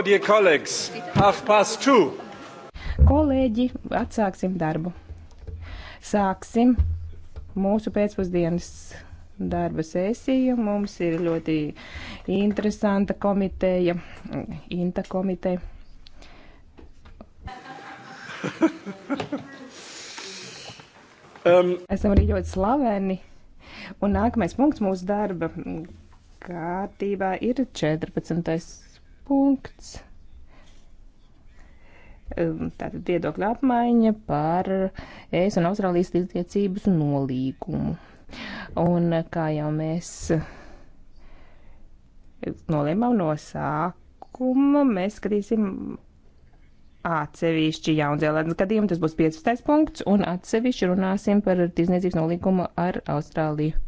So, dear colleagues, half past two. Kolēģi, atsāksim darbu. Sāksim mūsu pēcpusdienas darba sesiju. Mums ir ļoti interesanta komiteja, Inta komiteja. um. Esam arī ļoti slaveni. Un nākamais punkts mūsu darba kārtībā ir 14 punkts. Tātad viedokļa apmaiņa par ES un Austrālijas tirdzniecības nolīgumu. Un kā jau mēs eh, nolēmām no sākuma, mēs skatīsim atsevišķi Jaunzēlandes gadījumu, tas būs 15. punkts, un atsevišķi runāsim par tirdzniecības nolīgumu ar Austrāliju.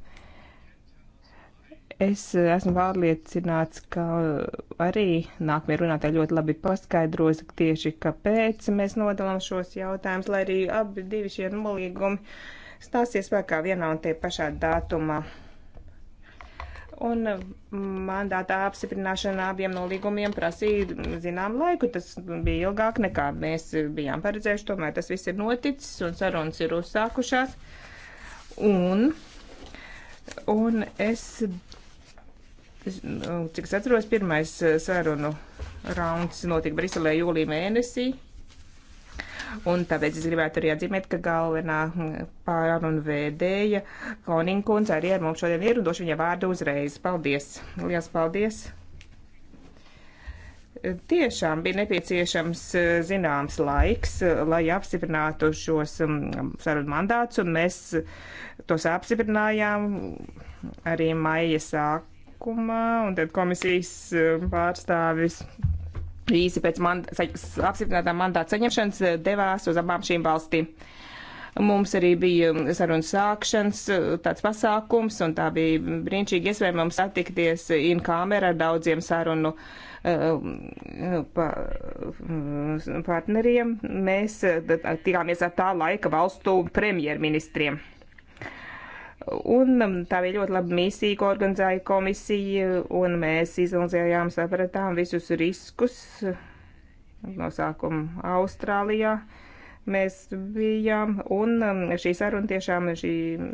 Es eh, esmu pārliecināts, ka eh, arī nākamie runātāji ļoti labi paskaidros tieši, kāpēc mēs nodalām šos jautājumus, lai arī abi divi šie nolīgumi stāsies spēkā vienā un tie pašā datumā. Un eh, mandātā apstiprināšana abiem nolīgumiem prasīja zinām laiku. Tas bija ilgāk nekā mēs bijām paredzējuši. Tomēr tas viss ir noticis un sarunas ir uzsākušās. Un, un es Nu, cik es atceros, pirmais eh, sarunu rauns notika Briselē jūlī mēnesī. Un tāpēc es gribētu arī atzīmēt, ka galvenā mm, pārunu vēdēja Koninkuns arī ar mums šodien ir un došu viņa vārdu uzreiz. Paldies! Lielas paldies! tiešām bija nepieciešams eh, zināms laiks, eh, lai apstiprinātu šos mm, sarunu mandātus, un mēs tos apstiprinājām arī maija sāk, sākumā, un tad komisijas um, pārstāvis īsi pēc manda, apstiprinātā mandāta saņemšanas uh, devās uz abām šīm valstīm. Mums arī bija um, sarunas sākšanas uh, tāds pasākums, un tā bija brīnišķīgi iespēja mums satikties uh, in kamera ar daudziem sarunu um, partneriem. Mēs tikāmies ar tā laika valstu premjerministriem. Un um, tā bija ļoti laba misija, ko organizēja komisija, un mēs izanalizējām, sapratām visus riskus no sākuma Austrālijā. Mēs bijām, un um, šī saruna tiešām šī um,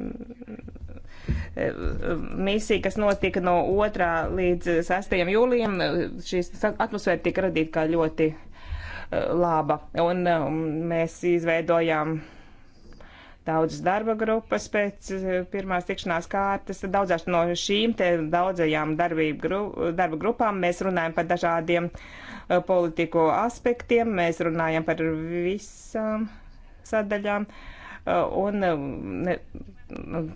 misija, kas notika no 2. līdz 6. jūlijam, šī atmosfēra tika radīta kā ļoti uh, laba, un mēs izveidojām daudzas darba grupas pēc eh, pirmās tikšanās kārtas. Daudzās no šīm te daudzajām gru, darba grupām mēs runājam par dažādiem eh, politiku aspektiem, mēs runājam par visām sadaļām. Eh, un ne,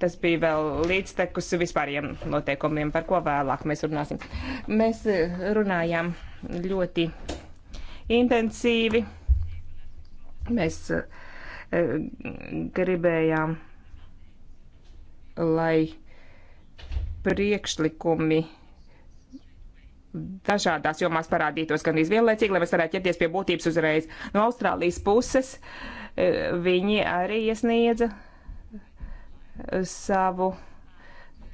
tas bija vēl līdztekus vispāriem noteikumiem, par ko vēlāk mēs runāsim. Mēs runājām ļoti intensīvi. Mēs uh, gribējām, lai priekšlikumi dažādās jomās parādītos gan izvienlaicīgi, lai mēs varētu ķerties pie būtības uzreiz. No Austrālijas puses eh, viņi arī iesniedza eh, savu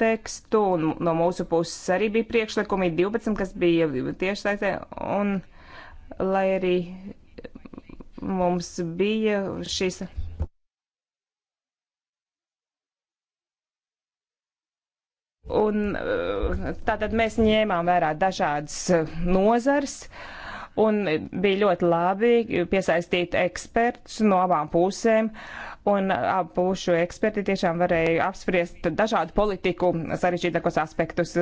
tekstu, un no mūsu puses arī bija priekšlikumi 12, kas bija tiešsaitē, un lai arī mums bija šīs Un, eh, tātad mēs ņēmām vērā dažādas eh, nozars, un bija ļoti labi piesaistīt ekspertus no abām pusēm, un abušu eksperti tiešām varēja apspriest dažādu politiku sarežģītākos aspektus.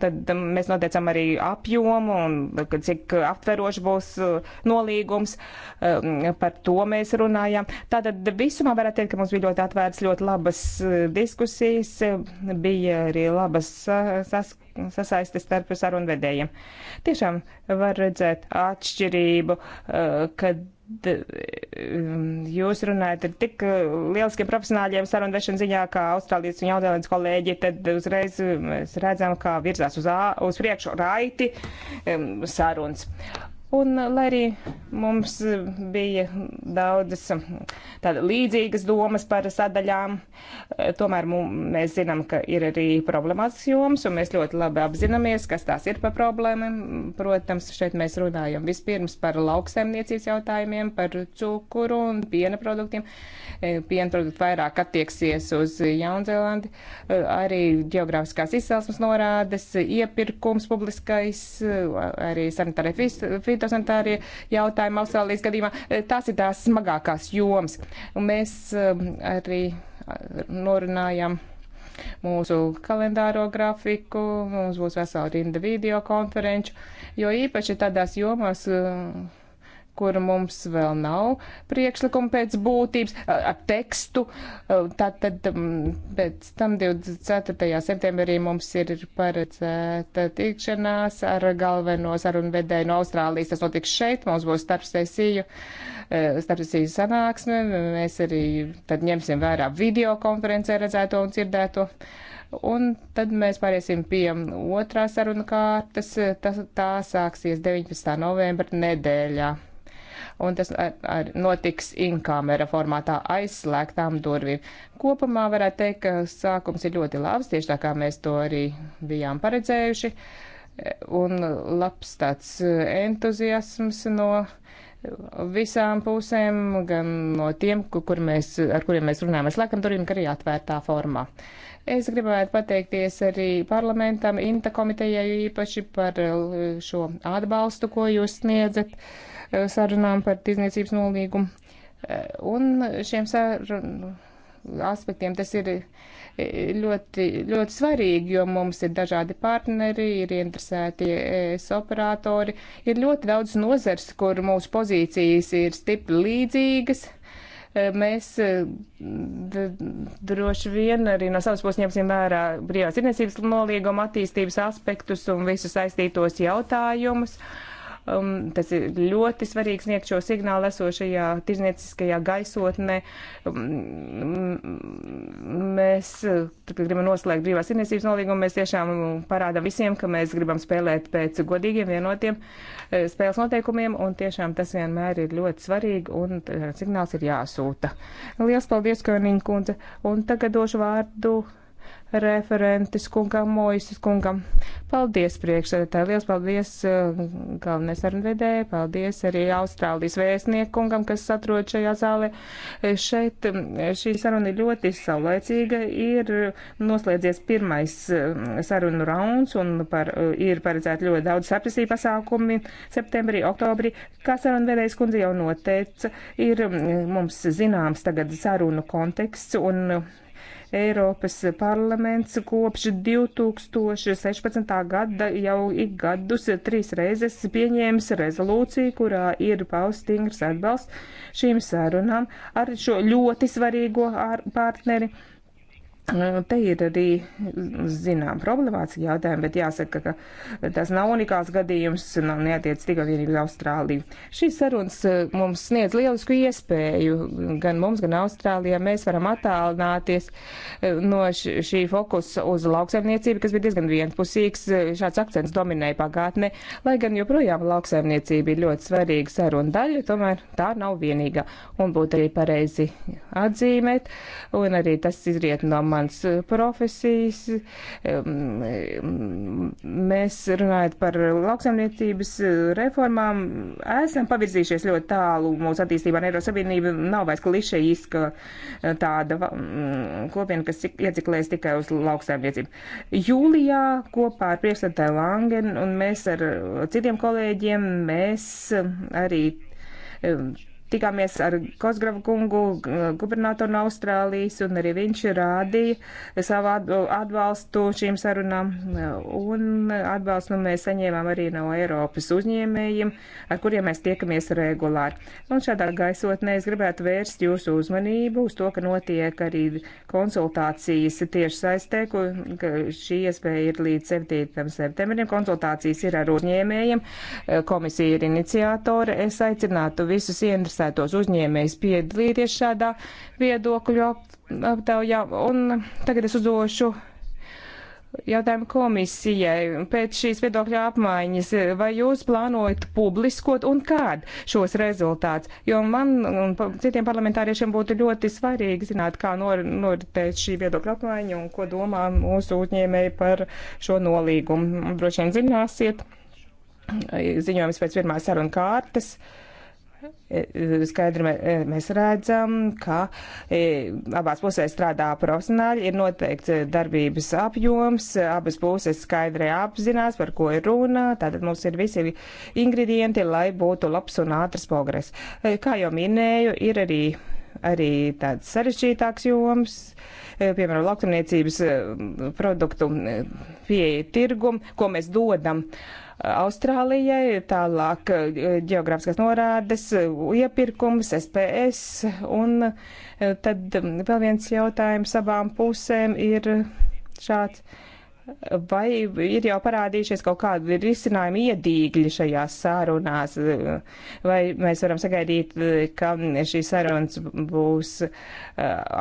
Tad um, mēs noteicam arī apjomu un cik aptveroši būs uh, nolīgums, um, par to mēs runājam. Tātad visumā varētu teikt, ka mums bija ļoti atvērts, ļoti labas uh, diskusijas, bija arī labas saskaņas sasaisti starp sarunvedējiem. Tiešām var redzēt atšķirību, uh, kad Um, jūs runājat ar tik uh, lieliskiem profesionāļiem sarunvešanas ziņā, kā Austrālijas un Jaunzēlandes kolēģi, tad uzreiz um, mēs redzam, kā virzās uz, ā, uz priekšu raiti um, sarunas. Un, eh, lai arī mums eh, bija daudzas eh, tāda līdzīgas domas par sadaļām, tomēr mums, mēs zinām, ka ir arī problemātisks joms, un mēs ļoti labi apzināmies, kas tās ir par problēmām. Protams, šeit mēs runājam vispirms par lauksaimniecības jautājumiem, par cukuru un piena produktiem. Piena produkti vairāk attieksies uz Jaunzēlandi, arī ģeogrāfiskās izcelsmes norādes, iepirkums publiskais, arī sanitārie fito fitosanitārie jautājumi Austrālijas gadījumā. Eh, tās ir tās smagākās jomas. Un mēs eh, arī eh, norunājam mūsu kalendāro grafiku, mums būs vesela rinda video konferenču, jo īpaši tādās jomās. Uh, kur mums vēl nav priekšlikuma pēc būtības, ar tekstu. Tātad pēc tam 24. septembrī mums ir paredzēta tikšanās ar galveno sarunvedēju no Austrālijas. Tas notiks šeit, mums būs starpsesiju, e, starpsesiju sanāksme. Mēs arī tad ņemsim vērā videokonferencē redzēto un dzirdēto. Un tad mēs pāriesim pie otrā saruna kārtas. Tas, tā sāksies 19. novembra nedēļā un tas ar, ar notiks inkamera formātā aizslēgtām durvīm. Kopumā varētu teikt, ka sākums ir ļoti labs, tieši tā kā mēs to arī bijām paredzējuši, un labs tāds entuziasms no visām pusēm, gan no tiem, kur mēs, ar kuriem mēs runājam ar slēgtam durvīm, gan arī atvērtā formā. Es gribētu pateikties arī parlamentam, Inta komitejai īpaši par šo atbalstu, ko jūs sniedzat. Uh, Eh, sarunām par tirzniecības nolīgumu. Eh, un šiem sarunu aspektiem tas ir eh, ļoti, ļoti svarīgi, jo mums ir dažādi partneri, ir interesēti es operatori, ir ļoti daudz nozars, kur mūsu pozīcijas ir stipri līdzīgas. Mēs droši vien arī no savas puses ņemsim vērā brīvās tirniecības nolīguma attīstības aspektus un visus saistītos jautājumus. Uh, Um, tas ir ļoti svarīgi sniegt šo signālu esošajā tirznieciskajā gaisotnē. Um, mēs gribam noslēgt brīvās tirniecības nolīgumu. Mēs tiešām parādām visiem, ka mēs gribam spēlēt pēc godīgiem, vienotiem eh, spēles noteikumiem, un tiešām tas vienmēr ir ļoti svarīgi, un eh, signāls ir jāsūta. Lielas paldies, Koniņa kundze, un tagad došu vārdu referentes kungam, Moises kungam. Paldies priekšsēdētāji, liels paldies eh, galvenais sarunvedēji, paldies arī Austrālijas vēstniekungam, kas atrod šajā zālē. Eh, šeit mm, šī saruna ir ļoti saulēcīga, ir eh, noslēdzies pirmais sarunu rauns un par, ir paredzēti ļoti daudz saprasīju pasākumi septembrī, oktobrī. Kā sarunvedējs kundze jau noteica, ir mm, mums zināms tagad sarunu konteksts un Eiropas parlaments kopš 2016. gada jau ik gadus trīs reizes pieņēmis rezolūciju, kurā ir pausts stingrs atbalsts šīm sarunām ar šo ļoti svarīgo partneri. Uh, te ir arī mm, zinām problemātiski jautājumi, bet jāsaka, ka tas nav unikāls gadījums, nav neatiec tikai vienīgi uz Austrāliju. Šīs sarunas uh, mums sniedz lielisku iespēju, gan mums, gan Austrālijā mēs varam attālināties uh, no šī fokusa uz lauksaimniecību, kas bija diezgan vienpusīgs, šāds akcents dominēja pagātnē, lai gan joprojām lauksaimniecība ir ļoti svarīga saruna daļa, tomēr tā nav vienīga un būtu arī pareizi atzīmēt, un arī tas izriet no mans eh, profesijas. Mēs runājot par lauksaimniecības eh, reformām, esam pavirzījušies ļoti tālu mūsu attīstībā. Eiropas Savienība nav vairs klišejiska eh, tāda mm, kopiena, kas ieciklēs tikai uz lauksaimniecību. Jūlijā kopā ar priekšstādāju Langen un mēs ar citiem kolēģiem, mēs arī tikāmies ar Kosgrava kungu, gubernatoru no Austrālijas, un arī viņš rādīja savu atbalstu šīm sarunām, un atbalstu nu, mēs saņēmām arī no Eiropas uzņēmējiem, ar kuriem mēs tiekamies regulāri. Un šādā gaisotnē es gribētu vērst jūsu uzmanību uz to, ka notiek arī konsultācijas tieši saistē, ka šī iespēja ir līdz 7. septembrim. Konsultācijas ir ar uzņēmējiem, komisija ir iniciātore. Es aicinātu visus ieinteresētos interesētos uzņēmējs piedalīties šādā viedokļu aptaujā. Un tagad es uzdošu jautājumu komisijai pēc šīs viedokļa apmaiņas, vai jūs plānojat publiskot un kād šos rezultātus? Jo man un citiem parlamentāriešiem būtu ļoti svarīgi zināt, kā nor, noritēs šī viedokļa apmaiņa un ko domā mūsu uzņēmēji par šo nolīgumu. Droši vien zināsiet, ziņojums pēc pirmās saruna kārtas. Uh, E, e, skaidri e, mēs redzam, ka abās pusēs strādā profesionāļi, ir noteikts darbības apjoms, abas puses skaidri apzinās, par ko ir runa, tātad mums ir visi ingredienti, lai būtu labs un ātrs progress. Kā jau minēju, ir arī, arī tāds sarežģītāks joms piemēram, lauksaimniecības produktu pieeja tirgumu, ko mēs dodam uh, Austrālijai, tālāk eh, geogrāfiskās norādes, iepirkums, SPS, un eh, tad mm, vēl viens jautājums abām pusēm ir šāds Vai ir jau parādījušies kaut kādi risinājumi iedīgļi šajās sārunās, vai mēs varam sagaidīt, ka šīs sarunas būs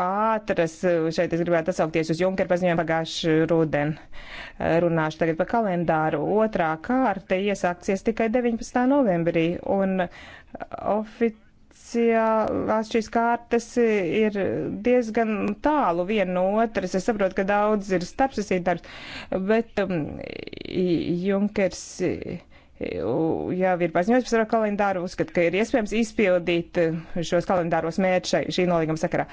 ātras? Šeit es gribētu atsaukties uz Junkeru paziņojumu pagājušu rudenu. Runāšu tagad par kalendāru. Otrā kārta iesāksies tikai 19. novembrī, un oficiāli Vācijā šīs kārtas ir diezgan tālu viena no otras. Es saprotu, ka daudz ir starpsasīt darbs, bet um, Junkers jau ir paziņojis par savu kalendāru, uzskat, ka ir iespējams izpildīt uh, šos kalendāros mērķus šai, šī nolīguma sakarā.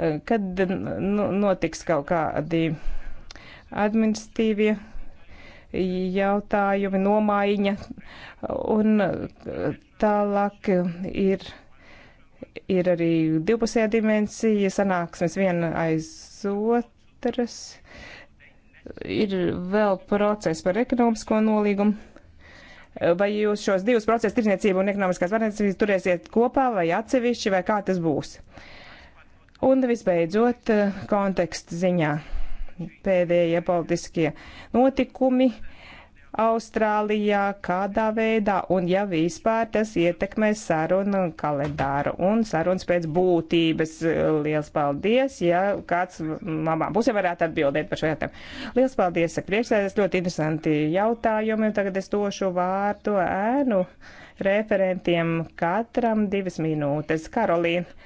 Uh, kad nu, notiks kaut kādi administīvie jautājumi, nomaiņa un uh, tālāk ir ir arī divpusējā dimensija, sanāksmes viena aiz otras. Ir vēl process par ekonomisko nolīgumu. Vai jūs šos divus procesus, tirzniecību un ekonomiskās varniecības, turēsiet kopā vai atsevišķi, vai kā tas būs? Un visbeidzot, konteksta ziņā pēdējie politiskie notikumi. Uh, Austrālijā, kādā veidā un ja vispār tas ietekmē sarunu kalendāru un sarunas pēc būtības. Liels paldies, ja kāds labā pusē varētu atbildēt par šo jautājumu. Liels paldies, saka priekšsēdētājs, ļoti interesanti jautājumi. Tagad es došu vārdu ēnu referentiem katram divas minūtes. Karolīna.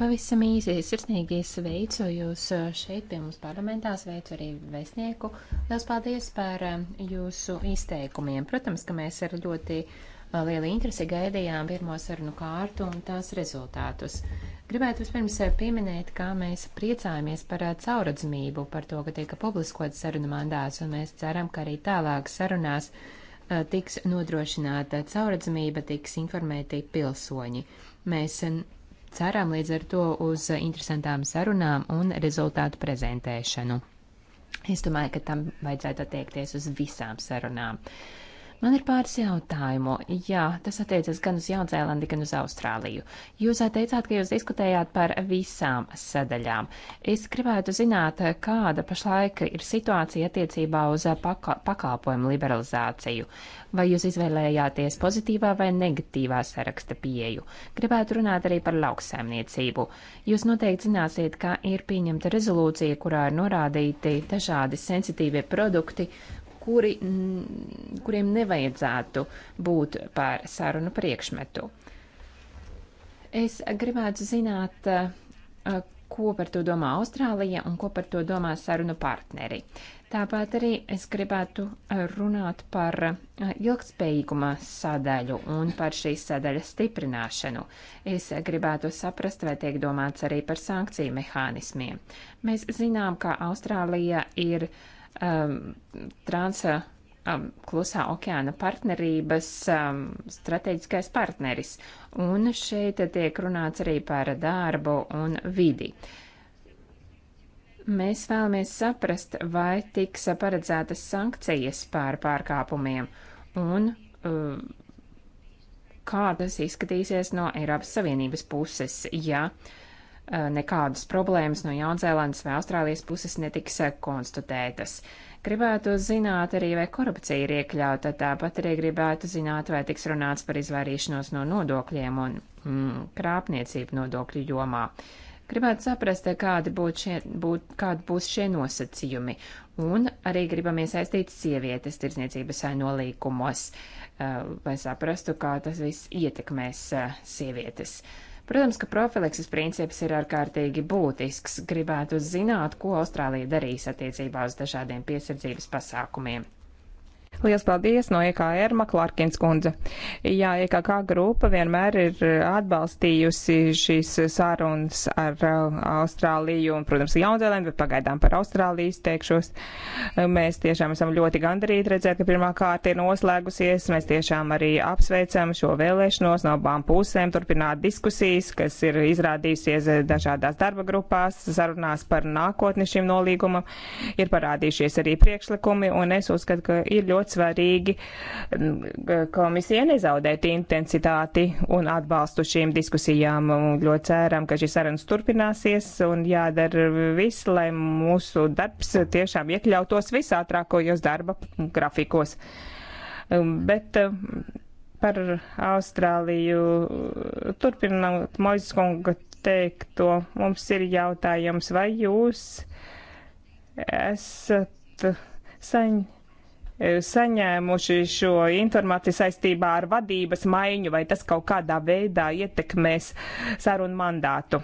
Pavisam īsi, sirsnīgi sveicu jūs eh, šeit pie mums parlamentā, sveicu arī vēstnieku. Lielas paldies par eh, jūsu izteikumiem. Protams, ka mēs ar ļoti eh, lielu interesi gaidījām pirmo sarunu kārtu un tās rezultātus. Gribētu vispirms pieminēt, kā mēs priecājamies par cauradzmību, par to, ka tika publiskots sarunu mandāts, un mēs ceram, ka arī tālāk sarunās tiks nodrošināta cauradzmība, tiks informēti pilsoņi. Mēs Ceram līdz ar to uz interesantām sarunām un rezultātu prezentēšanu. Es domāju, ka tam vajadzētu attiekties uz visām sarunām. Uh, Man ir pāris jautājumu. Jā, tas attiecas gan uz Jaunzēlandi, gan uz Austrāliju. Jūs teicāt, ka jūs diskutējāt par visām sadaļām. Es gribētu zināt, kāda pašlaik ir situācija attiecībā uz paka pakalpojumu liberalizāciju. Vai jūs izvēlējāties pozitīvā vai negatīvā saraksta pieeju? Gribētu runāt arī par lauksaimniecību. Jūs noteikti zināsiet, ka ir pieņemta rezolūcija, kurā ir norādīti dažādi sensitīvie produkti kuri, kuriem nevajadzētu būt par sarunu priekšmetu. Es gribētu zināt, ko par to domā Austrālija un ko par to domā sarunu partneri. Tāpat arī es gribētu runāt par ilgspējīguma sadaļu un par šīs sadaļas stiprināšanu. Es gribētu saprast, vai tiek domāts arī par sankciju mehānismiem. Mēs zinām, ka Austrālija ir uh, um, transa um, klusā okeāna partnerības um, strateģiskais partneris. Un šeit tiek runāts arī par darbu un vidi. Mēs vēlamies saprast, vai tiks paredzētas sankcijas pār pārkāpumiem un um, kā tas izskatīsies no Eiropas Savienības puses, ja uh, Eh, nekādas problēmas no Jaunzēlandes vai Austrālijas puses netiks eh, konstatētas. Gribētu zināt arī, vai korupcija ir iekļauta, tāpat arī gribētu zināt, vai tiks runāts par izvairīšanos no nodokļiem un mm, krāpniecību nodokļu jomā. Gribētu saprast, eh, kādi, būt šie, būt, kādi būs šie nosacījumi, un arī gribam iesaistīt sievietes tirzniecības nolīkumos, lai saprastu, kā tas viss ietekmēs sievietes. Uh, Protams, ka profilakses princips ir ārkārtīgi būtisks. Gribētu zināt, ko Austrālija darīs attiecībā uz dažādiem piesardzības pasākumiem. Lielas paldies no EKR Maklārkins kundze. Jā, EKK grupa vienmēr ir atbalstījusi šīs sarunas ar uh, Austrāliju un, protams, Jaunzēlēnu, bet pagaidām par Austrāliju izteikšos. Mēs tiešām esam ļoti gandarīti redzēt, ka pirmā kārta ir noslēgusies. Mēs tiešām arī apsveicam šo vēlēšanos no abām pusēm turpināt diskusijas, kas ir izrādījusies dažādās darba grupās, sarunās par nākotni šim nolīgumam. Ir parādījušies arī priekšlikumi, un es uzskatu, ka ir ļoti ļoti svarīgi mm, komisija nezaudēt intensitāti un atbalstu šīm diskusijām. Un ļoti ceram, ka šīs sarunas turpināsies un jādara viss, lai mūsu darbs tiešām iekļautos visātrākojos darba grafikos. Mm, bet mm, par Austrāliju turpinot Moiziskunga teikto, mums ir jautājums, vai jūs esat saņēmuši E, saņēmuši šo informāciju saistībā ar vadības maiņu, vai tas kaut kādā veidā ietekmēs sarunu mandātu?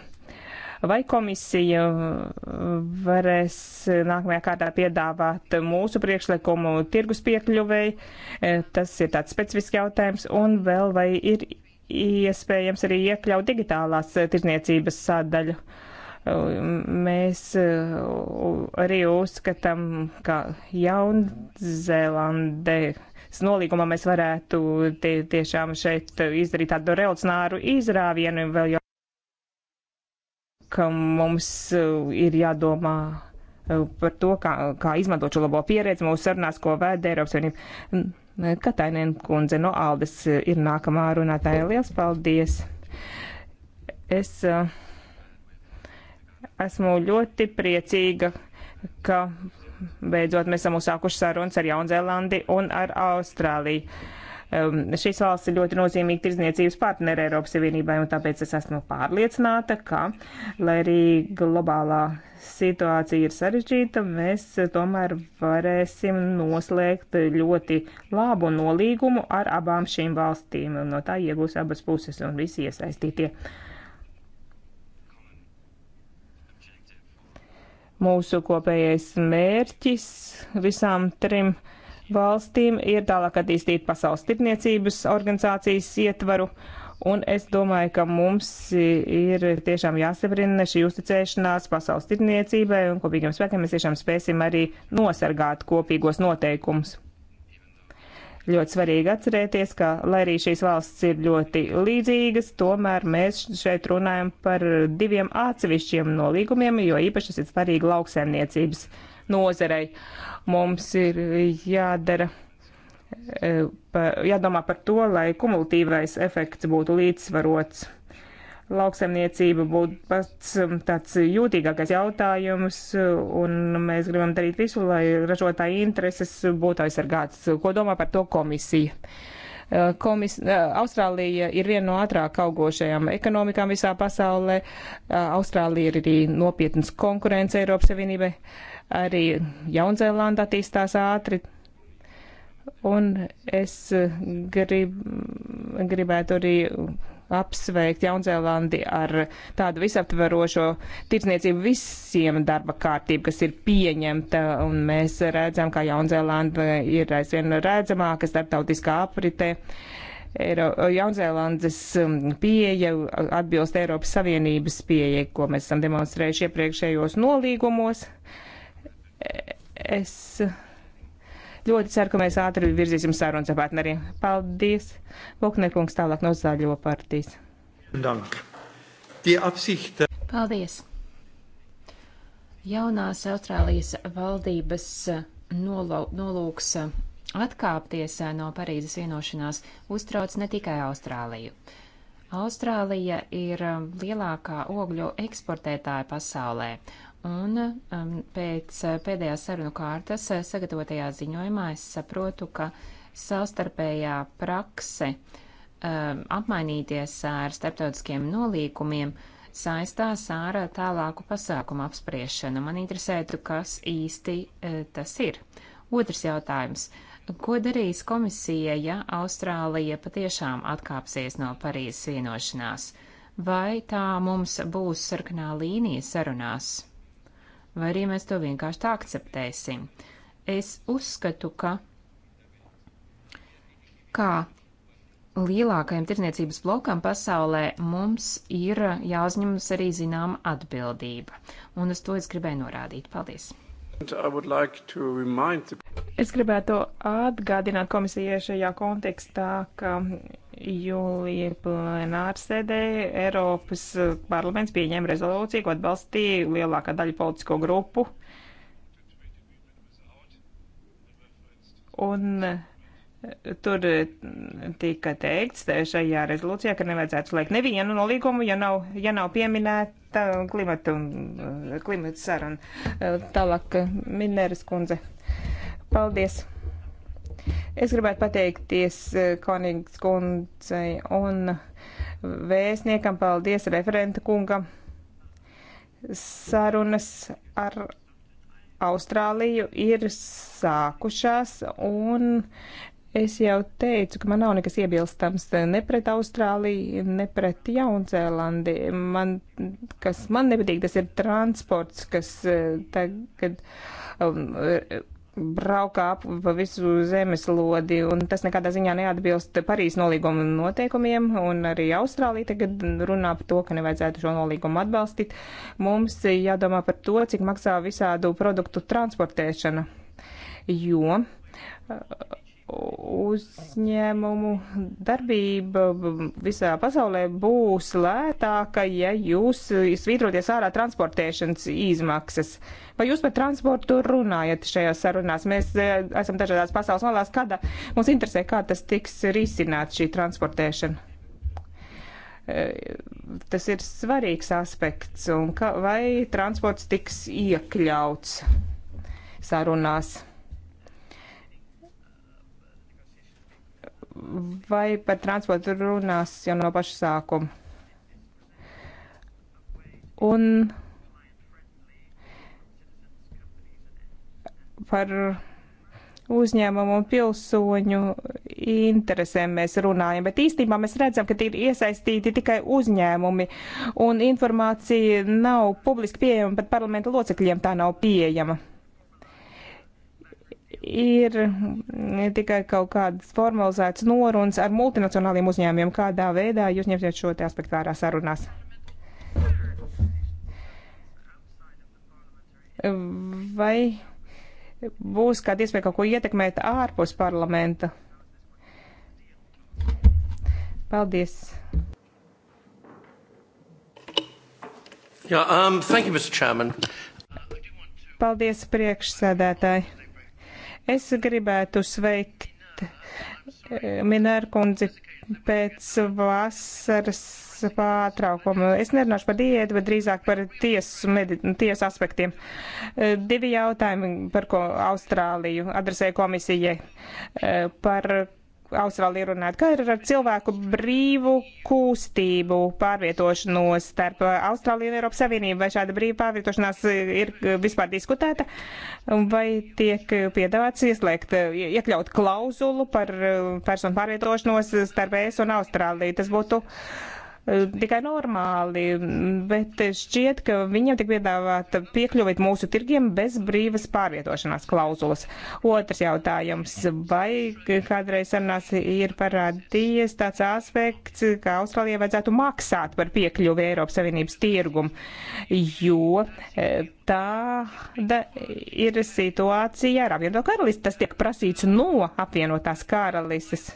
vai komisija varēs nākamajā kārtā piedāvāt mūsu priekšlikumu tirgus piekļuvēji. E, tas ir tāds specifisks jautājums. Un vēl vai ir iespējams arī iekļaut digitālās tirzniecības sādaļu. Uh, Mēs eh, arī uzskatām, ka Jaunzēlandē nolīgumā mēs varētu tie, tiešām šeit izdarīt tādu revolucionāru izrāvienu, vēl jau, ka mums eh, ir jādomā eh, par to, kā, kā izmantot šo labo pieredzi mūsu sarunās, ko vēda Eiropas Savienība. Katainēn kundze no Aldes ir nākamā runātāja. Liels paldies! Es uh, Esmu ļoti priecīga, ka beidzot mēs esam uzsākuši sarunas ar Jaunzēlandi un ar Austrāliju. Um, šīs valsts ir ļoti nozīmīga tirdzniecības partneri Eiropas Savienībai, un tāpēc es esmu pārliecināta, ka, lai arī globālā situācija ir sarežģīta, mēs tomēr varēsim noslēgt ļoti labu nolīgumu ar abām šīm valstīm, un no tā iegūs abas puses un visi iesaistītie. Uh, Mūsu kopējais mērķis visām trim valstīm ir tālāk attīstīt pasaules tirniecības organizācijas ietvaru. Un es domāju, ka mums ir tiešām jāstiprina šī uzticēšanās pasaules tirniecībai un kopīgiem spēkiem mēs tiešām spēsim arī nosargāt kopīgos noteikumus. Ļoti svarīgi atcerēties, ka, lai arī šīs valsts ir ļoti līdzīgas, tomēr mēs šeit runājam par diviem atsevišķiem nolīgumiem, jo īpaši tas ir svarīgi lauksaimniecības nozarei. Mums ir jādara eh, jādomā par to, lai kumulatīvais efekts būtu līdzsvarots lauksaimniecība būtu pats um, tāds jūtīgākais jautājums, un mēs gribam darīt visu, lai ražotāji intereses būtu aizsargāts. Ko domā par to komisija? Uh, komis, uh, Austrālija ir viena no ātrāk augošajām ekonomikām visā pasaulē. Uh, Austrālija ir arī nopietnas konkurence Eiropas Savienībai. Arī Jaunzēlanda attīstās ātri. Un es grib, gribētu arī apsveikt Jaunzēlandi ar tādu visaptverošo tirdzniecību visiem darba kārtību, kas ir pieņemta, un mēs redzam, ka Jaunzēlanda ir aizvien redzamāka starptautiskā apritē. Jaunzēlandes um, pieeja atbilst Eiropas Savienības pieeja, ko mēs esam demonstrējuši iepriekšējos nolīgumos. Es Ļoti ceru, ka mēs ātri virzīsim sarunas ar partneriem. Paldies! Voknekungs tālāk no zaļo partijas. Dank. Die Absicht. Paldies! Jaunās Austrālijas valdības eh, nolūks eh, atkāpties eh, no Parīzes vienošanās uztrauc ne tikai Austrāliju. Austrālija ir lielākā ogļu eksportētāja pasaulē, Un um, pēc uh, pēdējās sarunu kārtas uh, sagatavotajā ziņojumā es saprotu, ka savstarpējā prakse um, apmainīties ar starptautiskiem nolīkumiem saistās ar tālāku pasākumu apspriešanu. Man interesētu, kas īsti uh, tas ir. Otrs jautājums. Ko darīs komisija, ja Austrālija patiešām atkāpsies no Parīzes vienošanās? Vai tā mums būs sarkanā līnija sarunās? vai arī mēs to vienkārši tā akceptēsim. Es uzskatu, ka kā lielākajam tirniecības blokam pasaulē mums ir jāuzņemas arī zināma atbildība, un uz to es gribēju norādīt. Paldies! Like the... Es gribētu atgādināt komisijai šajā kontekstā, ka Jūlija plenārsēdē Eiropas eh, parlaments pieņēma rezolūciju, ko atbalstīja lielākā daļa politisko grupu. Un eh, tur eh, tika teikts šajā rezolūcijā, ka nevajadzētu slēgt nevienu no līgumu, ja nav, ja nav pieminēta klimata, klimata saruna. Tālāk Mineras kundze. Paldies! Es gribētu pateikties eh, Konings kundzei un vēstniekam, paldies referenta kunga. Sarunas ar Austrāliju ir sākušās, un es jau teicu, ka man nav nekas iebilstams ne pret Austrāliju, ne pret Jaunzēlandi. Man, kas man nepatīk, tas ir transports, kas eh, tagad um, braukā ap visu zemeslodi, un tas nekādā ziņā neatbilst Parīs nolīguma noteikumiem, un arī Austrālija tagad runā par to, ka nevajadzētu šo nolīgumu atbalstīt. Mums jādomā par to, cik maksā visādu produktu transportēšana, jo uzņēmumu darbība visā pasaulē būs lētāka, ja jūs svītroties ārā transportēšanas izmaksas. Vai jūs par transportu runājat šajās sarunās? Mēs eh, esam dažādās pasaules malās, kāda mums interesē, kā tas tiks risināts šī transportēšana. Eh, tas ir svarīgs aspekts, un ka, vai transports tiks iekļauts sarunās? vai par transportu runās jau no paša sākuma? Un par uzņēmumu un pilsoņu interesēm mēs runājam, bet īstenībā mēs redzam, ka ir iesaistīti tikai uzņēmumi, un informācija nav publiski pieejama, pat parlamenta locekļiem tā nav pieejama. Mm, ir tikai kaut kādas formalizētas norunas ar multinacionāliem uzņēmiem. Kādā veidā jūs ņemsiet šo te aspektu vērā sarunās? Vai būs kāda iespēja kaut ko ietekmēt ārpus parlamenta? Paldies. Yeah, um, thank you, Mr. Chairman. Paldies, priekšsēdētāji. Es gribētu sveikt eh, Minēra kundzi pēc vasaras pārtraukuma. Es nerunāšu par diētu, bet drīzāk par tiesu, medi, tiesu aspektiem. Eh, divi jautājumi, par ko Austrāliju adresēja komisijai. Eh, par Ausvaldi runāt, kā ir ar cilvēku brīvu kustību pārvietošanos starp uh, Austrāliju un Eiropas Savienību? Vai šāda brīva pārvietošanās uh, ir uh, vispār diskutēta? Vai tiek piedāvāts ieslēgt, iekļaut klauzulu par personu pārvietošanos starp ES un Austrāliju? Tas būtu uh, Eh, tikai normāli, bet šķiet, ka viņiem tiek piedāvāta piekļuvēt mūsu tirgiem bez brīvas pārvietošanās klauzulas. Otrs jautājums, vai kādreiz sarunās ir parādījies tāds aspekts, ka Austrālijai vajadzētu maksāt par piekļuvi Eiropas Savienības tirgumu, jo eh, tāda ir situācija ar apvienoto karalisti, tas tiek prasīts no apvienotās karalistes.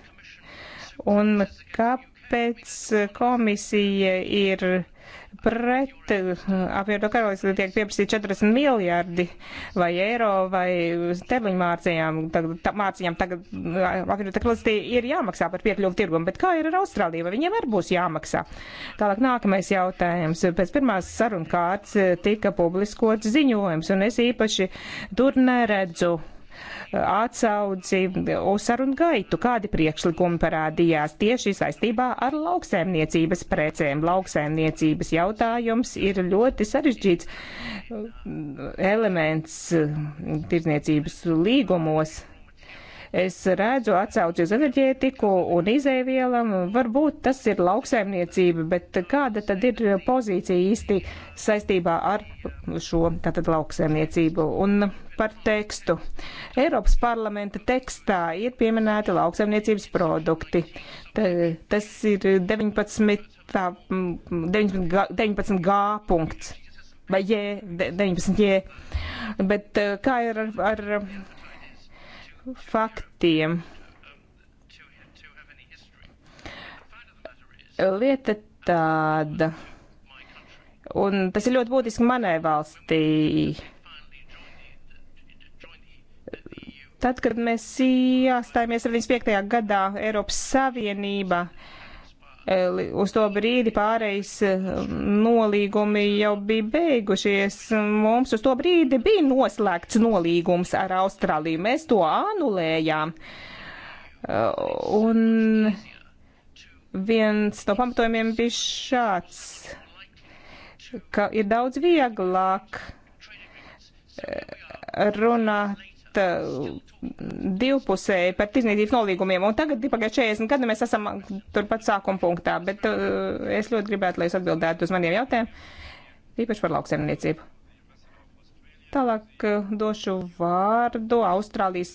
Un kāpēc? kāpēc eh, komisija ir pret eh, apvienoto karalisti tiek pieprasīt 40 miljardi vai eiro vai sterliņu mārciņām. Tagad, mārciņām eh, tagad apvienoto karalisti ir jāmaksā par piekļuvu tirgumu, bet kā ir ar Austrāliju? Vai viņiem arī būs jāmaksā? Tālāk nākamais jautājums. Pēc pirmās sarunkārts tika publiskots ziņojums, un es īpaši tur neredzu atsaudzi uz sarunu gaitu, kādi priekšlikumi parādījās tieši saistībā ar lauksēmniecības precēm. Lauksēmniecības jautājums ir ļoti sarežģīts mm, elements mm, tirzniecības līgumos. Es redzu atsauci uz enerģētiku un izēvielam. Varbūt tas ir lauksaimniecība, bet kāda tad ir pozīcija īsti saistībā ar šo tātad lauksaimniecību? Un par tekstu. Eiropas parlamenta tekstā ir pieminēti lauksaimniecības produkti. Ta, tas ir 19. Tā, 19, 19 G punkts vai J, 19 J. Bet kā ir ar, ar faktiem. Lieta tāda, un tas ir ļoti būtiski manai valstī. Tad, kad mēs iestājāmies 95. gadā Eiropas Savienībā, uh, uz to brīdi pārejas eh, nolīgumi jau bija beigušies. Mums uz to brīdi bija noslēgts nolīgums ar Austrāliju. Mēs to anulējām. Eh, un viens no pamatojumiem bija šāds, ka ir daudz vieglāk eh, runāt Eh, divpusēji par tirzniecības nolīgumiem, un tagad pagājuši 40 gadi mēs esam turpat sākuma punktā, bet uh, es ļoti gribētu, lai jūs atbildētu uz maniem jautājumiem, īpaši par lauksaimniecību. Tālāk uh, došu vārdu Austrālijas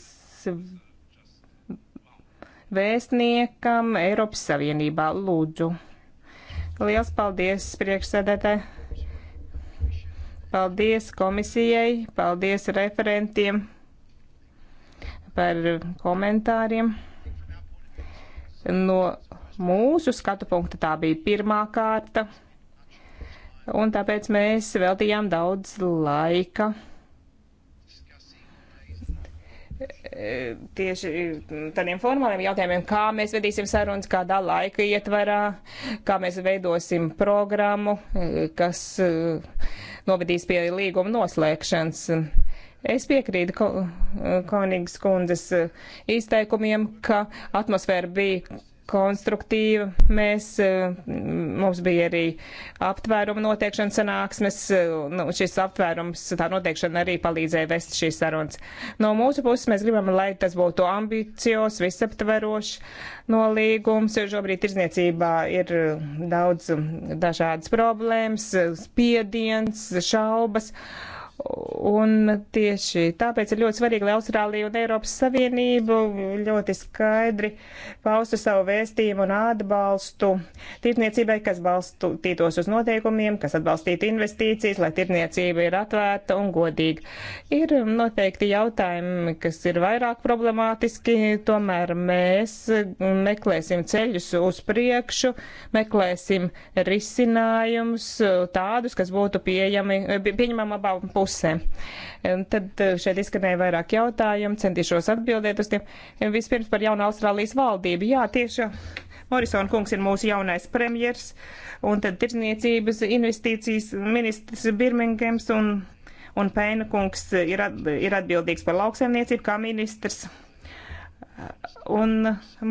vēstniekam Eiropas Savienībā. Lūdzu. Liels paldies priekšsēdētāji. Paldies komisijai, paldies referentiem par komentāriem. No mūsu skatu punkta tā bija pirmā kārta, un tāpēc mēs veltījām daudz laika. Tieši tādiem formāliem jautājumiem, kā mēs vedīsim sarunas, kādā laika ietvarā, kā mēs veidosim programmu, kas novedīs pie līguma noslēgšanas Es piekrītu ko, eh, Konīgas kundzes eh, izteikumiem, ka atmosfēra bija konstruktīva. Mēs, eh, mums bija arī aptvēruma noteikšana sanāksmes. Nu, šis aptvērums, tā noteikšana arī palīdzēja vest šīs sarunas. No mūsu puses mēs gribam, lai tas būtu ambicios, visaptverošs nolīgums, jo šobrīd tirzniecībā ir daudz dažādas problēmas, spiediens, šaubas. Uh, Un tieši tāpēc ir ļoti svarīgi, lai Austrālija un Eiropas Savienība ļoti skaidri paustu savu vēstījumu un atbalstu tirtniecībai, kas balstītos uz noteikumiem, kas atbalstītu investīcijas, lai tirtniecība ir atvērta un godīga. Ir noteikti jautājumi, kas ir vairāk problemātiski, tomēr mēs meklēsim ceļus uz priekšu, meklēsim risinājumus tādus, kas būtu pieejami, pieņemam abām pusēm pusēm. Tad eh, šeit izskanēja vairāk jautājumu, centīšos atbildēt uz tiem. Vispirms par jaunu Austrālijas valdību. Jā, tieši Morisona kungs ir mūsu jaunais premjers, un tad tirzniecības investīcijas ministrs Birmingems un, un Pēna kungs ir, at, ir atbildīgs par lauksaimniecību kā ministrs. Un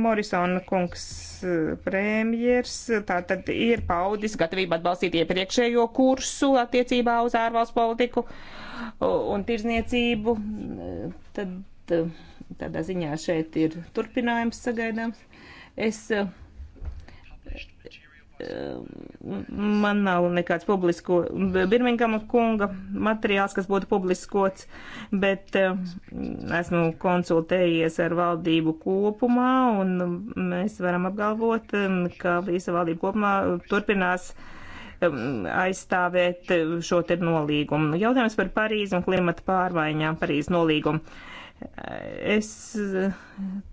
Morisona kungs eh, premjers tātad ir paudis gatavību atbalstīt iepriekšējo kursu attiecībā uz ārvalstu politiku un tirzniecību. Tad eh, tādā ziņā šeit ir turpinājums sagaidāms. Es eh, Ehm, man nav nekāds publisko Birmingama kunga materiāls, kas būtu publiskots, bet ehm, esmu konsultējies ar valdību kopumā un mēs varam apgalvot, ehm, ka visa valdība kopumā turpinās aizstāvēt šo te nolīgumu. Jautājums par Parīzi un klimata pārmaiņām Parīzi nolīgumu. Es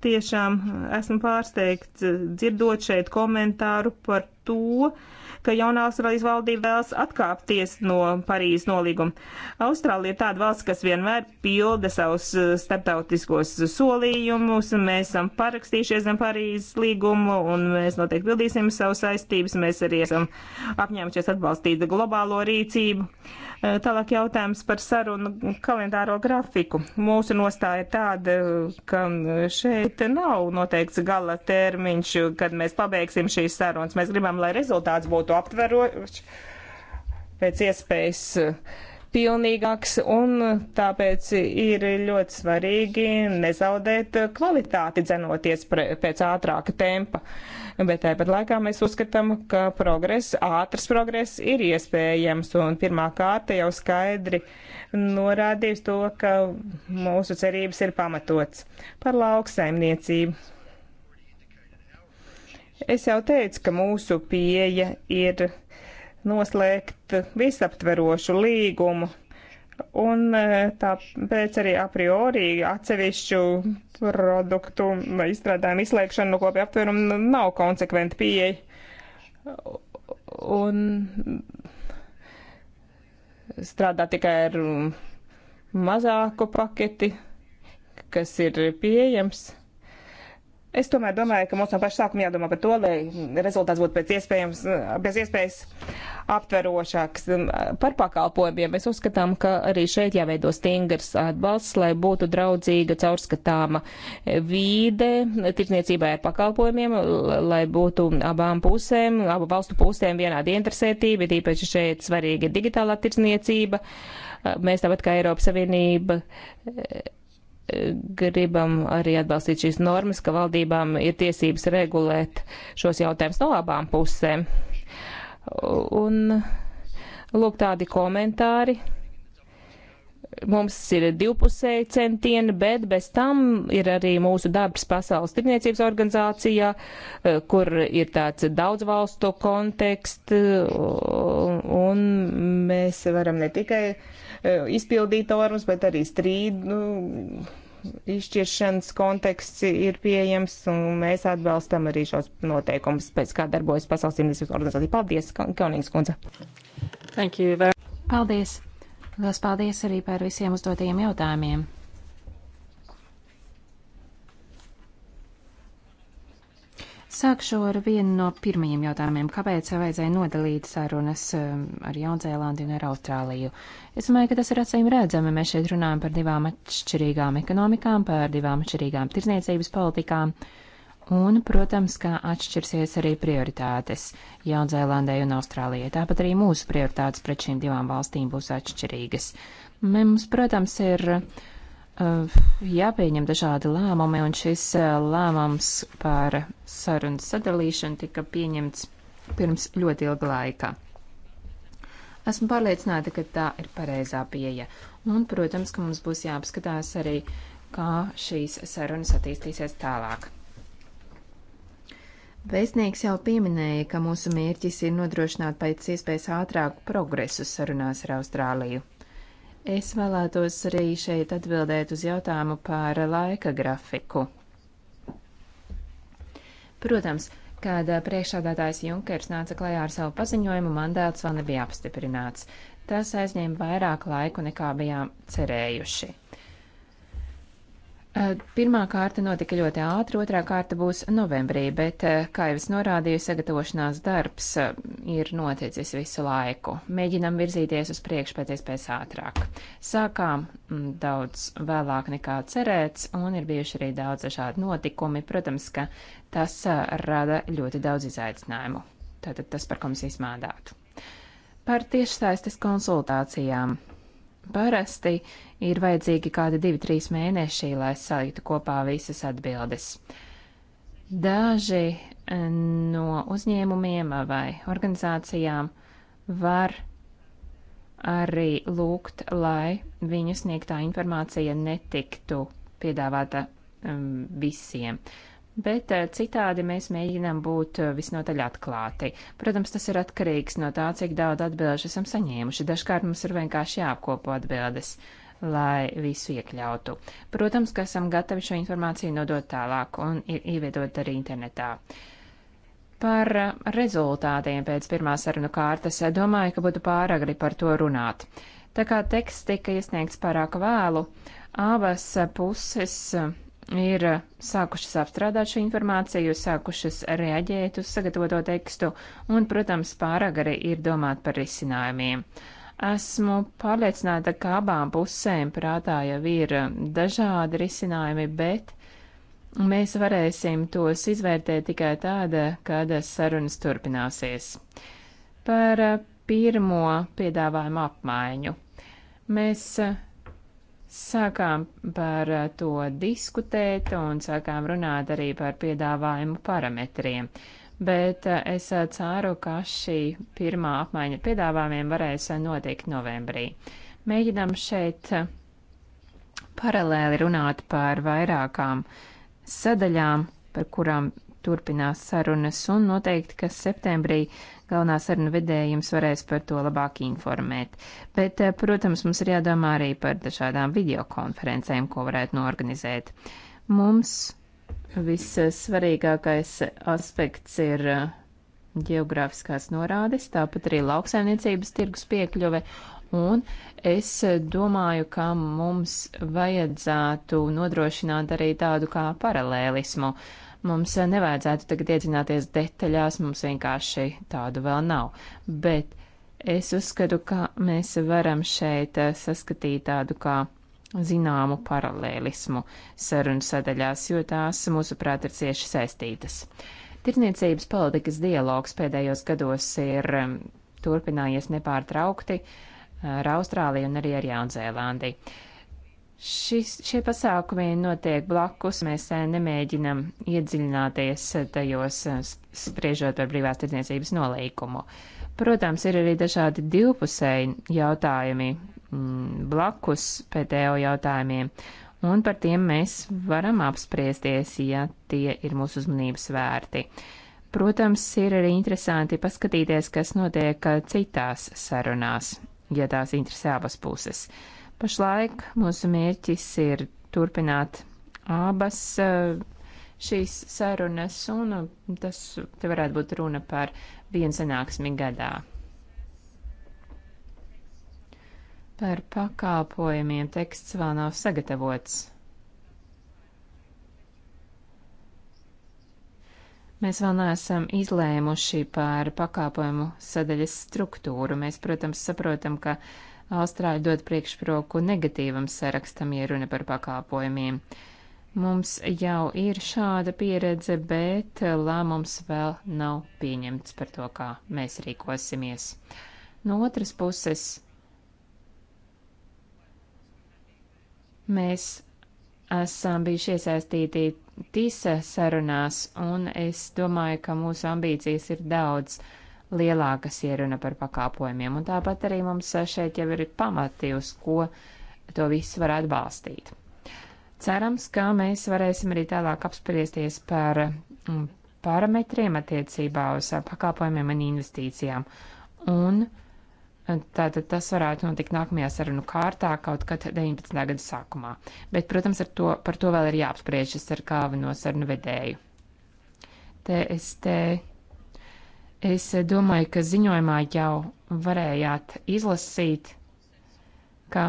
tiešām esmu pārsteigts dzirdot šeit komentāru par to, ka jaunā Austrālijas valdība vēlas atkāpties no Parīzes nolīguma. Austrālija ir tāda valsts, kas vienmēr pilda savus uh, starptautiskos solījumus. Mēs esam parakstījušies zem Parīzes līgumu un mēs noteikti pildīsim savu saistības. Mēs arī esam apņēmušies atbalstīt globālo rīcību. Uh, tālāk jautājums par sarunu kalendāro grafiku. Mūsu nostāja ir tāda, ka šeit nav noteikts gala termiņš, kad mēs pabeigsim šīs sarunas. Mēs gribam tiešām, lai rezultāts būtu aptverošs, pēc iespējas eh, pilnīgāks, un tāpēc ir ļoti svarīgi nezaudēt eh, kvalitāti, dzenoties pēc ātrāka tempa. Bet tāpat laikā mēs uzskatām, ka progress, ātrs progress ir iespējams, un pirmā kārta jau skaidri norādījis to, ka mūsu cerības ir pamatots par lauksaimniecību. Es jau teicu, ka mūsu pieeja ir noslēgt visaptverošu līgumu, un e, tāpēc arī a priori atsevišķu produktu vai izstrādājumu izslēgšanu no kopja aptveruma nav konsekventa pieeja. Un strādā tikai ar mazāku paketi, kas ir pieejams Es tomēr domāju, ka mums no paša sākuma jādomā par to, lai rezultāts būtu pēc iespējams, pēc iespējas aptverošāks. Um, par pakalpojumiem mēs uzskatām, ka arī šeit jāveido stingrs atbalsts, lai būtu draudzīga caurskatāma vīde tirdzniecībai ar pakalpojumiem, lai būtu abām pusēm, abu valstu pusēm vienāda interesētība, tīpaši šeit svarīga digitālā tirdzniecība. Mēs tāpat kā Eiropas Savienība gribam arī atbalstīt šīs normas, ka valdībām ir tiesības regulēt šos jautājumus no abām pusēm. Un lūk tādi komentāri. Mums ir divpusēji centieni, bet bez tam ir arī mūsu darbs Pasaules tirniecības organizācijā, kur ir tāds daudzvalstu konteksts, un mēs varam ne tikai uh, E, izpildīt normas, bet arī strīdu nu, izšķiršanas konteksts ir pieejams, un mēs atbalstam arī šos noteikumus, pēc kā darbojas Pasaules Simnisības organizācija. Paldies, Kaunīgas kundze! Thank you very much! Paldies! Lielas paldies arī par visiem uzdotajiem jautājumiem! Sākšu ar vienu no pirmajiem jautājumiem. Kāpēc vajadzēja nodalīt sarunas um, ar Jaunzēlandi un ar Austrāliju? Es domāju, ka tas ir acīm redzami. Mēs šeit runājam par divām atšķirīgām ekonomikām, par divām atšķirīgām tirzniecības politikām. Un, protams, kā atšķirsies arī prioritātes Jaunzēlandē un Austrālijai. Tāpat arī mūsu prioritātes pret šīm divām valstīm būs atšķirīgas. Mums, protams, ir uh, Eh, jāpieņem dažādi lēmumi, un šis eh, lēmums par sarunu sadalīšanu tika pieņemts pirms ļoti ilga laika. Esmu pārliecināta, ka tā ir pareizā pieeja. Un, protams, ka mums būs jāapskatās arī, kā šīs sarunas attīstīsies tālāk. Vēstnieks jau pieminēja, ka mūsu mērķis ir nodrošināt pēc iespējas ātrāku progresu sarunās ar Austrāliju. Es vēlētos arī šeit atbildēt uz jautājumu par laika grafiku. Protams, kad priekšādātājs Junkers nāca klajā ar savu paziņojumu, mandāts vēl nebija apstiprināts. Tas aizņēma vairāk laiku, nekā bijām cerējuši. Eh, pirmā kārta notika ļoti ātri, otrā kārta būs novembrī, bet, eh, kā jau es norādīju, sagatavošanās darbs eh, ir noticis visu laiku. Mēģinam virzīties uz priekšu pēc iespējas ātrāk. Sākām mm, daudz vēlāk nekā cerēts, un ir bijuši arī daudz šādi notikumi. Protams, ka tas rada ļoti daudz izaicinājumu. Tātad tas, par ko mēs izmādātu. Par tiešsaistes konsultācijām Parasti ir vajadzīgi kādi 2-3 mēneši, lai saliktu kopā visas atbildes. Daži eh, no uzņēmumiem vai organizācijām var arī lūgt, lai viņu sniegtā informācija netiktu piedāvāta um, visiem. Uh, bet eh, citādi mēs mēģinām būt eh, visnotaļ atklāti. Protams, tas ir atkarīgs no tā, cik daudz atbildes esam saņēmuši. Dažkārt mums ir vienkārši jāapkopo atbildes, lai visu iekļautu. Protams, ka esam gatavi šo informāciju nodot tālāk un ieviedot arī internetā. Par eh, rezultātiem pēc pirmās sarunu kārtas domāju, ka būtu pāragri par to runāt. Tā kā teksts tika iesniegts pārāk vēlu, abas puses ir eh, sākušas apstrādāt šo informāciju, sākušas reaģēt uz sagatavoto tekstu un, protams, pārāk arī ir domāt par risinājumiem. Esmu pārliecināta, ka abām pusēm prātā jau ir eh, dažādi risinājumi, bet mēs varēsim tos izvērtēt tikai tāda, kad sarunas turpināsies. Par eh, pirmo piedāvājumu apmaiņu. Mēs sākām par eh, to diskutēt un sākām runāt arī par piedāvājumu parametriem. Bet eh, es eh, ceru, ka šī pirmā apmaiņa ar piedāvājumiem varēs notikt novembrī. Mēģinām šeit paralēli runāt par vairākām sadaļām, par kurām turpinās sarunas, un noteikti, ka septembrī galvenā saruna vedēja jums varēs par to labāk informēt. Bet, eh, protams, mums ir jādomā arī par dažādām videokonferencēm, ko varētu norganizēt. Mums vissvarīgākais aspekts ir eh, geogrāfiskās norādes, tāpat arī lauksaimniecības tirgus piekļuve Un es eh, domāju, ka mums vajadzētu nodrošināt arī tādu kā paralēlismu Mums eh, nevajadzētu tagad iedzināties detaļās, mums vienkārši tādu vēl nav. Bet es uzskatu, ka mēs varam šeit eh, saskatīt tādu kā zināmu paralēlismu sarunu sadaļās, jo tās, mūsuprāt, ir cieši saistītas. Tirniecības politikas dialogs pēdējos gados ir eh, turpinājies nepārtraukti ar Austrāliju un arī ar Jaunzēlandiju. Šis, šie pasākumi notiek blakus, mēs eh, nemēģinam iedziļināties eh, tajos, eh, spriežot par brīvās tirdzniecības nolīkumu. Protams, ir arī dažādi divpusēji jautājumi mm, blakus PTO jautājumiem, un par tiem mēs varam apspriesties, ja tie ir mūsu uzmanības vērti. Protams, ir arī interesanti paskatīties, kas notiek citās sarunās, ja tās interesē abas puses. Pašlaik mūsu mērķis ir turpināt abas eh, šīs sarunas, un eh, tas te varētu būt runa par vienu sanāksmi gadā. Par pakalpojumiem teksts vēl nav sagatavots. Mēs vēl neesam izlēmuši par pakāpojumu sadaļas struktūru. Mēs, protams, saprotam, ka uh, Austrāļi dod priekšroku negatīvam sarakstam, ja runa par pakāpojumiem. Mums jau ir šāda pieredze, bet lēmums vēl nav pieņemts par to, kā mēs rīkosimies. No otras puses, mēs esam bijuši iesaistīti TISA sarunās, un es domāju, ka mūsu ambīcijas ir daudz. Uh, lielākas ieruna par pakāpojumiem, un tāpat arī mums šeit jau ir pamati, uz ko to visu var atbalstīt. Cerams, ka mēs varēsim arī tālāk apspriesties par mm, parametriem attiecībā uz pakāpojumiem un investīcijām, un tātad tas varētu notikt nākamajā sarunu kārtā kaut kad 19. gada sākumā. Bet, protams, to, par to vēl ir jāapspriežas ar galveno sarunu vedēju. TST Es domāju, ka ziņojumā jau varējāt izlasīt, ka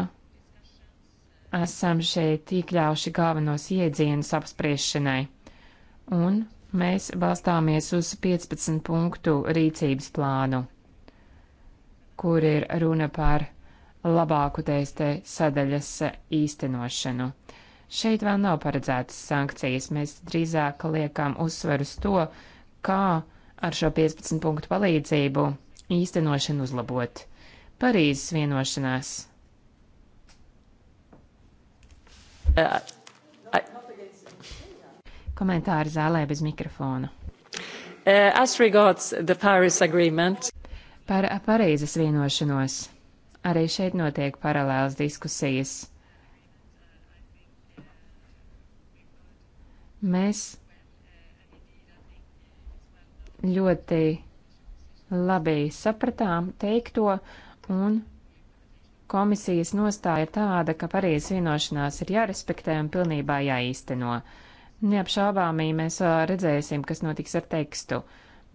esam šeit iekļauši galvenos iedzienus apspriešanai, un mēs balstāmies uz 15 punktu rīcības plānu, kur ir runa par labāku teistē sadaļas īstenošanu. Šeit vēl nav paredzētas sankcijas, mēs drīzāk liekam uzsveru uz to, kā ar šo 15 punktu palīdzību īstenošanu uzlabot. Parīzes vienošanās. Uh, I... Komentāri zālē bez mikrofona. Uh, as regards the Paris Agreement. Par Parīzes vienošanos. Arī šeit notiek paralēlas diskusijas. Mēs ļoti labi sapratām teikto, un komisijas nostāja ir tāda, ka Parīzes vienošanās ir jārespektē un pilnībā jāīsteno. Neapšaubāmī mēs vēl redzēsim, kas notiks ar tekstu,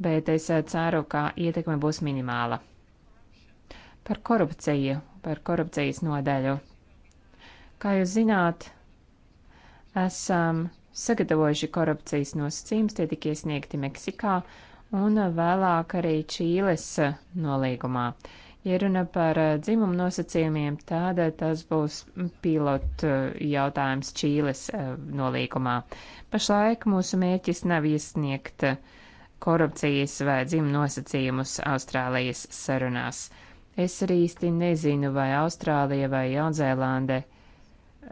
bet es ceru, ka ietekme būs minimāla. Par korupciju, par korupcijas nodaļu. Kā jūs zināt, esam sagatavojuši korupcijas nosacījums, tie tika iesniegti Meksikā, uh, un vēlāk arī Čīles nolīgumā. Ja runa par eh, dzimumu nosacījumiem, tad eh, tas būs pilot eh, jautājums Čīles nolīgumā. Pašlaik mūsu mērķis nav iesniegt korupcijas vai dzimumu nosacījumus Austrālijas sarunās. Es arī īsti nezinu, vai Austrālija vai Jaunzēlande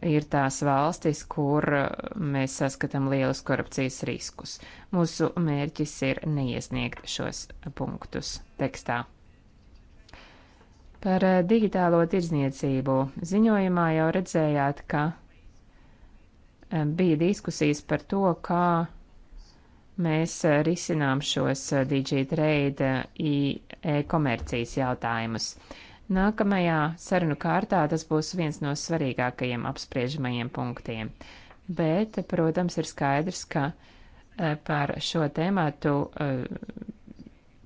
ir tās valstis, kur uh, mēs saskatām lielus korupcijas riskus. Mūsu mērķis ir neiesniegt šos punktus tekstā. Par uh, digitālo tirdzniecību ziņojumā jau redzējāt, ka uh, bija diskusijas par to, kā mēs risinām šos DigiTrade e-komercijas jautājumus. Uh, Nākamajā sarunu kārtā tas būs viens no svarīgākajiem apspriežamajiem punktiem. Bet, protams, ir skaidrs, ka eh, par šo tēmātu eh,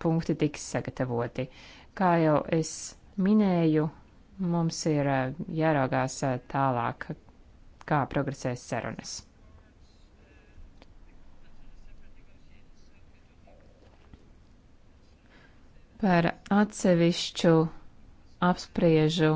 punkti tiks sagatavoti. Kā jau es minēju, mums ir eh, jāraugās tālāk, kā progresēs sarunas. Par atsevišķu apspriežu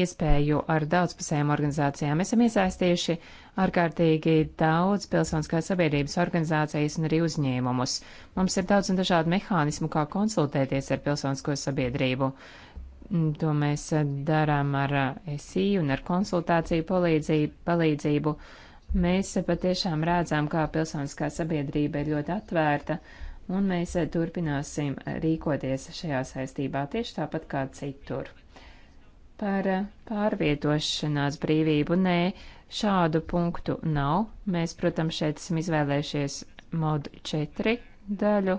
iespēju ar daudzpusējām organizācijām. Esam iesaistījuši ārkārtīgi daudz pilsoniskās sabiedrības organizācijas un arī uzņēmumus. Mums ir daudz un dažādu mehānismu, kā konsultēties ar pilsonisko sabiedrību. Mm, to mēs darām ar eh, SI un ar konsultāciju palīdzību. palīdzību. Mēs patiešām redzam, kā pilsoniskā sabiedrība ir ļoti atvērta un mēs eh, turpināsim eh, rīkoties šajā saistībā tieši tāpat kā citur. Par eh, pārvietošanās brīvību nē, šādu punktu nav. Mēs, protams, šeit esam izvēlējušies modu 4 daļu,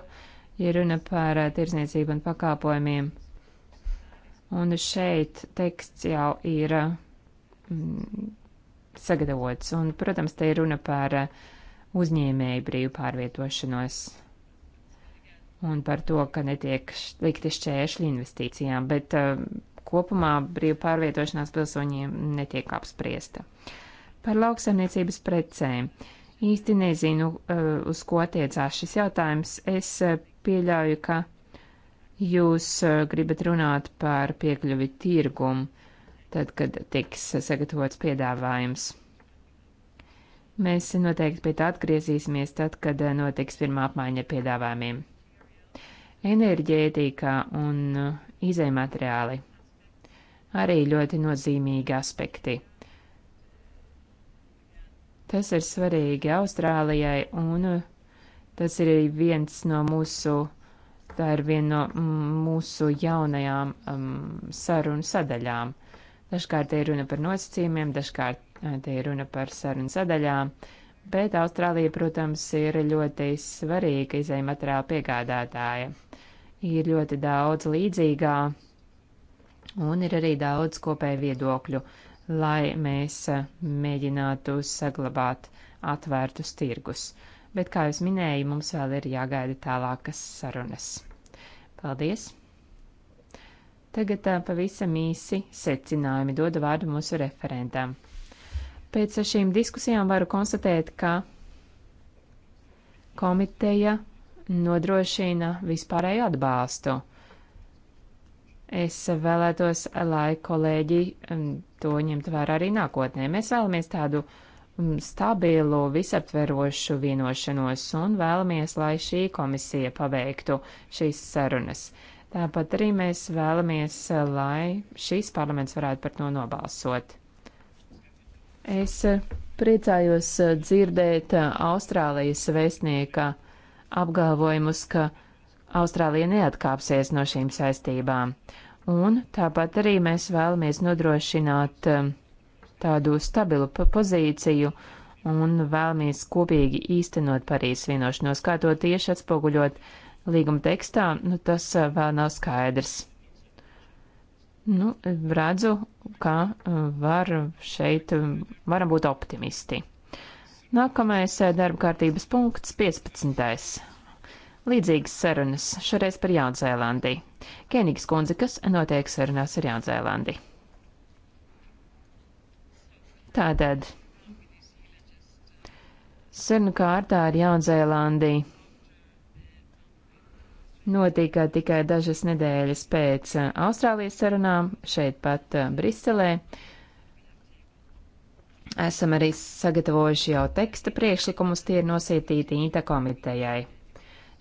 ja runa par tirzniecību un pakāpojumiem. Un šeit teksts jau ir mm, sagatavots, un, protams, te ir runa par uzņēmēju brīvu pārvietošanos un par to, ka netiek likti šķēršļi investīcijām, bet uh, kopumā brīva pārvietošanās pilsoņiem netiek apspriesta. Par lauksaimniecības precēm. Īsti nezinu, uh, uz ko attiecās šis jautājums. Es uh, pieļauju, ka jūs gribat runāt par piekļuvi tirgumu, tad, kad tiks sagatavots piedāvājums. Mēs noteikti pie tā atgriezīsimies tad, kad notiks pirmā apmaiņa ar piedāvājumiem enerģētika un uh, izējumateriāli. Arī ļoti nozīmīgi aspekti. Tas ir svarīgi Austrālijai un uh, tas ir viens no mūsu, tā ir viena no mūsu jaunajām um, sarunu sadaļām. Dažkārt te ir runa par nosacījumiem, dažkārt uh, te ir runa par sarunu sadaļām, bet Austrālija, protams, ir ļoti svarīga izējuma materiāla piegādātāja ir ļoti daudz līdzīgā, un ir arī daudz kopēju viedokļu, lai mēs eh, mēģinātu saglabāt atvērtus tirgus. Bet, kā jau minēju, mums vēl ir jāgaida tālākas sarunas. Paldies! Tagad eh, pavisam īsi secinājumi doda vārdu mūsu referentam. Pēc šīm diskusijām varu konstatēt, ka komiteja nodrošina vispārēju atbalstu. Es vēlētos, lai kolēģi um, to ņemtu vērā arī nākotnē. Mēs vēlamies tādu um, stabilu, visaptverošu vienošanos un vēlamies, lai šī komisija paveiktu šīs sarunas. Tāpat arī mēs vēlamies, lai šīs parlaments varētu par to nobalsot. Es priecājos uh, dzirdēt uh, Austrālijas vēstnieka apgalvojumus, ka Austrālija neatkāpsies no šīm saistībām. Un tāpat arī mēs vēlamies nodrošināt um, tādu stabilu pozīciju un vēlamies kopīgi īstenot Parīzes vienošanos, kā to tieši atspoguļot līguma tekstā, nu tas uh, vēl nav skaidrs. Nu, redzu, ka uh, var šeit, um, varam būt optimisti. Nākamais eh, darba kārtības punkts - 15. Līdzīgas sarunas, šoreiz par Jaunzēlandiju. Kenīgs kundze, kas notiek sarunās ar Jaunzēlandi? Tātad. Sarunu kārtā ar Jaunzēlandiju notika tikai dažas nedēļas pēc eh, Austrālijas sarunām, šeit pat eh, Briselē. Uh, Esam arī sagatavojuši jau teksta priekšlikumus, tie ir nosietīti Inta komitejai.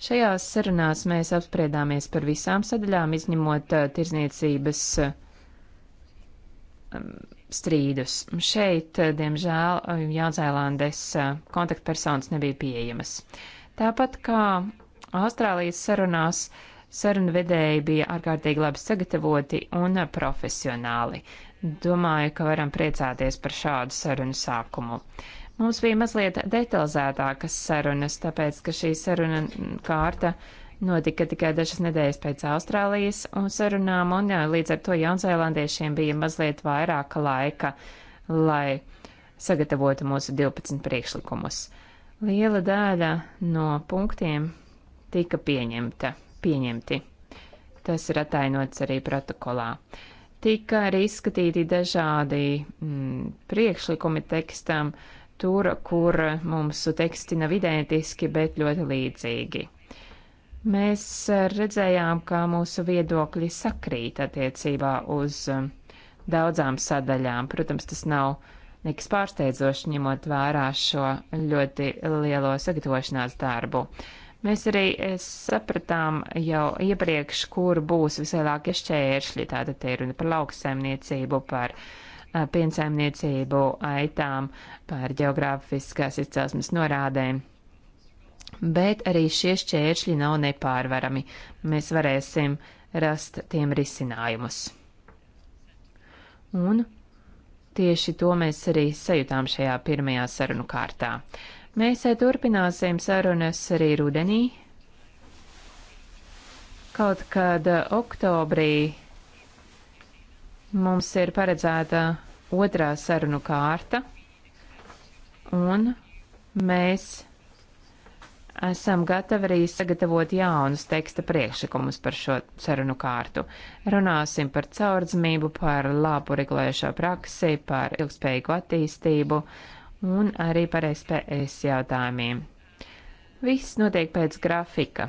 Šajās sarunās mēs apspriedāmies par visām sadaļām, izņemot eh, tirzniecības ehm, strīdus. Šeit, eh, diemžēl, eh, Jaunzēlandes kontaktpersonas nebija pieejamas. Tāpat kā Austrālijas sarunās, sarunu vedēji bija ārkārtīgi labi sagatavoti un profesionāli. Domāju, ka varam priecāties par šādu sarunu sākumu. Mums bija mazliet detalizētākas sarunas, tāpēc, ka šī saruna kārta notika tikai dažas nedēļas pēc Austrālijas un sarunām, un jā, līdz ar to jaunzēlandiešiem bija mazliet vairāka laika, lai sagatavotu mūsu 12 priekšlikumus. Liela daļa no punktiem tika pieņemta, pieņemti. Tas ir atainots arī protokolā tika arī izskatīti dažādi mm, priekšlikumi tekstam, tur, kur mums teksti nav identiski, bet ļoti līdzīgi. Mēs redzējām, ka mūsu viedokļi sakrīt attiecībā uz mm, daudzām sadaļām. Protams, tas nav nekas pārsteidzošs, ņemot vērā šo ļoti lielo sagatavošanās darbu. Uh, Mēs arī eh, sapratām jau iepriekš, kur būs vislielākie šķēršļi. Tātad te ir runa par lauksaimniecību, par eh, piensaimniecību, aitām, par geogrāfiskās izcelsmes norādēm. Bet arī šie šķēršļi nav nepārvarami. Mēs varēsim rast tiem risinājumus. Un tieši to mēs arī sajūtām šajā pirmajā sarunu kārtā. Uh, Mēs eh, turpināsim sarunas arī rudenī. Kaut kad eh, oktobrī mums ir paredzēta otrā sarunu kārta, un mēs esam gatavi arī sagatavot jaunus teksta priekšlikumus par šo sarunu kārtu. Runāsim par caurdzamību, par labu regulējušo praksi, par ilgspējīgu attīstību, uh, un arī par SPS jautājumiem. Viss notiek pēc grafika.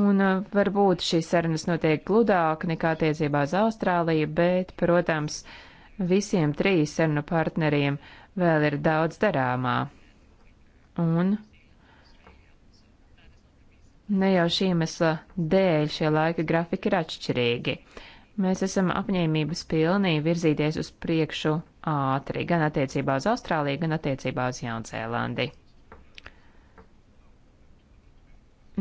Un uh, varbūt šīs sarunas notiek gludāk nekā attiecībā uz Austrāliju, bet, protams, visiem trīs sarunu partneriem vēl ir daudz darāmā. Un ne jau šī iemesla dēļ šie laika grafiki ir atšķirīgi. Mēs esam apņēmības pilnī virzīties uz priekšu ātri, gan attiecībā uz Austrāliju, gan attiecībā uz Jaunzēlandi.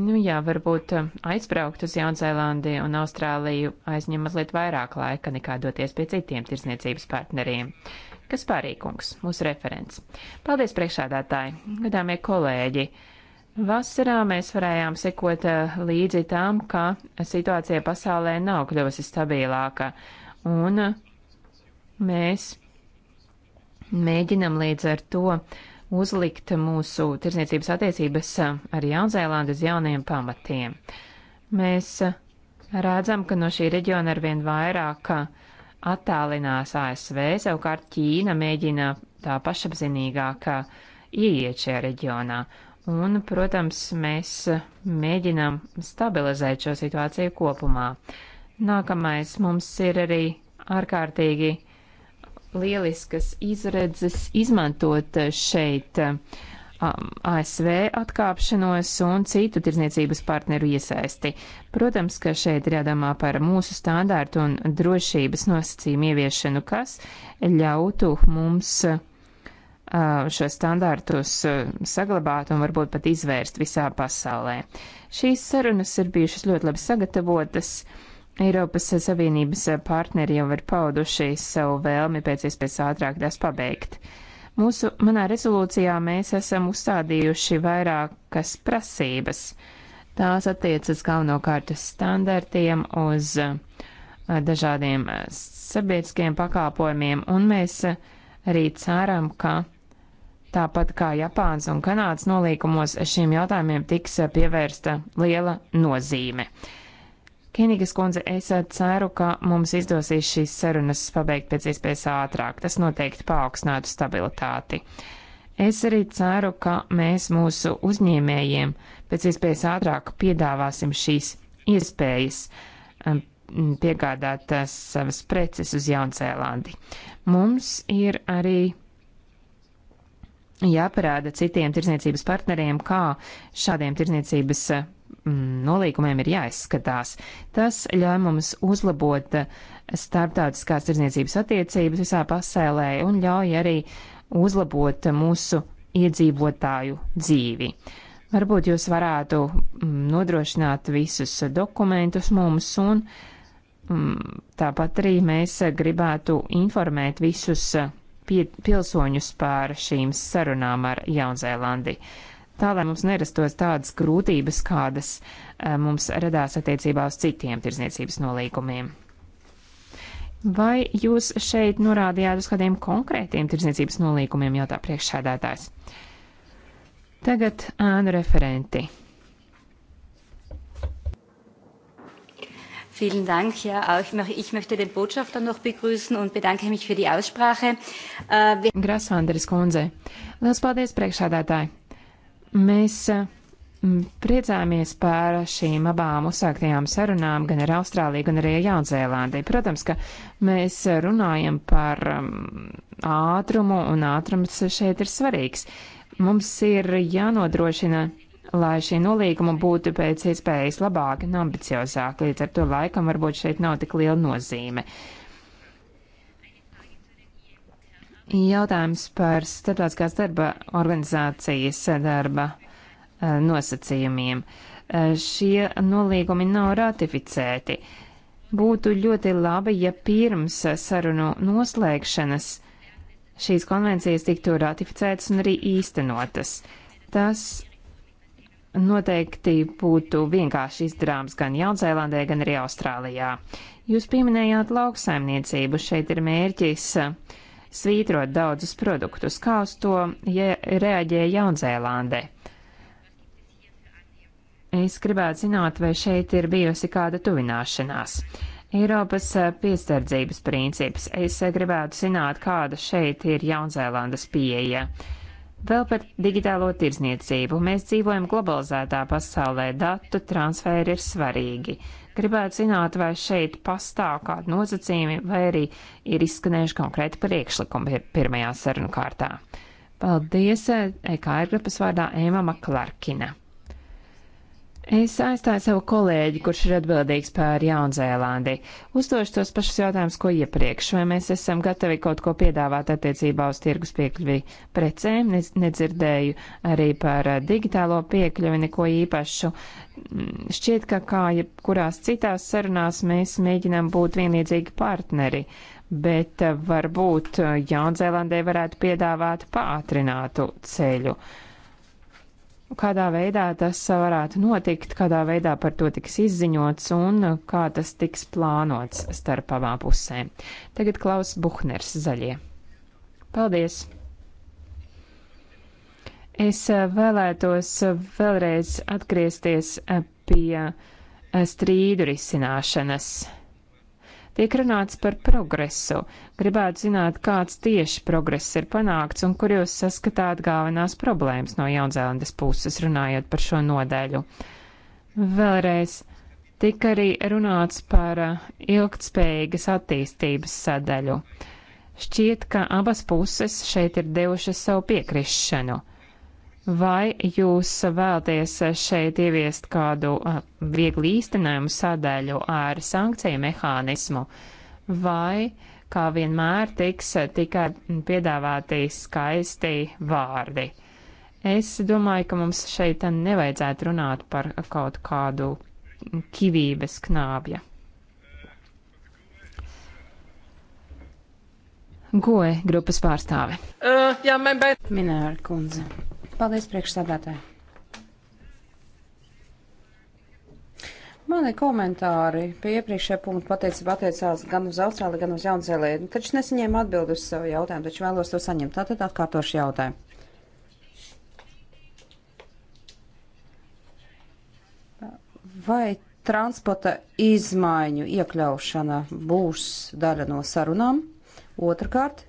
Nu jā, varbūt aizbraukt uz Jaunzēlandi un Austrāliju aizņem mazliet vairāk laika nekā doties pie citiem tirsniecības partneriem. Kas pārīkums, mūsu referents. Paldies priekšādātāji, gadāmie kolēģi! Vasarā mēs varējām sekot eh, līdzi tam, ka situācija pasaulē nav kļuvusi stabilāka, un eh, mēs Mēģinam līdz ar to uzlikt mūsu tirsniecības attiecības ar Jaunzēlandi uz jauniem pamatiem. Mēs redzam, ka no šī reģiona arvien vairāk attālinās ASV, savukārt Ķīna mēģina tā pašapzinīgāk ieiet šajā reģionā. Un, protams, mēs mēģinām stabilizēt šo situāciju kopumā. Nākamais mums ir arī ārkārtīgi lieliskas izredzes izmantot šeit um, ASV atkāpšanos un citu tirzniecības partneru iesaisti. Protams, ka šeit ir jādomā par mūsu standārtu un drošības nosacījumu ieviešanu, kas ļautu mums uh, šo standārtus uh, saglabāt un varbūt pat izvērst visā pasaulē. Šīs sarunas ir bijušas ļoti labi sagatavotas. Uh, Eiropas Savienības partneri jau ir pauduši savu vēlmi pēc iespējas ātrāk tās pabeigt. Mūsu manā rezolūcijā mēs esam uzstādījuši vairākas prasības. Tās attiecas galvenokārt uz standartiem, uz eh, dažādiem eh, sabiedriskiem pakāpojumiem, un mēs arī ceram, ka Tāpat kā Japāns un Kanādas nolīkumos šiem jautājumiem tiks pievērsta liela nozīme. Kenīgas kundze, es eh, ceru, ka mums izdosies šīs sarunas pabeigt pēc iespējas ātrāk. Tas noteikti paaugstinātu stabilitāti. Es arī ceru, ka mēs mūsu uzņēmējiem pēc iespējas ātrāk piedāvāsim šīs iespējas eh, piegādāt savas preces uz Jaunzēlandi. Mums ir arī jāparāda citiem tirzniecības partneriem, kā šādiem tirzniecības Mm, nolīgumiem ir jāizskatās. Tas ļauj mums uzlabot starptautiskās tirdzniecības attiecības visā pasaulē un ļauj arī uzlabot mūsu iedzīvotāju dzīvi. Varbūt jūs varētu mm, nodrošināt visus dokumentus mums un mm, tāpat arī mēs gribētu informēt visus pilsoņus par šīm sarunām ar Jaunzēlandi tā lai mums nerastos tādas grūtības, kādas e, mums radās attiecībā uz citiem tirzniecības nolīkumiem. Vai jūs šeit norādījāt uz kādiem konkrētiem tirzniecības nolīkumiem, jautā priekšsēdētājs? Tagad ēnu referenti. Vielen Dank. Ja, auch ich möchte den Botschafter noch begrüßen und bedanke mich für die Aussprache. Uh, äh, Grasvanderis kundze. Lielas paldies priekšādātāji. Mēs mm, priecāmies par šīm abām uzsāktajām sarunām gan ar Austrāliju, gan arī Jaunzēlandiju. Protams, ka mēs runājam par mm, ātrumu, un ātrums šeit ir svarīgs. Mums ir jānodrošina lai šie nolīgumi būtu pēc iespējas labāki un ambiciozāki, līdz ar to laikam varbūt šeit nav tik liela nozīme. Uh, Jautājums par starptautiskās darba organizācijas darba eh, nosacījumiem. Eh, šie nolīgumi nav ratificēti. Būtu ļoti labi, ja pirms sarunu noslēgšanas šīs konvencijas tiktu ratificētas un arī īstenotas. Tas noteikti būtu vienkārši izdarāms gan Jaunzēlandē, gan arī Austrālijā. Jūs pieminējāt lauksaimniecību. Šeit ir mērķis uh, svītrot daudzus produktus, kā uz to ja reaģēja Jaunzēlandē. Es gribētu zināt, vai šeit ir bijusi kāda tuvināšanās. Eiropas eh, piesardzības princips. Es eh, gribētu zināt, kāda šeit ir Jaunzēlandes pieeja. Vēl par digitālo tirzniecību. Mēs dzīvojam globalizētā pasaulē, datu transferi ir svarīgi. Gribētu zināt, vai šeit pastāv kādi nosacījumi, vai arī ir izskanējuši konkrēti priekšlikumi pirmajā sarunu kārtā. Paldies, EKR eh, e grupas vārdā Ēma Maklarkina. Es aizstāju savu kolēģi, kurš ir atbildīgs par Jaunzēlandi. Uzdošu tos pašus jautājumus, ko iepriekš, vai mēs esam gatavi kaut ko piedāvāt attiecībā uz tirgus piekļuvi precēm. Nedzirdēju arī par eh, digitālo piekļuvi neko īpašu. Mm, šķiet, ka kā jebkurās citās sarunās mēs mēģinām būt vienlīdzīgi partneri, bet eh, varbūt eh, Jaunzēlandē varētu piedāvāt pātrinātu ceļu. Uh, kādā veidā tas varētu notikt, kādā veidā par to tiks izziņots un kā tas tiks plānots starp abām pusēm. Tagad klaus Buhners zaļie. Paldies! Es vēlētos vēlreiz atgriezties pie strīdu risināšanas Tiek runāts par progresu. Gribētu zināt, kāds tieši progress ir panākts un kur jūs saskatāt galvenās problēmas no Jaunzēlandes puses runājot par šo nodeļu. Vēlreiz tika arī runāts par eh, ilgtspējīgas attīstības sadaļu. Šķiet, ka abas puses šeit ir devušas savu piekrišanu. Vai jūs vēlaties šeit ieviest kādu viegli īstenojumu sadaļu ar sankciju mehānismu, vai, kā vienmēr, tiks tikai piedāvāti skaisti vārdi? Es domāju, ka mums šeit nevajadzētu runāt par kaut kādu kivības knābja. Goe grupas pārstāve. Uh, jā, man bet. Minēra kundze. Paldies, priekšsādātāji. Mani komentāri pie iepriekšējā punkta pateicība attiecās gan uz Austrāliju, gan uz Jaunzēlēdu. Taču nesaņēmu atbildi uz savu jautājumu, taču vēlos to saņemt. Tātad atkārtošu jautājumu. Vai transporta izmaiņu iekļaušana būs daļa no sarunām? Otrakārt,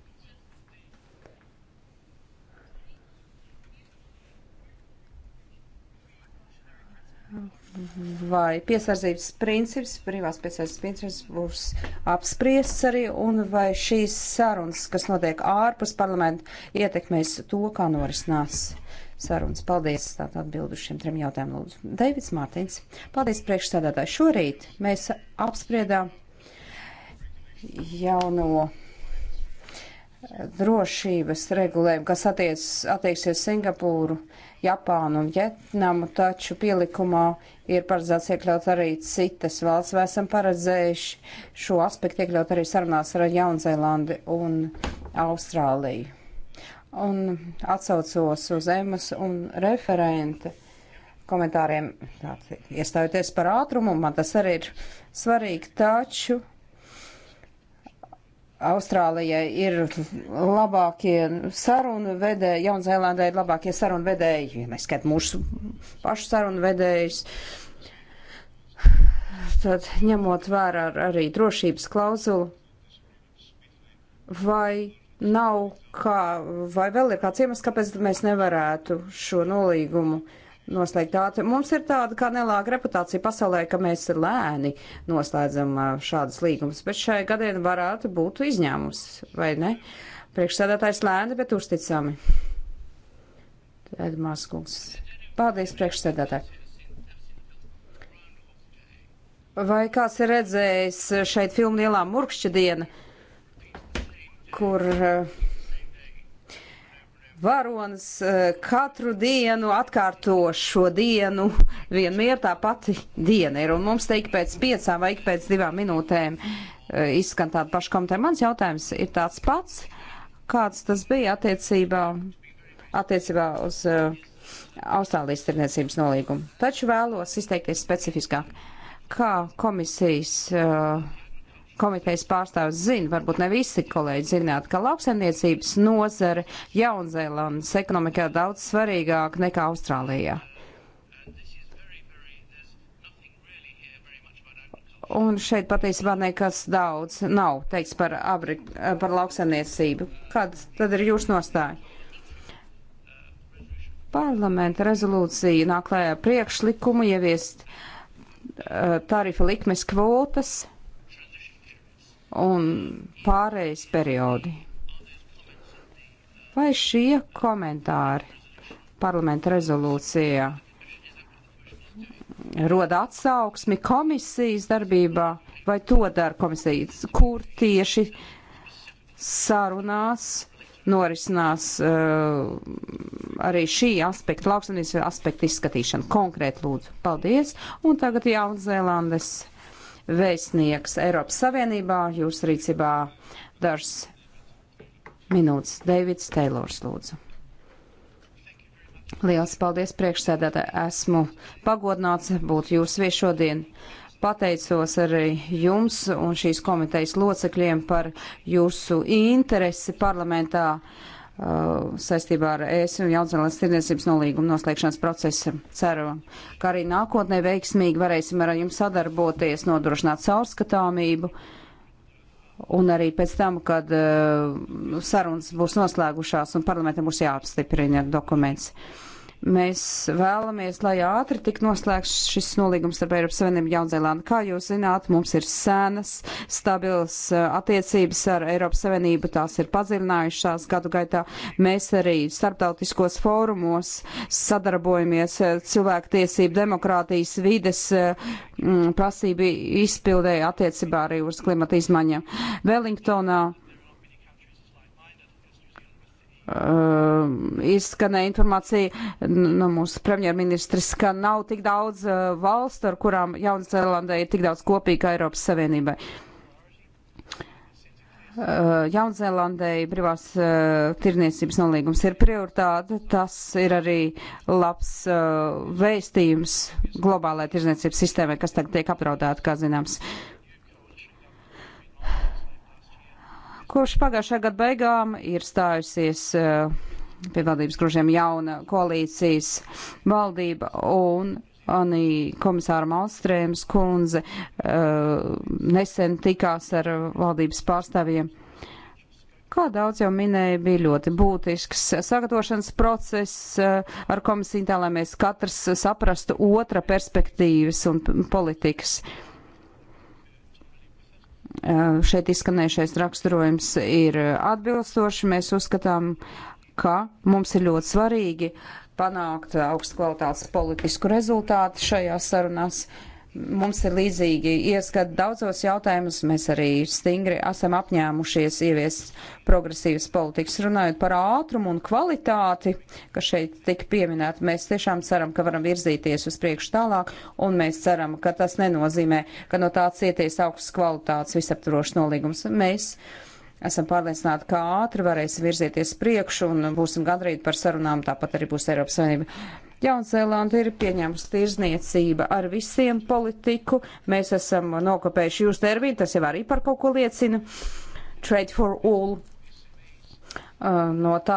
vai piesardzības princips, privās piesardzības princips būs apspriests arī, un vai šīs sarunas, kas notiek ārpus parlamenta, ietekmēs to, kā norisinās sarunas. Paldies, tātad atbildu šiem trim jautājumiem, lūdzu. Deivids Mārtiņs, paldies priekšstādātāji. Šorīt mēs apspriedām jauno drošības regulējumu, kas attiec, attieksies Singapūru. Uh, Japānu un Vietnamu, taču pielikumā ir paredzēts iekļaut arī citas valsts. Mēs esam paredzējuši šo aspektu iekļaut arī sarunās ar Jaunzēlandi un Austrāliju. Un atsaucos uz Emas un referenta komentāriem, iestājoties par ātrumu, man tas arī ir svarīgi, taču Austrālijai ir labākie sarunu vedēji, Jaunzēlandai ir labākie sarunu vedēji, ja neskat mūsu pašu sarunu vedējus. Tad ņemot vērā ar, arī drošības klauzulu, vai nav kā, vai vēl ir kāds iemesls, kāpēc mēs nevarētu šo nolīgumu uh, noslēgt ātri. Mums ir tāda kā nelāga reputācija pasaulē, ka mēs lēni noslēdzam šādas līgumas, bet šai gadiem varētu būt izņēmums, vai ne? Priekšsēdētājs lēni, bet uzticami. Edmārs Kungs. Paldies, priekšsēdētāji. Vai kāds ir redzējis šeit filmu Lielā murkšķa diena, kur uh, varonis eh, katru dienu atkārto šo dienu, vienmēr tā pati diena ir, un mums te ik pēc piecām vai ik pēc divām minūtēm eh, izskan tāda paša komentē. Mans jautājums ir tāds pats, kāds tas bija attiecībā, attiecībā uz uh, Austrālijas tirniecības nolīgumu. Taču vēlos izteikties specifiskāk, kā komisijas uh, komitejas pārstāvis zina, varbūt ne visi kolēģi zināt, ka lauksaimniecības nozare Jaunzēlandes ekonomikā daudz svarīgāk nekā Austrālijā. Un šeit patiesībā nekas daudz nav teiks par, abri, par lauksaimniecību. Kāda tad ir jūsu nostāja? Parlamenta rezolūcija nāk klājā priekšlikumu ieviest uh, tarifa likmes kvotas un pārējais periodi. Vai šie komentāri parlamenta rezolūcijā roda atsauksmi komisijas darbībā, vai to dara komisijas, kur tieši sarunās norisinās uh, arī šī aspekta, lauksanības aspekta izskatīšana. Konkrēt lūdzu, paldies. Un tagad Jaunzēlandes vēstnieks Eiropas Savienībā. Jūs rīcībā dažs minūtes. Deivids Teilors, lūdzu. Liels paldies priekšsēdētā. Esmu pagodināts būt jūs vies šodien. Pateicos arī jums un šīs komitejas locekļiem par jūsu interesi parlamentā. Uh, Uh, saistībā ar ES un Jaunzēlandes tirdzniecības nolīgumu noslēgšanas procesu. Ceru, ka arī nākotnē veiksmīgi varēsim ar jums sadarboties, nodrošināt caurskatāmību. Un arī pēc tam, kad uh, sarunas būs noslēgušās un parlamentam būs jāapstiprina dokuments. Uh, Mēs vēlamies, lai ātri tik noslēgts šis nolīgums starp Eiropas Savienību un Jaunzēlānu. Kā jūs zināt, mums ir sēnas, stabils attiecības ar Eiropas Savienību, tās ir padziļinājušās gadu gaitā. Mēs arī starptautiskos fórumos sadarbojamies cilvēktiesību, demokrātijas, vides prasību izpildēja attiecībā arī uz klimata izmaiņām. Wellingtonā Uh, ehm, izskanēja informācija no nu, mūsu premjerministrs, ka nav tik daudz uh, valstu, ar kurām Jaunzēlandē ir tik daudz kopīga Eiropas Savienībai. Uh, ehm, Jaunzēlandei brīvās uh, e, tirniecības nolīgums ir prioritāte. Tas ir arī labs uh, vēstījums globālajai tirniecības sistēmai, kas tagad tiek apdraudēta, kā zināms. Uh, Kopš pagājušā gada beigām ir stājusies eh, pie valdības gružiem jauna koalīcijas valdība un Anī komisāra Malstrēmas kundze eh, nesen tikās ar valdības pārstāvjiem. Kā daudz jau minēja, bija ļoti būtisks sagatavošanas process eh, ar komisiju, tā lai mēs katrs saprastu otra perspektīvas un politikas. Uh, Eh, šeit izskanējušais raksturojums ir atbilstoši. Mēs uzskatām, ka mums ir ļoti svarīgi panākt augstu kvalitātes politisku rezultātu šajās sarunās. Uh, mums ir līdzīgi ieskat daudzos jautājumus. Mēs arī stingri esam apņēmušies ieviest progresīvas politikas. Runājot par ātrumu un kvalitāti, kas šeit tika pieminēta, mēs tiešām ceram, ka varam virzīties uz priekšu tālāk, un mēs ceram, ka tas nenozīmē, ka no tā cieties augsts kvalitātes visaptrošs nolīgums. Mēs Esam pārliecināti, ka ātri varēsim virzieties priekšu un būsim gandrīz par sarunām, tāpat arī būs Eiropas Savienība Jaunzēlanda ir pieņēmusi tirzniecība ar visiem politiku. Mēs esam nokopējuši jūsu terminu, tas jau arī par kaut ko liecina. Trade for all. Uh, no tā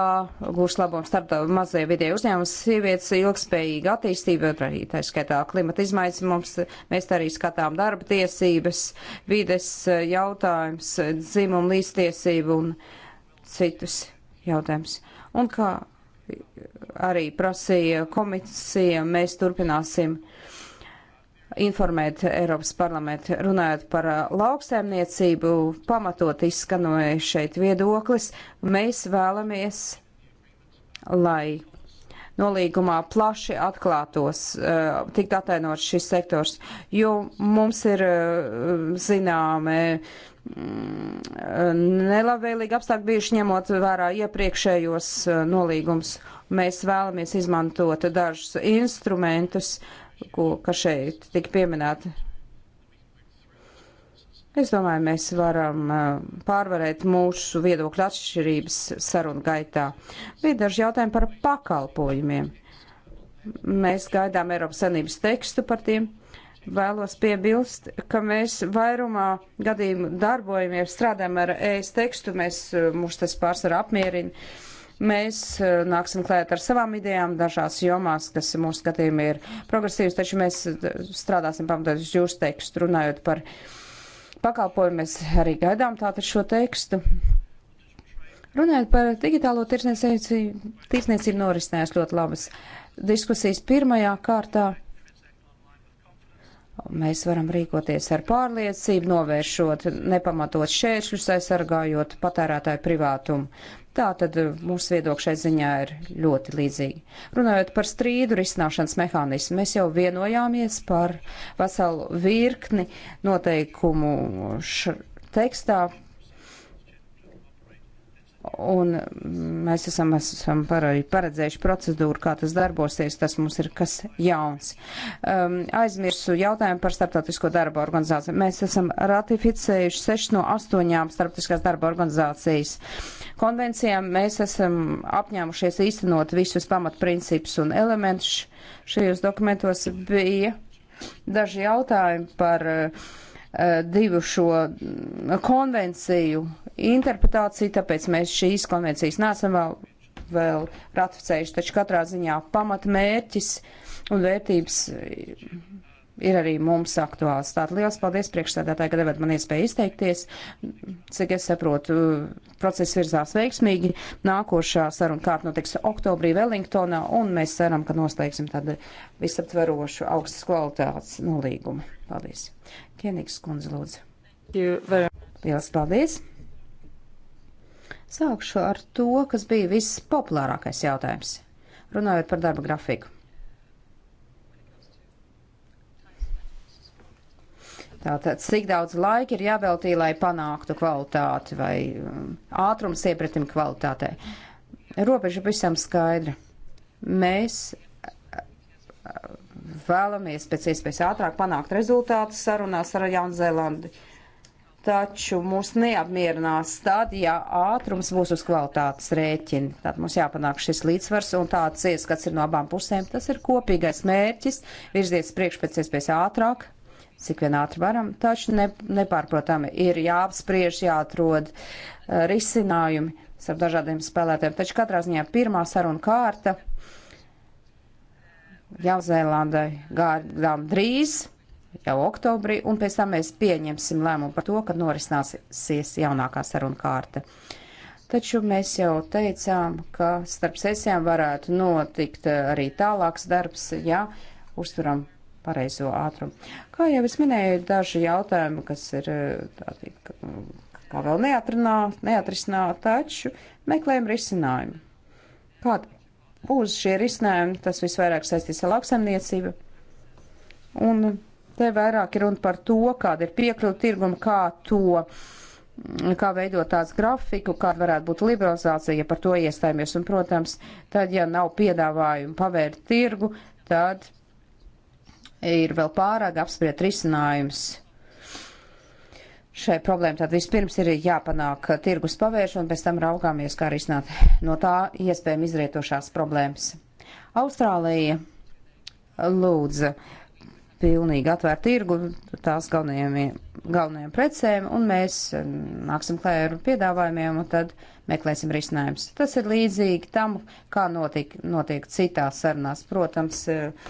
gūs labums starp mazie vidēji uzņēmums, sievietes ilgspējīga attīstība, arī tā skaitā klimata izmaiņas mums, mēs arī skatām darba tiesības, vides uh, jautājums, dzimumu līdztiesību un citus jautājumus. Un kā arī prasīja komisija, mēs turpināsim informēt Eiropas parlamentu. Runājot par uh, lauksēmniecību, pamatot izskanoja šeit viedoklis, mēs vēlamies, lai nolīgumā plaši atklātos, uh, tikt atainot šis sektors, jo mums ir uh, zināmi Mm, nelabvēlīgi apstākļi bijuši ņemot vērā iepriekšējos e, nolīgums. Mēs vēlamies izmantot dažus instrumentus, ko, kas šeit tika pieminēti. Es domāju, mēs varam e, pārvarēt mūsu viedokļu atšķirības sarunu gaitā. Bija daži jautājumi par pakalpojumiem. Mēs gaidām Eiropas Sanības tekstu par tiem. Uh, Vēlos piebilst, ka mēs vairumā gadījumu darbojamies, strādājam ar ēst tekstu, mēs, eh, mūs tas pārsvarā apmierina. Mēs eh, nāksim klēt ar savām idejām dažās jomās, kas mūsu skatījumi ir progresīvas, taču mēs eh, strādāsim pamatot uz jūsu tekstu, runājot par pakalpojumu, mēs arī gaidām tātad šo tekstu. Runājot par digitālo tirsniecību, tirsniecību norisinājās ļoti labas diskusijas pirmajā kārtā Mēs varam rīkoties ar pārliecību, novēršot nepamatot šķēršļus, aizsargājot patērētāju privātumu. Tā tad uh, mūsu viedokšai ziņā ir ļoti līdzīgi. Runājot par strīdu risināšanas mehānismu, mēs jau vienojāmies par veselu virkni noteikumu tekstā, Un mm, mēs esam, esam paredzējuši procedūru, kā tas darbosies, tas mums ir kas jauns. Um, aizmirsu jautājumu par starptautisko darba organizāciju. Mēs esam ratificējuši 6 no 8 starptautiskās darba organizācijas konvencijām. Mēs esam apņēmušies īstenot visus pamatprincipus un elementus šajos dokumentos. Bija daži jautājumi par. Uh, divu šo mm, konvenciju interpretāciju, tāpēc mēs šīs konvencijas nesam vēl, vēl ratificējuši, taču katrā ziņā pamatmērķis un vērtības ir arī mums aktuāls. Tātad liels paldies priekšstādātāji, ka devat man iespēju izteikties. Cik es saprotu, process virzās veiksmīgi. Nākošā saruna kārta notiks oktobrī Wellingtonā, un mēs ceram, ka noslēgsim tādu visaptverošu augstas kvalitātes nolīgumu. Paldies. Kienīgs kundze, lūdzu. Lielas paldies. Sākšu ar to, kas bija vispopulārākais jautājums, runājot par darba grafiku. Tātad, cik daudz laika ir jāveltī, lai panāktu kvalitāti vai um, ātrums iepratim kvalitātei? Robeža visam skaidra. Mēs vēlamies pēc iespējas ātrāk panākt rezultātu sarunās ar Jaunzēlandi. Taču mūs neapmierinās tad, ja ātrums būs uz kvalitātes rēķina. Tad mums jāpanāk šis līdzsvars un tāds ieskats ir no abām pusēm. Tas ir kopīgais mērķis virzies priekš pēc iespējas ātrāk, cik vien ātri varam, taču ne, nepārprotami ir jāapspriež, jāatrod eh, risinājumi starp dažādiem spēlētājiem. Taču katrā ziņā pirmā saruna kārta Jauzēlandai gādām drīz, jau oktobrī, un pēc tam mēs pieņemsim lēmumu par to, kad norisināsies jaunākā saruna kārta. Taču mēs jau teicām, ka starp sesijām varētu notikt eh, arī tālāks darbs, ja uzturam pareizo ātrumu. Kā jau es minēju, daži jautājumi, kas ir eh, tādi, mm, kā vēl neatrunā, neatrisinā, taču meklējam risinājumu. Kāda uz šie risinājumi, tas visvairāk saistīts ar lauksaimniecību. Un te vairāk ir runa par to, kāda ir piekļuva tirguma, kā to, kā veidot tāds grafiku, kāda varētu būt liberalizācija, ja par to iestājamies. Un, protams, tad, ja nav piedāvājumu pavērt tirgu, tad ir vēl pārāk apspriet risinājums šai problēmai. Tad vispirms ir jāpanāk tirgus pavēršana, pēc tam raugāmies, kā arī iznāt no tā iespējami izrietošās problēmas. Austrālija lūdza pilnīgi atvērt tirgu tās galvenajiem, galvenajiem precēm, un mēs nāksim klē ar piedāvājumiem, un tad meklēsim risinājumus. Tas ir līdzīgi tam, kā notiek, notiek citās sarunās. Protams, uh,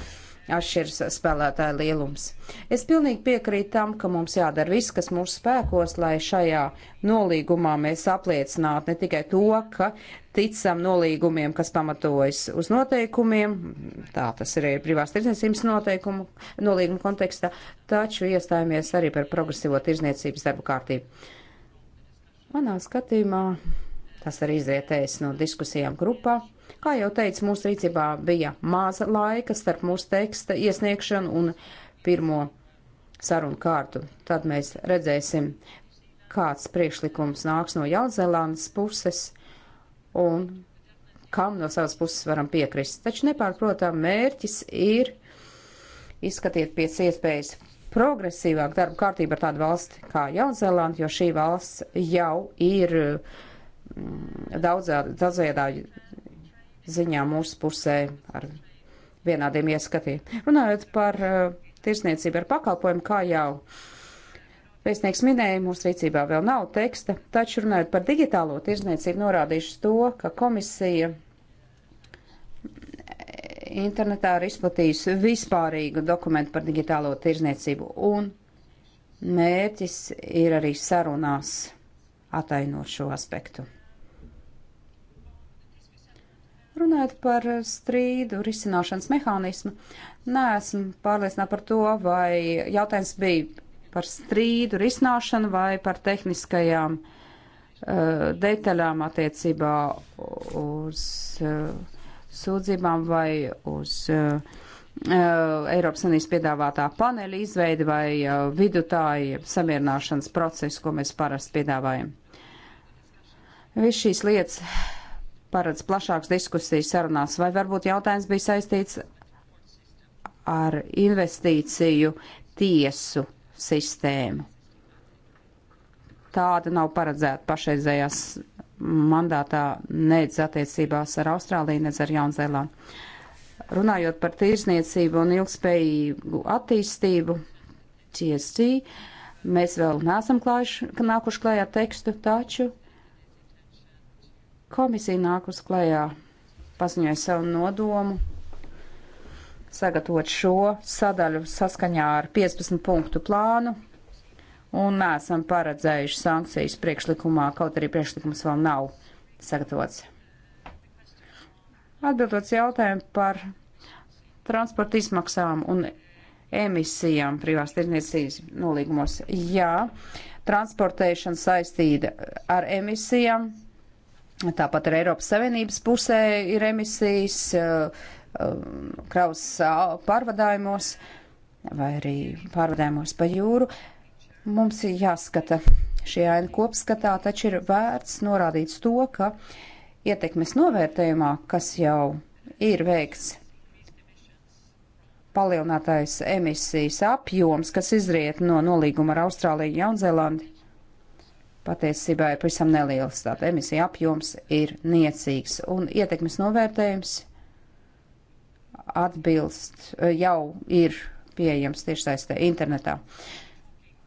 atšķiras spēlētāja lielums. Es pilnīgi piekrītu tam, ka mums jādara viss, kas mūsu spēkos, lai šajā nolīgumā mēs apliecinātu ne tikai to, ka ticam nolīgumiem, kas pamatojas uz noteikumiem, tā tas ir privās tirdzniecības noteikumu, nolīguma kontekstā, taču iestājāmies arī par progresīvo tirdzniecības darbu kārtību. Manā skatījumā tas arī izrietējas no diskusijām grupā Kā jau teicu, mūsu rīcībā bija maza laika starp mūsu teksta iesniegšanu un pirmo sarunu kārtu. Tad mēs redzēsim, kāds priekšlikums nāks no Jaunzēlandes puses un kam no savas puses varam piekrist. Taču nepārprotam mērķis ir izskatiet pēc iespējas progresīvāk darba kārtību ar tādu valsti kā Jaunzēlanda, jo šī valsts jau ir mm, daudzējādā ziņā mūsu pusē ar vienādiem ieskatiem. Runājot par uh, tirsniecību ar pakalpojumu, kā jau vēstnieks minēja, mūsu rīcībā vēl nav teksta, taču runājot par digitālo tirsniecību, norādīšu to, ka komisija internetā ir izplatījusi vispārīgu dokumentu par digitālo tirzniecību, un mērķis ir arī sarunās atainot šo aspektu. Runājot par strīdu risināšanas mehānismu, neesmu pārliecināta par to, vai jautājums bija par strīdu risināšanu vai par tehniskajām uh, detaļām attiecībā uz uh, sūdzībām vai uz uh, Eiropas Sanības piedāvātā paneļa izveidi vai uh, vidutāji samierināšanas procesu, ko mēs parasti piedāvājam. Viss šīs lietas paredz plašāks diskusijas sarunās, vai varbūt jautājums bija saistīts ar investīciju tiesu sistēmu. Tāda nav paredzēta pašreizējās mandātā nedz attiecībās ar Austrāliju, nedz ar Jaunzēlānu. Runājot par tirsniecību un ilgspējīgu attīstību, TSC, mēs vēl neesam klājuši, nākuši klājā tekstu, taču Komisija nāk uz klējā, paziņoja savu nodomu, sagatavot šo sadaļu saskaņā ar 15 punktu plānu, un neesam paredzējuši sankcijas priekšlikumā, kaut arī priekšlikums vēl nav sagatavots. Atbildot jautājumu par transporta izmaksām un emisijām privās tirdzniecības nolīgumos. Jā, transportēšana saistīta ar emisijām Tāpat ar Eiropas Savienības pusē ir emisijas eh, eh, kravas eh, pārvadājumos vai arī pārvadājumos pa jūru. Mums ir jāskata šī aina kopskatā, taču ir vērts norādīt to, ka ietekmes novērtējumā, kas jau ir veikts palielinātais emisijas apjoms, kas izriet no nolīguma ar Austrāliju un Jaunzēlandi, patiesībā ir pavisam neliels. Tātad emisija apjoms ir niecīgs un ietekmes novērtējums atbilst, eh, jau ir pieejams tieši saistē internetā.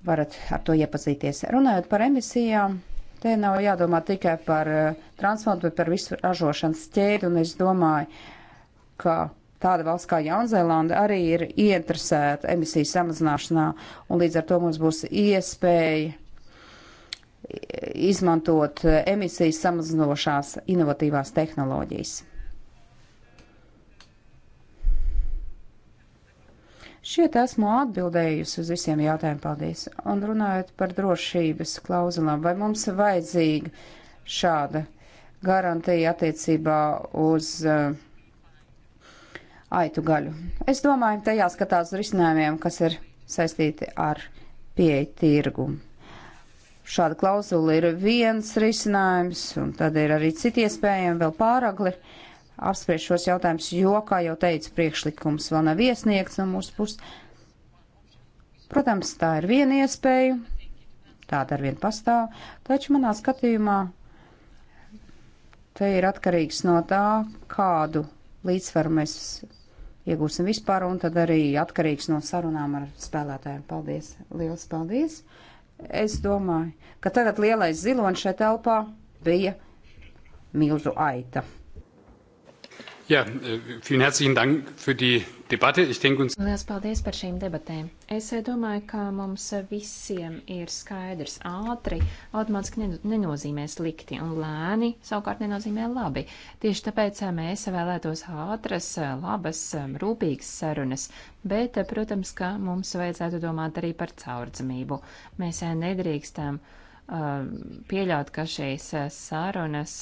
Varat ar to iepazīties. Runājot par emisijām, te nav jādomā tikai par eh, transportu, bet par visu ražošanas ķēdi, un es domāju, ka tāda valsts kā Jaunzēlanda arī ir ieinteresēta emisiju samazināšanā, un līdz ar to mums būs iespēja izmantot emisijas samazinošās inovatīvās tehnoloģijas. Šķiet, esmu atbildējusi uz visiem jautājumiem. Paldies. Un runājot par drošības klauzulām, vai mums vajadzīga šāda garantija attiecībā uz uh, aitu gaļu? Es domāju, tajā skatās risinājumiem, kas ir saistīti ar pieeja tirgumu. Šāda klauzula ir viens risinājums, un tad ir arī citi iespējami vēl pāragli apspriest šos jautājumus, jo, kā jau teicu, priekšlikums vēl nav iesniegts no mūsu puses. Protams, tā ir viena iespēja, tāda ar vienu pastāv, taču manā skatījumā te ir atkarīgs no tā, kādu līdzsvaru mēs iegūsim vispār, un tad arī atkarīgs no sarunām ar spēlētājiem. Paldies! Lielas paldies! Es domāju, ka tagad lielais zilonis šajā telpā bija milzu aita. Jā, ja, eh, vielen herzlichen Dank für die debati. Uns... Lielas paldies par šīm debatēm. Es eh, domāju, ka mums visiem ir skaidrs ātri, automātiski nenozīmē slikti, un lēni savukārt nenozīmē labi. Tieši tāpēc eh, mēs vēlētos ātras, eh, labas, rūpīgas sarunas, bet, protams, ka mums vajadzētu domāt arī par caurdzamību. Mēs nedrīkstam pieļaut, ka šīs sarunas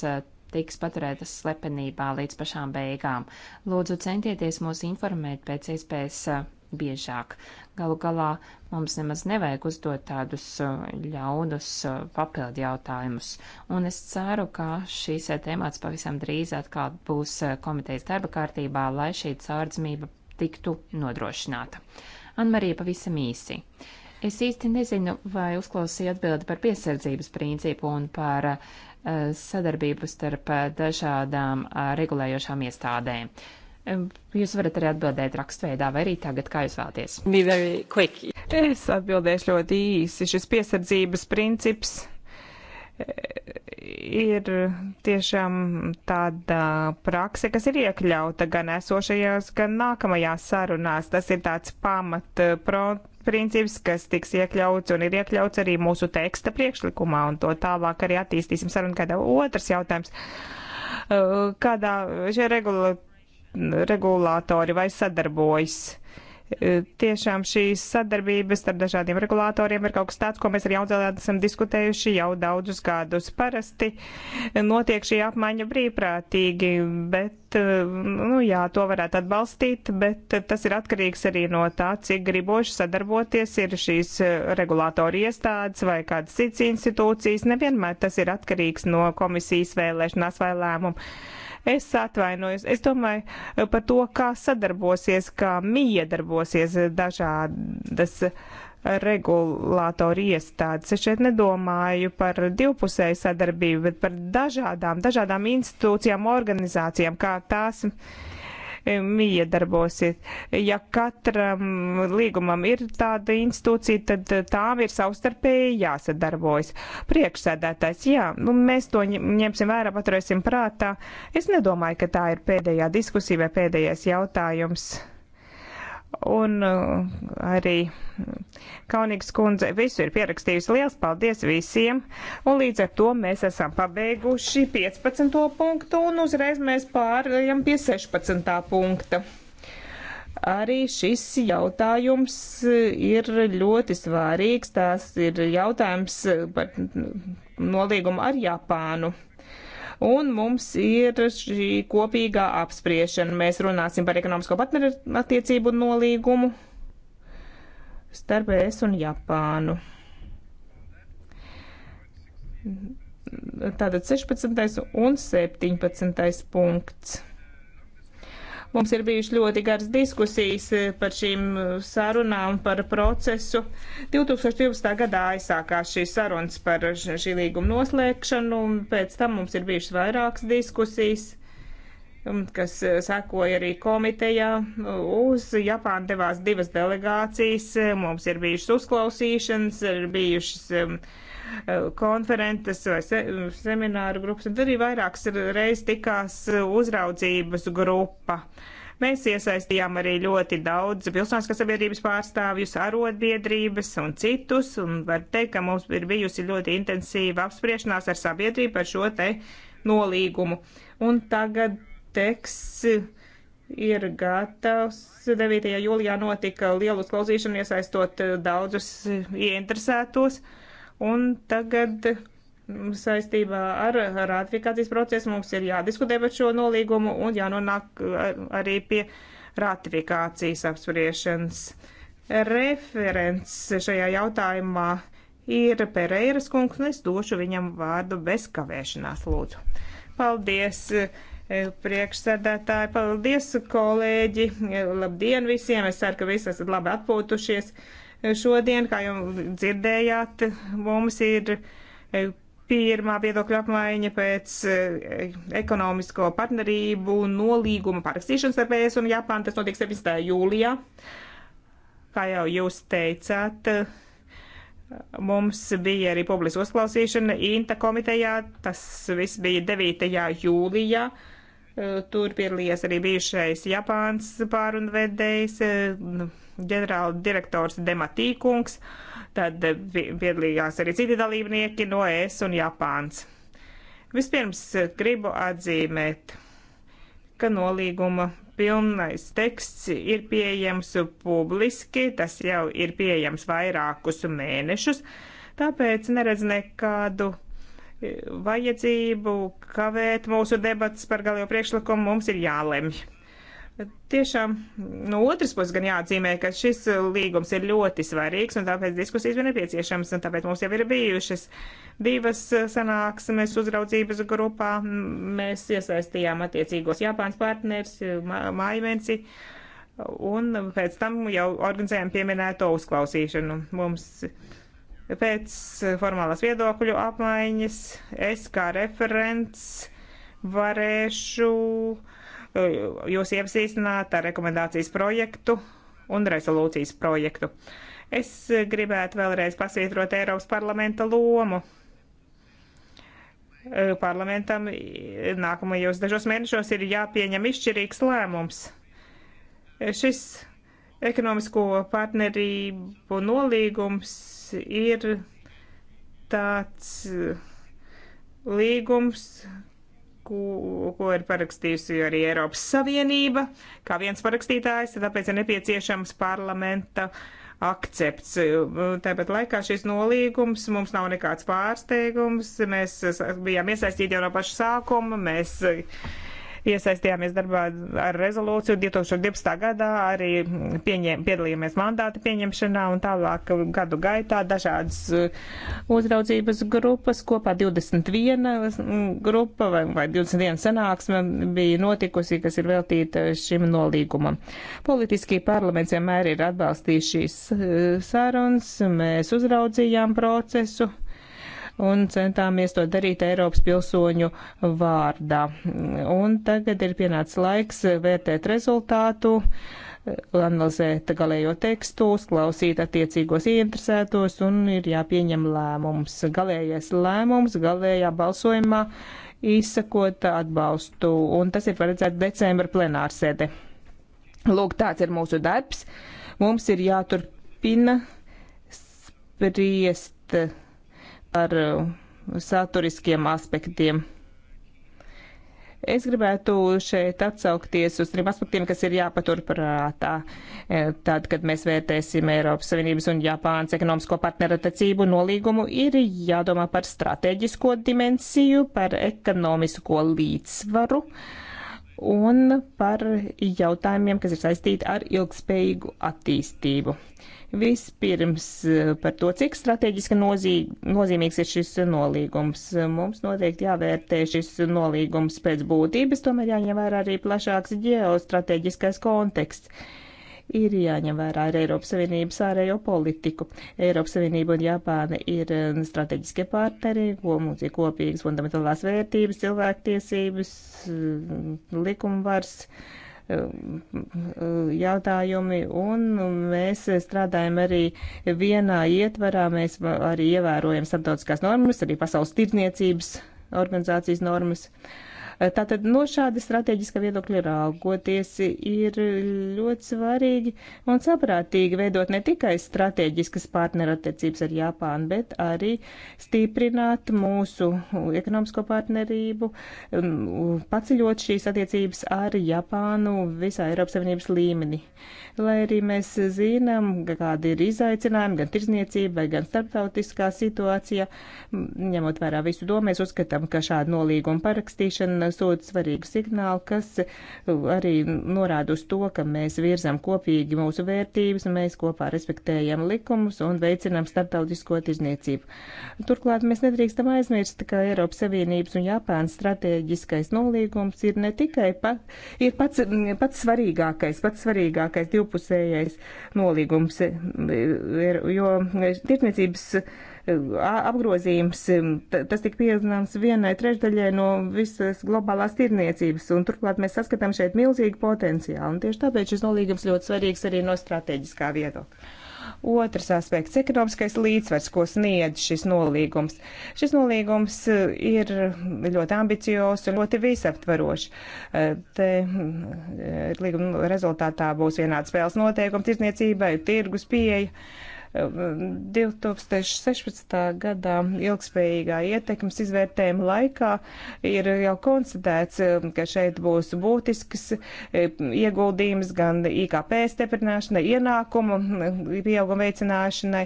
tiks paturētas slepenībā līdz pašām beigām. Lūdzu, centieties mūs informēt pēc iespējas uh, biežāk. Galu galā mums nemaz nevajag uzdot tādus uh, ļaunus uh, papildu jautājumus, un es ceru, ka šīs temats pavisam drīz atkal būs komitejas darba kārtībā, lai šī caurdzmība tiktu nodrošināta. Anmarija pavisam īsi. Es īsti nezinu, vai uzklausīju atbildi par piesardzības principu un par uh, Eh, sadarbību starp eh, dažādām eh, regulējošām iestādēm. Jūs varat arī atbildēt rakstveidā, vai arī tagad, kā jūs vēlaties. Es atbildēšu ļoti īsi. Šis piesardzības princips ir tiešām tāda prakse, kas ir iekļauta gan esošajās, gan nākamajās sarunās. Tas ir tāds pamat pro pamatprincips, kas tiks iekļauts un ir iekļauts arī mūsu teksta priekšlikumā, un to tālāk arī attīstīsim sarunu kādā. Otrs jautājums. Uh, kādā šie regulātori vai sadarbojas? E, tiešām šīs sadarbības starp dažādiem regulātoriem ir kaut kas tāds, ko mēs ar Jaunzēlē esam diskutējuši jau daudzus gadus. Parasti notiek šī apmaiņa brīvprātīgi, bet, e, nu jā, to varētu atbalstīt, bet tas ir atkarīgs arī no tā, cik griboši sadarboties ir šīs e, regulātori iestādes vai kādas cits institūcijas. Nevienmēr tas ir atkarīgs no komisijas vēlēšanās vai lēmumu. Es atvainojos. Es domāju eh, par to, kā sadarbosies, kā miedarbosies eh, dažādas eh, regulātori iestādes. Es šeit nedomāju par divpusēju sadarbību, bet par dažādām, dažādām institūcijām, organizācijām, kā tās iedarbosiet. Ja katram līgumam ir tāda institūcija, tad eh, tām ir savstarpēji jāsadarbojas. Priekšsēdētājs, jā, nu, mēs to ņemsim vērā, paturēsim prātā. Es nedomāju, ka tā ir pēdējā diskusija vai pēdējais jautājums un uh, arī Kaunīgas kundze visu ir pierakstījusi. Liels paldies visiem! Un līdz ar to mēs esam pabeiguši 15. punktu un uzreiz mēs pārējām pie 16. punkta. Arī šis jautājums ir ļoti svārīgs. Tās ir jautājums par nolīgumu ar Japānu un mums ir šī kopīgā apspriešana. Mēs runāsim par ekonomisko partneru attiecību nolīgumu starp ES un Japānu. Tātad 16. un 17. punkts. Mums ir bijušas ļoti garas diskusijas eh, par šīm eh, sarunām, par procesu. 2012. gadā aizsākās šīs sarunas par šī līguma noslēgšanu, un pēc tam mums ir bijušas vairākas diskusijas um, kas eh, sekoja arī komitejā. Uz Japānu devās divas delegācijas, mums ir bijušas uzklausīšanas, ir bijušas um, konferences vai se, semināru grupas, un arī vairākas reizes tikās uzraudzības grupa. Mēs iesaistījām arī ļoti daudz pilsoniskās sabiedrības pārstāvjus, arotbiedrības un citus, un var teikt, ka mums ir bijusi ļoti intensīva apspriešanās ar sabiedrību par šo te nolīgumu. Un tagad teksts ir gatavs. 9. jūlijā notika liela uzklausīšana, iesaistot eh, daudzus eh, ieinteresētos. Ja Un tagad mm, saistībā ar ratifikācijas procesu mums ir jādiskutē par šo nolīgumu un jānonāk arī pie ratifikācijas apspriešanas. Referents šajā jautājumā ir Pereiras kungs, un es došu viņam vārdu bez kavēšanās, lūdzu. Paldies! E, priekšsēdētāji. Paldies, kolēģi! E, labdien visiem! Es ceru, ka visi esat labi atpūtušies šodien, kā jau dzirdējāt, mums ir e, pirmā viedokļa apmaiņa pēc e, ekonomisko partnerību nolīguma parakstīšanas ar PS un Japānu. Tas notiek 17. jūlijā. Kā jau jūs teicāt, mums bija arī publiska uzklausīšana INTA komitejā. Tas viss bija 9. jūlijā. E, tur piedalījās arī bijušais Japāns pārunvedējs ģenerāla direktors Dematīkungs, tad piedalījās arī citi dalībnieki no ES un Japāns. Vispirms gribu atzīmēt, ka nolīguma pilnais teksts ir pieejams publiski, tas jau ir pieejams vairākus mēnešus, tāpēc neredz nekādu eh, vajadzību kavēt mūsu debatas par galējo priekšlikumu, mums ir jālemj. Tiešām no otras puses gan jāatzīmē, ka šis līgums ir ļoti svarīgs un tāpēc diskusijas ir nepieciešams un tāpēc mums jau ir bijušas divas sanāksmes uzraudzības grupā. Mēs iesaistījām attiecīgos Japāns partners, Maimensi un pēc tam jau organizējām pieminēto uzklausīšanu. Mums pēc formālās viedokļu apmaiņas es kā referents varēšu Eh, jūs iepazīstināt ar rekomendācijas projektu un rezolūcijas projektu. Es gribētu vēlreiz pasvītrot Eiropas parlamenta lomu eh, parlamentam nākamajos dažos mēnešos ir jāpieņem izšķirīgs lēmums. Eh, šis ekonomisko partnerību nolīgums ir tāds līgums, ko, ko ir parakstījusi arī Eiropas Savienība, kā viens parakstītājs, tāpēc ir nepieciešams parlamenta akcepts. Tāpat laikā šis nolīgums mums nav nekāds pārsteigums. Mēs bijām iesaistīti jau no paša sākuma. Mēs iesaistījāmies darbā ar rezolūciju 2012. gadā, arī pieņēm, piedalījāmies mandāta pieņemšanā un tālāk gadu gaitā dažādas uh, uzraudzības grupas, kopā 21 mm, grupa vai, vai 21 sanāksme bija notikusi, kas ir veltīta šim nolīgumam. Politiski parlaments vienmēr ir atbalstījuši šīs uh, sarunas, mēs uzraudzījām procesu un centāmies to darīt Eiropas pilsoņu vārdā. Un tagad ir pienācis laiks vērtēt rezultātu, analizēt galējo tekstu, klausīt attiecīgos ieinteresētos un ir jāpieņem lēmums. Galējais lēmums galējā balsojumā izsakot atbalstu, un tas ir paredzēts decembra plenārsēde. Lūk, tāds ir mūsu darbs. Mums ir jāturpina spriest par uh, saturiskiem aspektiem. Es gribētu šeit atsaukties uz trim aspektiem, kas ir jāpaturprātā. Eh, tad, kad mēs vērtēsim Eiropas Savienības un Japānas ekonomisko partnerattiecību nolīgumu, ir jādomā par strateģisko dimensiju, par ekonomisko līdzsvaru un par jautājumiem, kas ir saistīti ar ilgspējīgu attīstību. Uh, Vispirms eh, par to, cik strateģiski nozī, nozīmīgs ir šis nolīgums. Mums noteikti jāvērtē šis nolīgums pēc būtības, tomēr jāņem vērā arī plašāks ģeostrateģiskais konteksts ir jāņem vērā ar Eiropas Savienības ārējo politiku. Eiropas Savienība un Japāna ir eh, strateģiskie partneri, ko mums ir kopīgas fundamentālās vērtības, cilvēktiesības, eh, likumvars. Uh, jautājumi, un mēs strādājam arī vienā ietvarā, mēs arī ievērojam starptautiskās normas, arī pasaules tirdzniecības organizācijas normas. Uh, Tātad no šāda strateģiska viedokļa raugoties ir ļoti svarīgi un saprātīgi veidot ne tikai strateģiskas partnerattiecības ar Japānu, bet arī stiprināt mūsu ekonomisko partnerību, paceļot šīs attiecības ar Japānu visā Eiropas Savienības līmenī. Lai arī mēs zinām, kādi ir izaicinājumi gan tirzniecībai, gan starptautiskā situācija, ņemot vērā visu domu, mēs uzskatām, ka šāda nolīguma parakstīšana sūta svarīgu signālu, kas uh, arī norāda uz to, ka mēs virzam kopīgi mūsu vērtības, mēs kopā respektējam likumus un veicinām starptautisko tirzniecību. Turklāt mēs nedrīkstam aizmirst, ka Eiropas Savienības un Japānas strateģiskais nolīgums ir ne tikai pa, ir pats, pats svarīgākais, pats svarīgākais divpusējais nolīgums, eh, er, jo eh, tirzniecības apgrozījums, tas tika pievienams vienai trešdaļai no visas globālās tirniecības, un turklāt mēs saskatām šeit milzīgu potenciālu, un tieši tāpēc šis nolīgums ļoti svarīgs arī no strateģiskā viedokļa. Otrs aspekts - ekonomiskais līdzsvars, ko sniedz šis nolīgums. Šis nolīgums e, ir ļoti ambiciozs un ļoti visaptvarošs. E, te e, līguma rezultātā būs vienāds spēles noteikums, tirsniecībai, tirgus pieeja 2016. gadā ilgspējīgā ietekmes izvērtējuma laikā ir jau konstatēts, ka šeit būs būtisks e, ieguldījums gan IKP stiprināšanai, ienākumu pieauguma veicināšanai,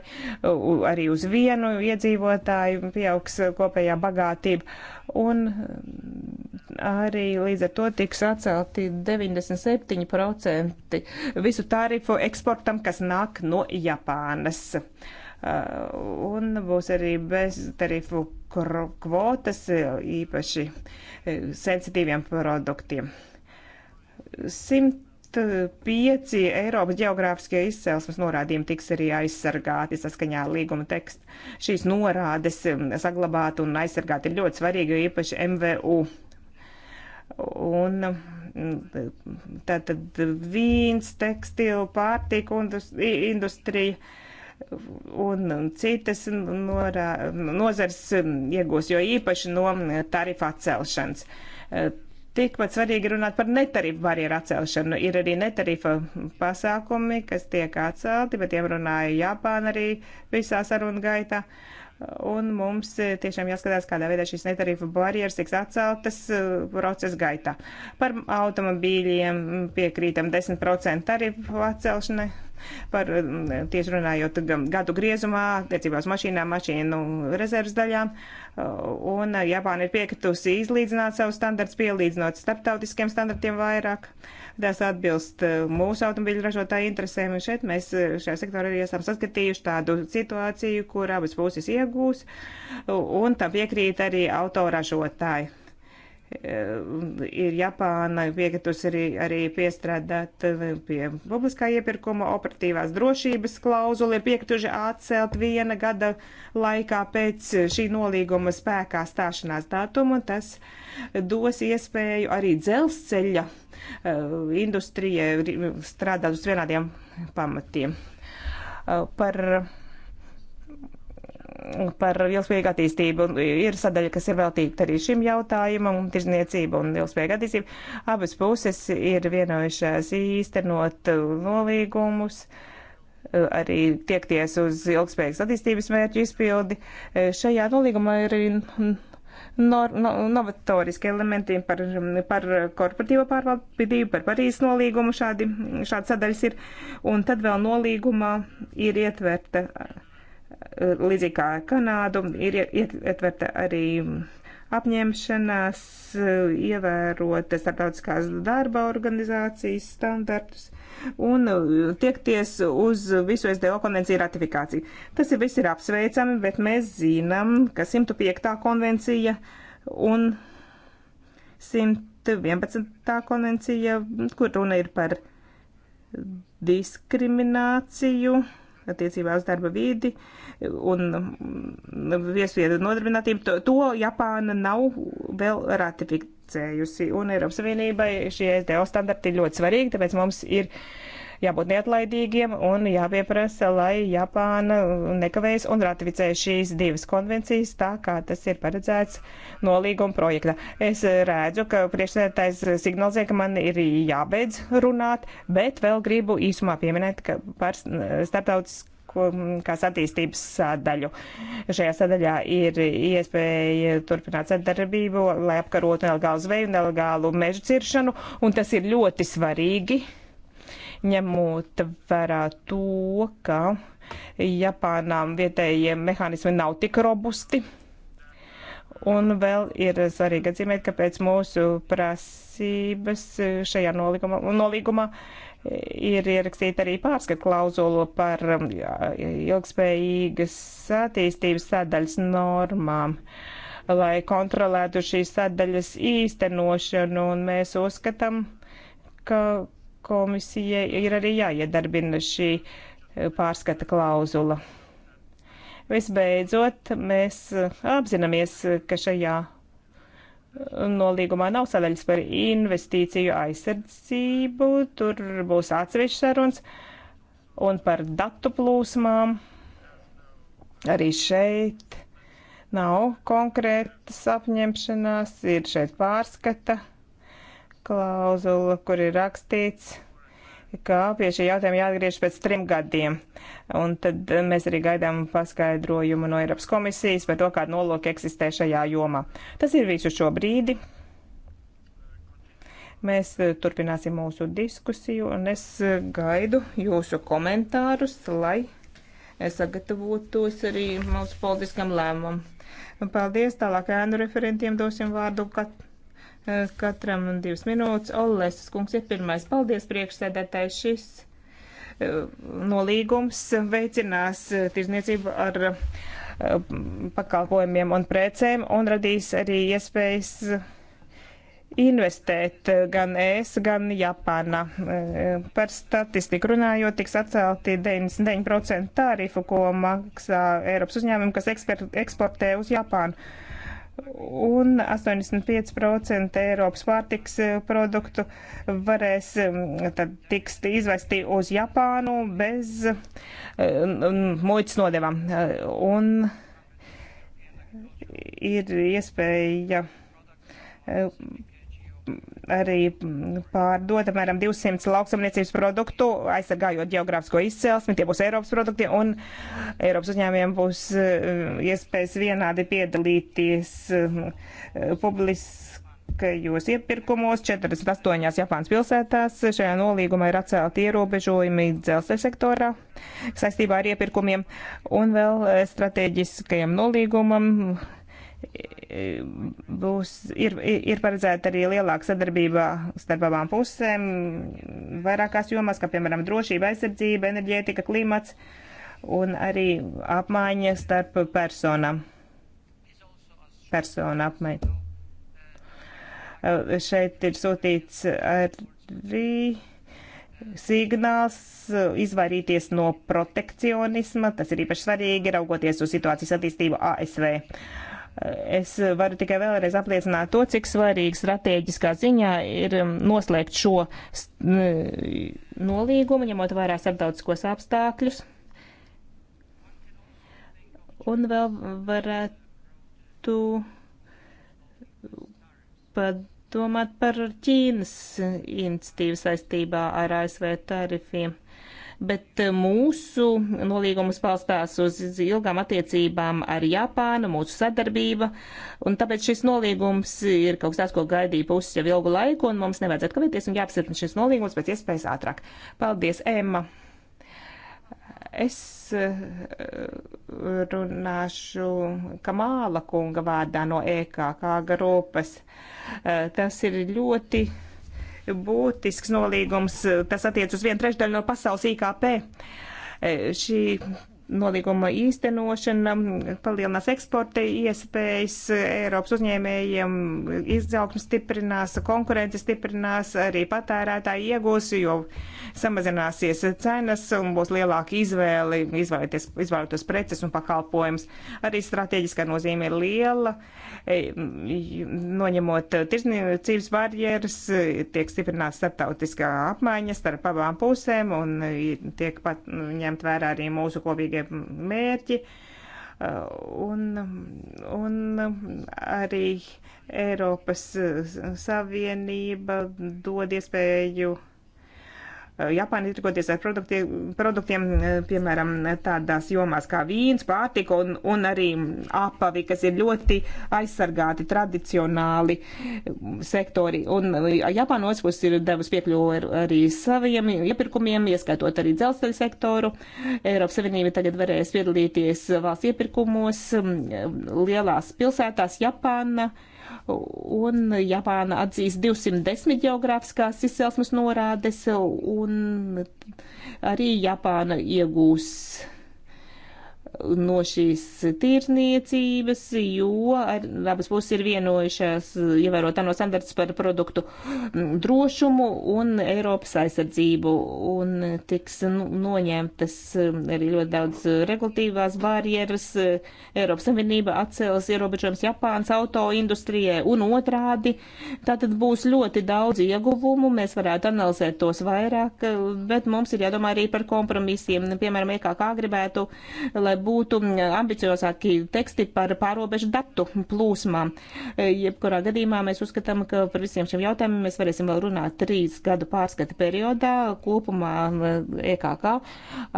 arī uz vienu iedzīvotāju pieaugs kopējā bagātība un mm, arī līdz ar to tiks atcelti 97% visu tarifu eksportam, kas nāk no Japānas. Uh, un būs arī beztarifu kvotas īpaši eh, sensitīviem produktiem. 100 Eh, pieci Eiropas geogrāfiskie izcelsmes norādījumi tiks arī aizsargāti saskaņā ar līguma tekstu. Šīs norādes mm, saglabāt un aizsargāt ir ļoti svarīgi, jo īpaši MVU. Un tātad mm, vīns, tekstilu, pārtika industrija un citas norā, nozars mm, iegūs, jo īpaši no tarifa atcelšanas eh, Tikpat svarīgi runāt par netarifu barjeru atcelšanu. Ir arī netarifa pasākumi, kas tiek atcelti, bet tiem runāja Japāna arī visā sarunu gaitā. Un mums e, tiešām jāskatās, kādā veidā šīs netarifa barjeras tiks atceltas e, procesa gaitā. Par automobīļiem piekrītam 10% tarifu atcelšanai. Par tieši runājot gadu griezumā, attiecībā uz mašīnām, mašīnu rezerves daļām. Uh, Un Japāna ir piekritusi izlīdzināt savus standartus, pielīdzinot starptautiskiem standartiem vairāk. Tas atbilst uh, mūsu automobiļu ražotāju interesēm. Un šeit mēs uh, šajā sektorā arī esam saskatījuši tādu situāciju, kur abas puses iegūs, un tam piekrīt arī autoražotāji. Eh, ir Japāna piekritusi arī, arī piestrādāt eh, pie publiskā iepirkuma operatīvās drošības klauzuli, ir piekrituši atcelt viena gada laikā pēc šī nolīguma spēkā stāšanās datumu. Tas dos iespēju arī dzelzceļa eh, industrijai strādāt uz vienādiem pamatiem. Par par ilgspējīgu attīstību. Ir sadaļa, kas ir veltīta arī šim jautājumam, tirzniecība un ilgspējīga attīstība. Abas puses ir vienojušās īstenot nolīgumus, arī tiekties uz ilgspējīgas attīstības mērķu izpildi. Šajā nolīgumā ir arī no, no, novatoriski elementi par, par korporatīvo pārvaldību, par Parīzes nolīgumu šādi, šādi sadaļas ir. Un tad vēl nolīgumā ir ietverta līdzīgi kā Kanādu, ir ietverta arī apņemšanās ievērot starptautiskās darba organizācijas standartus un tiekties uz visu SDO konvenciju ratifikāciju. Tas ir viss ir apsveicami, bet mēs zinām, ka 105. konvencija un 111. konvencija, kur runa ir par diskrimināciju, attiecībā uz darba vidi un mm, viesviedu nodarbinātību, to Japāna nav vēl ratificējusi. Un Eiropas Savienībai šie SDO standarti ir ļoti svarīgi, tāpēc mums ir uh, jābūt neatlaidīgiem un jāpieprasa, lai Japāna nekavējas un ratificē šīs divas konvencijas tā, kā tas ir paredzēts nolīguma projektā. Es redzu, ka priekšsēdētājs signalizē, ka man ir jābeidz runāt, bet vēl gribu īsumā pieminēt par starptautisku mm, kas attīstības sadaļu. Šajā sadaļā ir iespēja turpināt sadarbību, lai apkarotu nelegālu zveju, nelegālu mežu ciršanu, un tas ir ļoti svarīgi ņemot vērā to, ka Japānām vietējie mehānismi nav tik robusti. Un vēl ir svarīgi atzīmēt, ka pēc mūsu prasības šajā nolīgumā, nolīgumā ir ierakstīta arī pārskatu klauzulu par um, ilgspējīgas attīstības sadaļas normām lai kontrolētu šīs sadaļas īstenošanu, un mēs uzskatām, ka komisijai ir arī jāiedarbina šī eh, pārskata klauzula. Visbeidzot, mēs eh, apzināmies, ka šajā eh, nolīgumā nav sadaļas par investīciju aizsardzību, tur būs atsevišķs saruns un par datu plūsmām. Arī šeit nav konkrētas apņemšanās, ir šeit pārskata klauzulu, kur ir rakstīts, ka pie šī jautājuma jāatgriež pēc trim gadiem. Un tad mēs arī gaidām paskaidrojumu no Eiropas komisijas par to, kāda nolūka eksistē šajā jomā. Tas ir visu šo brīdi. Mēs eh, turpināsim mūsu diskusiju un es eh, gaidu jūsu komentārus, lai eh, sagatavotos arī mūsu politiskam lēmumam. Paldies, tālāk ēnu referentiem dosim vārdu. Kat... Katram divas minūtes. Olēsas kungs ir pirmais. Paldies priekšsēdētāji. Šis e, nolīgums veicinās e, tirzniecību ar e, pakalpojumiem un precēm un radīs arī iespējas investēt gan ES, gan Japāna. Par statistiku runājot, tiks atcelti 99% tarifu, ko maksā Eiropas uzņēmumi, kas eksportē uz Japānu un 85% Eiropas pārtiks eh, produktu varēs mm, tad tiks izvesti uz Japānu bez eh, muitas nodevām. Eh, un ir iespēja arī mm, pārdod apmēram 200 lauksamniecības produktu, aizsargājot geogrāfisko izcelsmi, tie būs Eiropas produkti, un Eiropas uzņēmiem būs eh, iespējas vienādi piedalīties eh, publiskajos iepirkumos 48. Japānas pilsētās. Šajā nolīgumā ir atcelti ierobežojumi dzelzceļa sektorā saistībā ar iepirkumiem, un vēl eh, stratēģiskajam nolīgumam būs, ir, ir paredzēta arī lielāka sadarbība starp abām pusēm vairākās jomās, kā piemēram drošība, aizsardzība, enerģētika, klimats un arī apmaiņa starp personām. Persona apmaiņa. Šeit ir sūtīts arī signāls izvairīties no protekcionisma. Tas ir īpaši svarīgi, raugoties uz situācijas attīstību ASV. Uh, Es varu tikai vēlreiz apliecināt to, cik svarīgi strateģiskā ziņā ir um, noslēgt šo nolīgumu, ņemot vērā starptautiskos apstākļus. Un vēl varētu padomāt par Ķīnas iniciatīvu saistībā ar ASV tarifiem bet eh, mūsu nolīgums palstās uz ilgām attiecībām ar Japānu, mūsu sadarbība, un tāpēc šis nolīgums ir kaut kas tāds, ko gaidīja puses jau ilgu laiku, un mums nevajadzētu kavēties un jāapsirpna šis nolīgums pēc iespējas ātrāk. Paldies, Emma! Es eh, runāšu Kamāla kunga vārdā no EKK grupas. Eh, tas ir ļoti būtisks nolīgums, tas attiec uz vienu trešdaļu no pasaules IKP. Šī nolīguma īstenošana palielinās eksporta iespējas Eiropas uzņēmējiem, izaugsme stiprinās, konkurence stiprinās, arī patērētāji iegūs, jo samazināsies cenas un būs lielāka izvēle izvēlēties preces un pakalpojumus. Arī strateģiskā nozīme ir liela, e, noņemot tirzniecības barjeras, tiek stiprināts starptautiskā apmaiņa starp abām pusēm un tiek pat ņemt vērā arī mūsu kopīgie konkrētie mērķi. Un, un arī Eiropas Savienība dod iespēju Japāna tirgoties ar produktie, produktiem, e, piemēram, tādās jomās kā vīns, pārtika un, un arī apavi, kas ir ļoti aizsargāti tradicionāli sektori. Un e, Japāna otrs puses ir devusi piekļuvu arī saviem iepirkumiem, ieskaitot arī dzelzceļa sektoru. Eiropas Savienība tagad varēs piedalīties valsts iepirkumos lielās pilsētās Japāna. Uh, un Japāna atzīst 210 geogrāfiskās izcelsmes norādes, un arī Japāna iegūs no šīs tirniecības, jo ar, abas puses ir vienojušās ievērot ANO standarts par produktu mm, drošumu un Eiropas aizsardzību. Un tiks nu, noņemtas mm, arī ļoti daudz regulatīvās barjeras. Eiropas Savienība atcels ierobežojums Japānas autoindustrijai un otrādi. Tātad būs ļoti daudz ieguvumu, mēs varētu analizēt tos vairāk, bet mums ir jādomā arī par kompromisiem. Piemēram, EKK gribētu, lai būtu mm, ambiciozāki teksti par pārobežu datu plūsmām. E, jebkurā gadījumā mēs uzskatām, ka par visiem šiem jautājumiem mēs varēsim vēl runāt trīs gadu pārskata periodā. Kopumā EKK e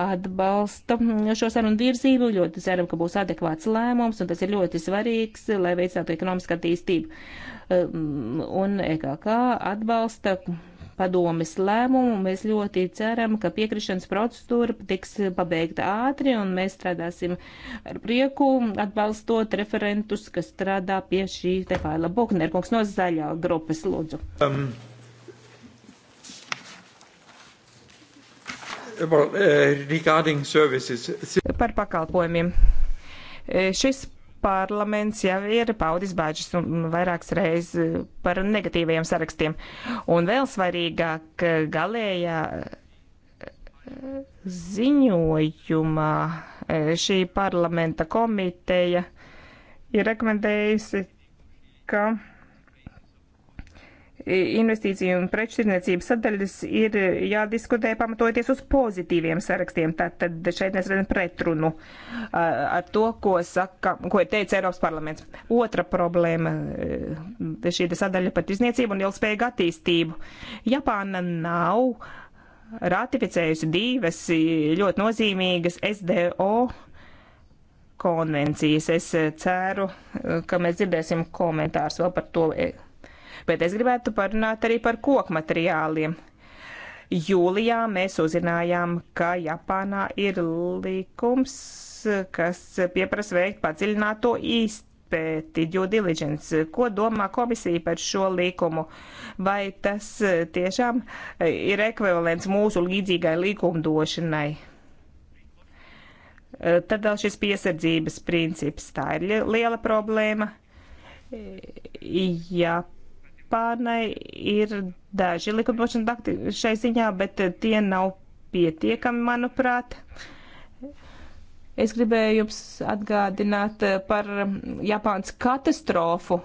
atbalsta mm, šo sarunu virzību. Ļoti ceram, ka būs adekvāts lēmums, un tas ir ļoti svarīgs, lai veicinātu ekonomiskā attīstību. E, mm, un EKK atbalsta padomis lēmumu. Mēs ļoti ceram, ka piekrišanas procedūra tiks pabeigta ātri un mēs strādāsim ar prieku atbalstot referentus, kas strādā pie šī te faila. Buknerkungs no zaļā grupas lūdzu. Um. Well, uh, regarding services. Par pakalpojumiem. Eh, šis parlaments jau ir paudis bāžas un vairākas reizes eh, par negatīvajiem sarakstiem. Un vēl svarīgāk, eh, galējā eh, ziņojumā šī parlamenta komiteja ir rekomendējusi, ka investīciju un preču tirniecības sadaļas ir jādiskutē pamatojoties uz pozitīviem sarakstiem. Tātad šeit mēs redzam pretrunu ar to, ko, saka, ko ir teicis Eiropas parlaments. Otra problēma e, - šī sadaļa par tirniecību un ilgspējīgu attīstību. Japāna nav ratificējusi divas ļoti nozīmīgas SDO konvencijas. Es ceru, ka mēs dzirdēsim komentārus vēl par to e, Bet es gribētu parunāt arī par kokmateriāliem. Jūlijā mēs uzzinājām, ka Japānā ir likums, kas pieprasa veikt padziļināto izpēti, due diligence. Ko domā komisija par šo likumu? Vai tas tiešām ir ekvivalents mūsu līdzīgai likumdošanai? Tad vēl šis piesardzības princips. Tā ir liela problēma. Japānā pārnai ir daži likumdošanas akti šai ziņā, bet eh, tie nav pietiekami, manuprāt. Es gribēju jums atgādināt eh, par mm, Japānas katastrofu.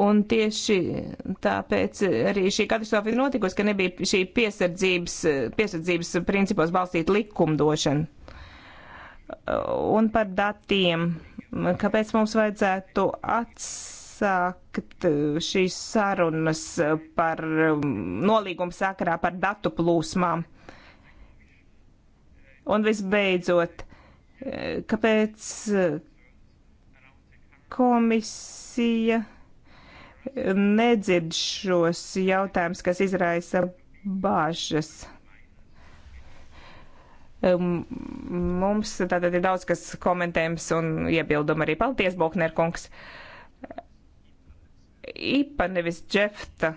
Un tieši tāpēc arī šī katastrofa ir notikusi, ka nebija šī piesardzības, eh, piesardzības principos balstīta likumdošana. Un par datiem, kāpēc mums vajadzētu atsākt sākt eh, šīs sarunas par um, nolīgumu sakarā par datu plūsmām. Un visbeidzot, eh, kāpēc eh, komisija nedzird šos jautājumus, kas izraisa bāžas? Um, mums tātad ir daudz, kas komentējums un iebildumi arī. Paldies, Bokner kungs! Uh, IPA, nevis Džefta.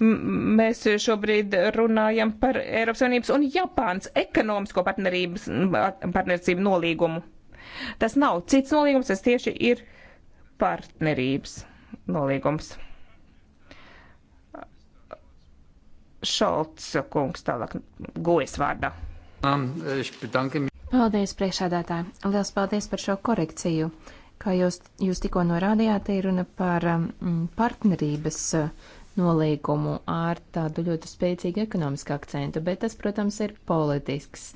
M mēs šobrīd runājam par Eiropas Savienības un Japānas ekonomisko partnerību nolīgumu. Tas nav cits nolīgums, tas tieši ir partnerības nolīgums. Šolts kungs tālāk gojas vārdā. Um, paldies, priekšādātāji. Liels paldies par šo korekciju. Uh, Kā jūs, jūs tikko norādījāt, ir runa par um, partnerības uh, nolīgumu ar tādu ļoti spēcīgu ekonomisku akcentu, bet tas, protams, ir politisks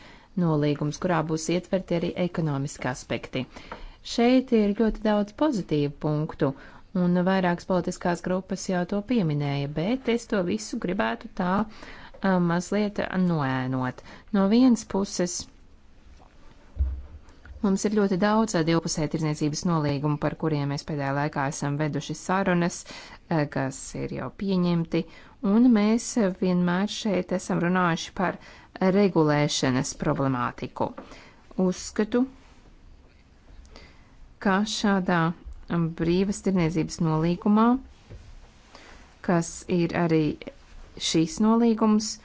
nolīgums, kurā būs ietverti arī ekonomiski aspekti. Šeit ir ļoti daudz pozitīvu punktu, un vairākas politiskās grupas jau to pieminēja, bet es to visu gribētu tā uh, mazliet noēnot. No vienas puses Mums ir ļoti daudz eh, divpusē tirdzniecības nolīgumu, par kuriem mēs pēdējā laikā esam veduši sarunas, eh, kas ir jau pieņemti, un mēs eh, vienmēr šeit esam runājuši par regulēšanas problemātiku. Uzskatu, ka šādā brīvas tirniecības nolīgumā, kas ir arī šīs nolīgums,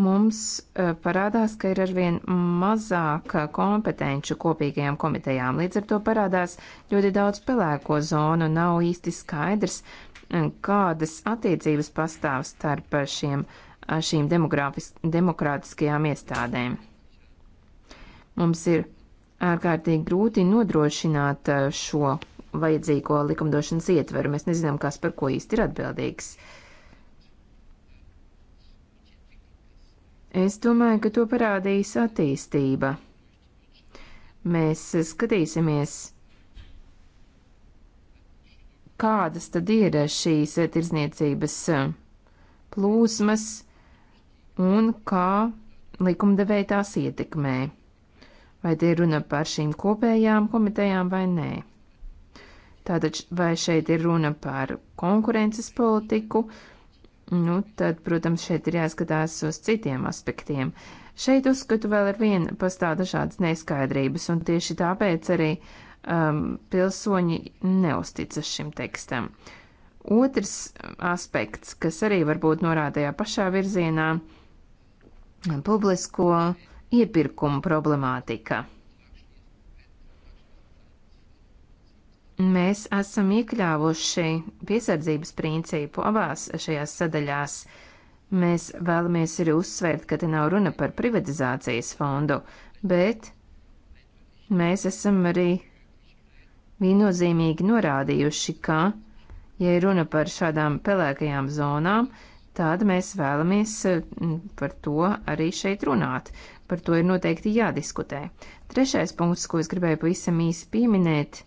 mums e, parādās, ka ir arvien mazāk kompetenču kopīgajām komitejām. Līdz ar to parādās ļoti daudz pelēko zonu, nav īsti skaidrs, e, kādas attiecības pastāv starp šiem, e, šīm demokrātiskajām iestādēm. Mums ir ārkārtīgi grūti nodrošināt šo vajadzīgo likumdošanas ietveru. Mēs nezinām, kas par ko īsti ir atbildīgs. Uh, Es domāju, ka to parādīs attīstība. Mēs skatīsimies, kādas tad ir šīs tirzniecības eh, plūsmas un kā likumdevēja tās ietekmē. Vai tie runa par šīm kopējām komitejām vai nē? Tātad vai šeit ir runa par konkurences politiku, nu, tad, protams, šeit ir jāskatās uz citiem aspektiem. Šeit uzskatu vēl ar vienu pastāv dažādas neskaidrības, un tieši tāpēc arī um, pilsoņi neusticas šim tekstam. Otrs aspekts, kas arī varbūt norādījā pašā virzienā, publisko iepirkumu problemātika. Mēs esam iekļāvuši piesardzības principu abās šajās sadaļās. Mēs vēlamies arī uzsvērt, ka te nav runa par privatizācijas fondu, bet mēs esam arī viennozīmīgi norādījuši, ka, ja runa par šādām pelēkajām zonām, tad mēs vēlamies mm, par to arī šeit runāt. Par to ir noteikti jādiskutē. Trešais punkts, ko es gribēju pavisam īsi pieminēt,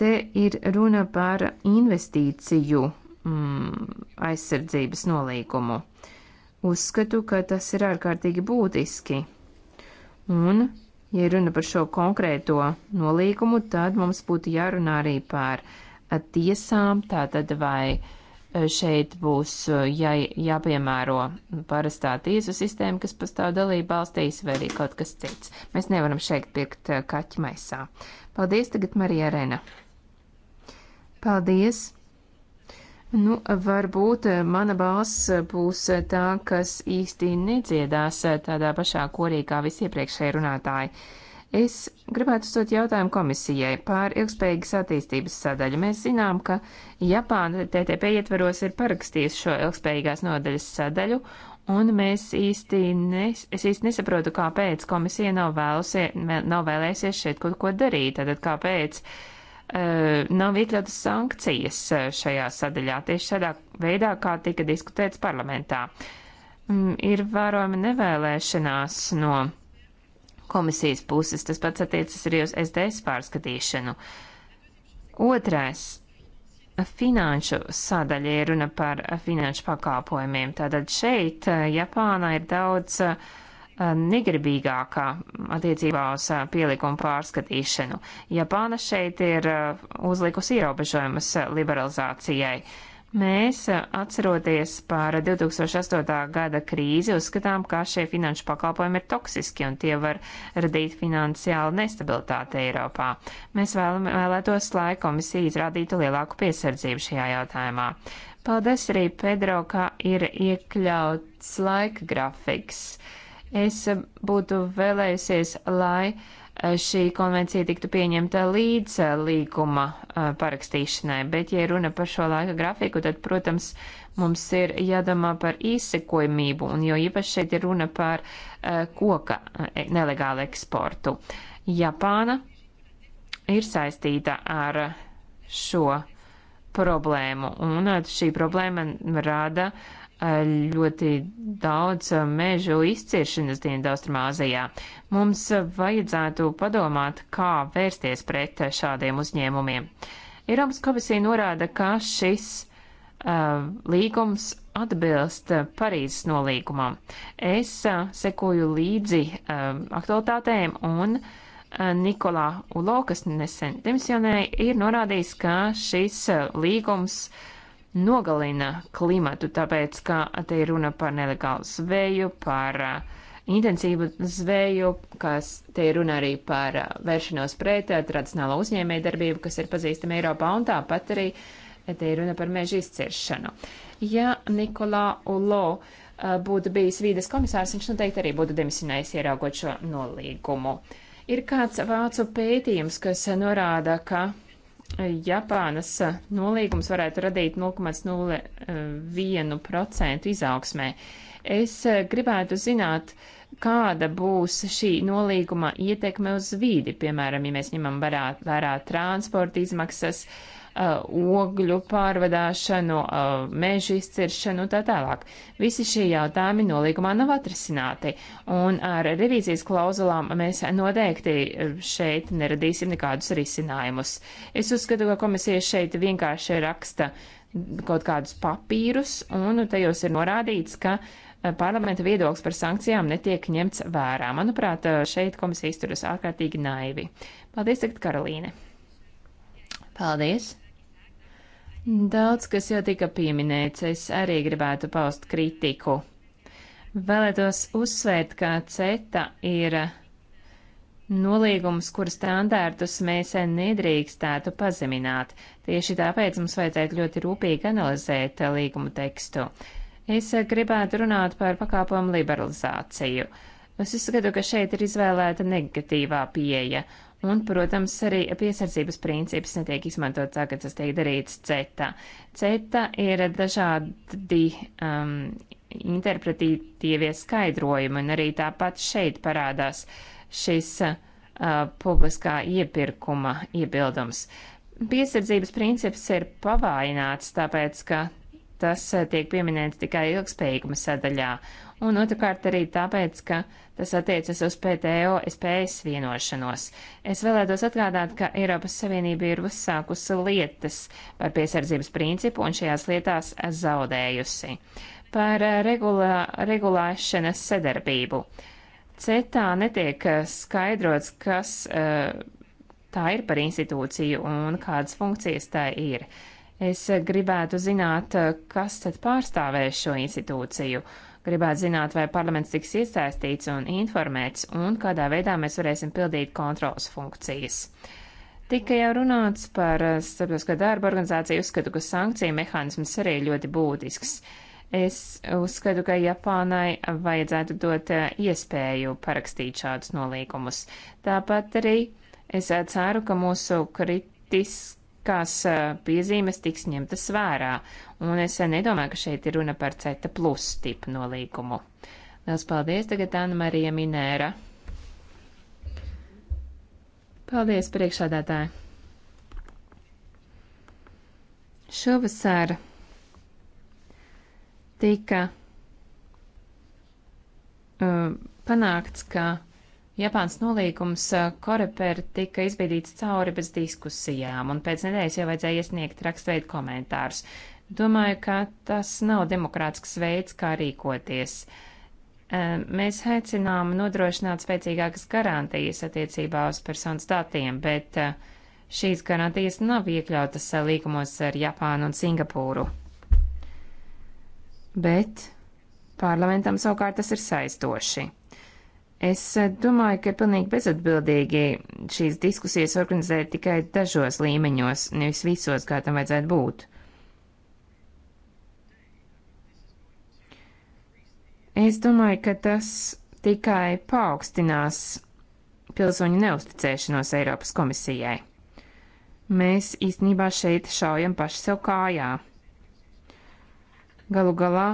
Te ir runa par investīciju mm, aizsardzības nolīgumu. Uzskatu, ka tas ir ārkārtīgi būtiski. Un, ja runa par šo konkrēto nolīgumu, tad mums būtu jārunā arī par tiesām, tātad vai uh, šeit būs uh, jā, jāpiemēro parastā tiesu sistēma, kas pastāv dalība valstīs, vai arī kaut kas cits. Mēs nevaram šeit piekt uh, kaķi maisā. Paldies tagad Marija Rena. Paldies! Nu, varbūt uh, mana balss būs tā, kas īsti nedziedās tādā pašā korī kā visiepriekšēji runātāji. Uh, Es gribētu uzdot jautājumu komisijai par ilgspējīgas attīstības sadaļu. Mēs zinām, ka Japāna TTP ietveros ir parakstījusi šo ilgspējīgās nodaļas sadaļu, un mēs īsti, nes, es īsti nesaprotu, kāpēc komisija nav, vēlusie, nav vēlēsies šeit kaut ko darīt. Tātad kāpēc uh, nav iekļautas sankcijas e, šajā sadaļā tieši šādā veidā, kā tika diskutēts parlamentā. Um, ir vērojama nevēlēšanās no komisijas puses. Tas pats attiecas arī uz SDS pārskatīšanu. Otrais finanšu sadaļa ir runa par finanšu pakāpojumiem. Tātad šeit eh, Japāna ir daudz eh, negribīgākā attiecībā uz eh, pielikumu pārskatīšanu. Japāna šeit ir uzlikusi ierobežojumus liberalizācijai. Mēs, atceroties par 2008. gada krīzi, uzskatām, ka šie finanšu pakalpojumi ir toksiski un tie var radīt finansiālu nestabilitāti Eiropā. Mēs vēlam, vēlētos, lai komisija izrādītu lielāku piesardzību šajā jautājumā. Paldies arī Pedro, ka ir iekļauts laika grafiks. Es būtu vēlējusies, lai uh, šī konvencija tiktu pieņemta līdz eh, līguma eh, parakstīšanai, bet, ja runa par šo laika grafiku, tad, protams, mums ir jādomā par izsekojamību, un jo īpaši šeit ir runa par eh, koka nelegālu eksportu. Japāna ir saistīta ar šo problēmu, un šī problēma rada uh, ļoti daudz uh, mežu izciršanas Dienvidaustrumāzijā. Mums uh, vajadzētu padomāt, kā vērsties pret uh, šādiem uzņēmumiem. Eiropas komisija norāda, ka šis uh, līgums atbilst Parīzes nolīgumam. Es uh, sekoju līdzi uh, aktualitātēm un uh, Nikolā Ulo, kas nesen demisionēja, ir norādījis, ka šis uh, līgums uh, nogalina klimatu, tāpēc, ka te ir runa par nelegālu zveju, par uh, intensīvu zveju, kas te ir runa arī par uh, vēršanos pret uh, tradicionālo uzņēmēju darbību, kas ir pazīstama Eiropā, un tāpat arī te ir runa par meža izciršanu. Ja Nikolā Ulo būtu bijis vīdes komisārs, viņš noteikti arī būtu demisinājis ieraugot šo nolīgumu. Ir kāds vācu pētījums, kas norāda, ka Japānas nolīgums varētu radīt 0,01% eh, eh, izaugsmē. Es eh, gribētu zināt, kāda būs šī nolīguma ietekme uz vīdi, piemēram, ja mēs ņemam vērā transporta izmaksas, uh, Uh, ogļu pārvadāšanu, uh, mēžu izciršanu un tā tālāk. Visi šie jautājumi nolīgumā nav atrisināti, un ar revīzijas klauzulām mēs noteikti šeit neradīsim nekādus risinājumus. Es uzskatu, ka komisija šeit vienkārši raksta kaut kādus papīrus, un tajos ir norādīts, ka uh, parlamenta viedoklis par sankcijām netiek ņemts vērā. Manuprāt, šeit komisija izturas ārkārtīgi naivi. Paldies, tagad Karolīne. Paldies! Daudz, kas jau tika pieminēts, es arī gribētu paust kritiku. Vēlētos uzsvērt, ka CETA ir nolīgums, kur standārtus mēs nedrīkstētu pazemināt. Tieši tāpēc mums vajadzētu ļoti rūpīgi analizēt līgumu tekstu. Es gribētu runāt par pakāpojumu liberalizāciju. Es uzskatu, ka šeit ir izvēlēta negatīvā pieeja, Un, protams, arī piesardzības princips netiek izmantots tā, ka tas tiek darīts CETA. CETA ir dažādi um, interpretīvie skaidrojumi, un arī tāpat šeit parādās šis uh, publiskā iepirkuma iebildums. Piesardzības princips ir pavājināts, tāpēc, ka tas uh, tiek pieminēts tikai ilgspējīguma sadaļā, un otrkārt arī tāpēc, ka tas attiecas uz PTO SPS vienošanos. Es vēlētos atgādāt, ka Eiropas Savienība ir uzsākusi lietas par piesardzības principu un šajās lietās zaudējusi. Par eh, regulā, regulēšanas sadarbību. CETA netiek eh, skaidrots, kas uh, tā ir par institūciju un kādas funkcijas tā ir. Es gribētu zināt, kas tad pārstāvēs šo institūciju. Uh, Gribētu zināt, vai parlaments tiks iesaistīts un informēts, un kādā veidā mēs varēsim pildīt kontrolas funkcijas. Tika jau runāts par eh, starptautiskā darba organizāciju, uzskatu, ka sankciju mehānisms arī ir ļoti būtisks. Es uzskatu, ka Japānai vajadzētu dot eh, iespēju parakstīt šādus nolīgumus. Tāpat arī es eh, ceru, ka mūsu kritiski kas eh, piezīmes tiks ņemtas vērā, un es eh, nedomāju, ka šeit ir runa par CETA plus tipu nolīgumu. Lielas paldies tagad Anna Marija Minēra. Paldies, priekšādātāji! Šovasar tika uh, panākts, ka Japāns nolīgums eh, Koreper tika izbīdīts cauri bez diskusijām, un pēc nedēļas jau vajadzēja iesniegt rakstveidu komentārus. Domāju, ka tas nav demokrātisks veids, kā rīkoties. Eh, mēs aicinām nodrošināt spēcīgākas garantijas attiecībā uz personas datiem, bet eh, šīs garantijas nav iekļautas līgumos ar Japānu un Singapūru. Bet parlamentam savukārt tas ir saistoši. Es eh, domāju, ka ir pilnīgi bezatbildīgi šīs diskusijas organizēt tikai dažos līmeņos, nevis visos, kā tam vajadzētu būt. Es domāju, ka tas tikai paaugstinās pilsoņu neusticēšanos Eiropas komisijai. Mēs īstenībā šeit šaujam paši sev kājā. Galu galā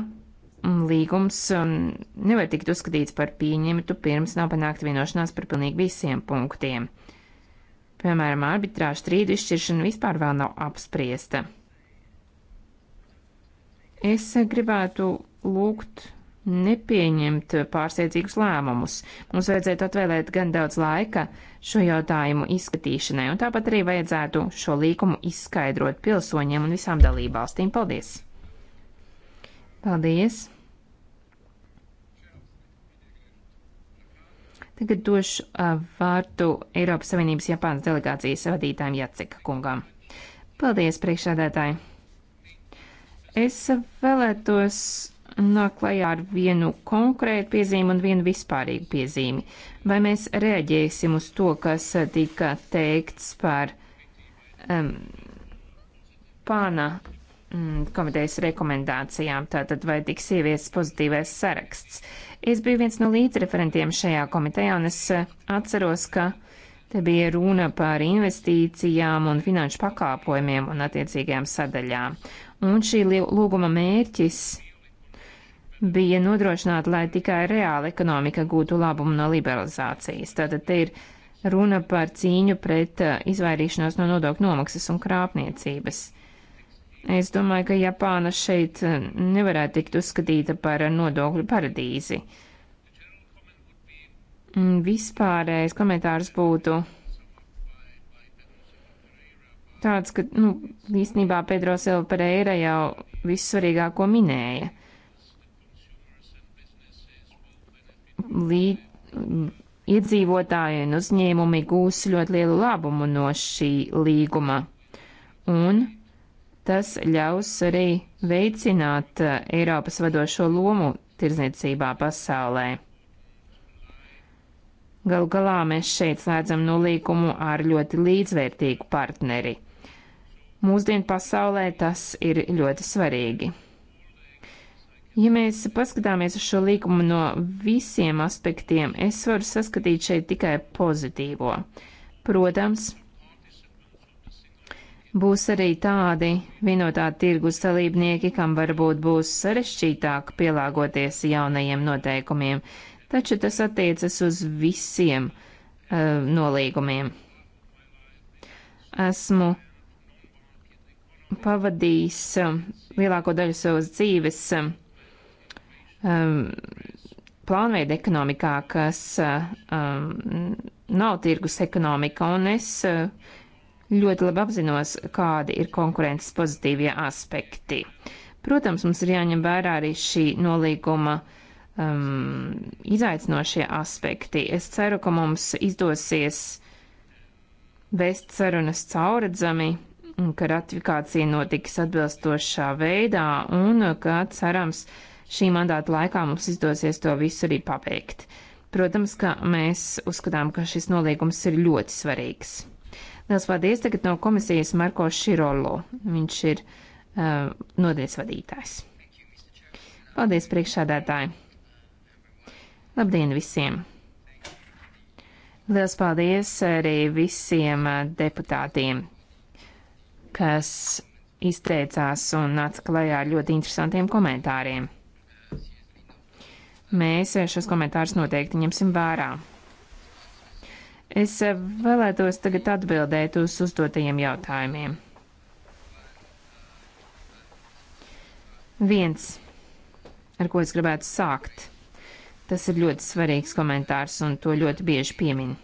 līgums nevar tikt uzskatīts par pieņemtu, pirms nav panākta vienošanās par pilnīgi visiem punktiem. Piemēram, arbitrāža strīdu izšķiršana vispār vēl nav apspriesta. Es gribētu lūgt nepieņemt pārsteidzīgus lēmumus. Mums vajadzētu atvēlēt gan daudz laika šo jautājumu izskatīšanai, un tāpat arī vajadzētu šo līkumu izskaidrot pilsoņiem un visām dalībvalstīm. Paldies! Paldies! Tagad došu uh, vārdu Eiropas Savienības Japānas delegācijas vadītājiem Jaceka kungam. Paldies, priekšādētāji! Es vēlētos nāk klajā ar vienu konkrētu piezīmi un vienu vispārīgu piezīmi. Vai mēs reaģēsim uz to, kas tika teikts par um, pāna um, mm, komitejas rekomendācijām, tātad vai tiks ieviests pozitīvais saraksts? Uh, Es biju viens no līdzreferentiem šajā komitejā, un es eh, atceros, ka te bija runa par investīcijām un finanšu pakāpojumiem un attiecīgajām sadaļām. Un šī lūguma mērķis bija nodrošināt, lai tikai reāla ekonomika gūtu labumu no liberalizācijas. Tātad te ir runa par cīņu pret eh, izvairīšanos no nodokļu nomaksas un krāpniecības. Es domāju, ka Japāna šeit eh, nevarētu tikt uzskatīta par nodokļu paradīzi. Vispārējais komentārs būtu tāds, ka, nu, īstenībā Pedro Silva Pereira jau vissvarīgāko minēja. Lī, iedzīvotāji un uzņēmumi gūs ļoti lielu labumu no šī līguma. Un Tas ļaus arī veicināt uh, Eiropas vadošo lomu tirzniecībā pasaulē. Galu galā mēs šeit slēdzam nolīkumu ar ļoti līdzvērtīgu partneri. Mūsdienu pasaulē tas ir ļoti svarīgi. Ja mēs paskatāmies uz šo līkumu no visiem aspektiem, es varu saskatīt šeit tikai pozitīvo. Protams, Būs arī tādi vienotā tirgus dalībnieki, kam varbūt būs sarešķītāk pielāgoties jaunajiem noteikumiem, taču tas attiecas uz visiem uh, nolīgumiem. Esmu pavadījis uh, lielāko daļu savas dzīves uh, plānveida ekonomikā, kas uh, um, nav tirgus ekonomika, un es uh, ļoti labi apzinos, kādi ir konkurences pozitīvie aspekti. Protams, mums ir jāņem vērā arī šī nolīguma um, izaicinošie aspekti. Es ceru, ka mums izdosies vēst sarunas cauredzami, ka ratifikācija notiks atbilstošā veidā un ka, cerams, šī mandāta laikā mums izdosies to visu arī pabeigt. Protams, ka mēs uzskatām, ka šis nolīgums ir ļoti svarīgs. Liels paldies tagad no komisijas Marko Širolo. Viņš ir uh, nodaļas vadītājs. Paldies, priekšādātāji! Labdien visiem! Liels paldies arī visiem uh, deputātiem, kas izteicās un nāca klajā ar ļoti interesantiem komentāriem. Mēs uh, šos komentārus noteikti ņemsim vērā. Es vēlētos tagad atbildēt uz uzdotajiem jautājumiem. Viens, ar ko es gribētu sākt, tas ir ļoti svarīgs komentārs un to ļoti bieži piemin.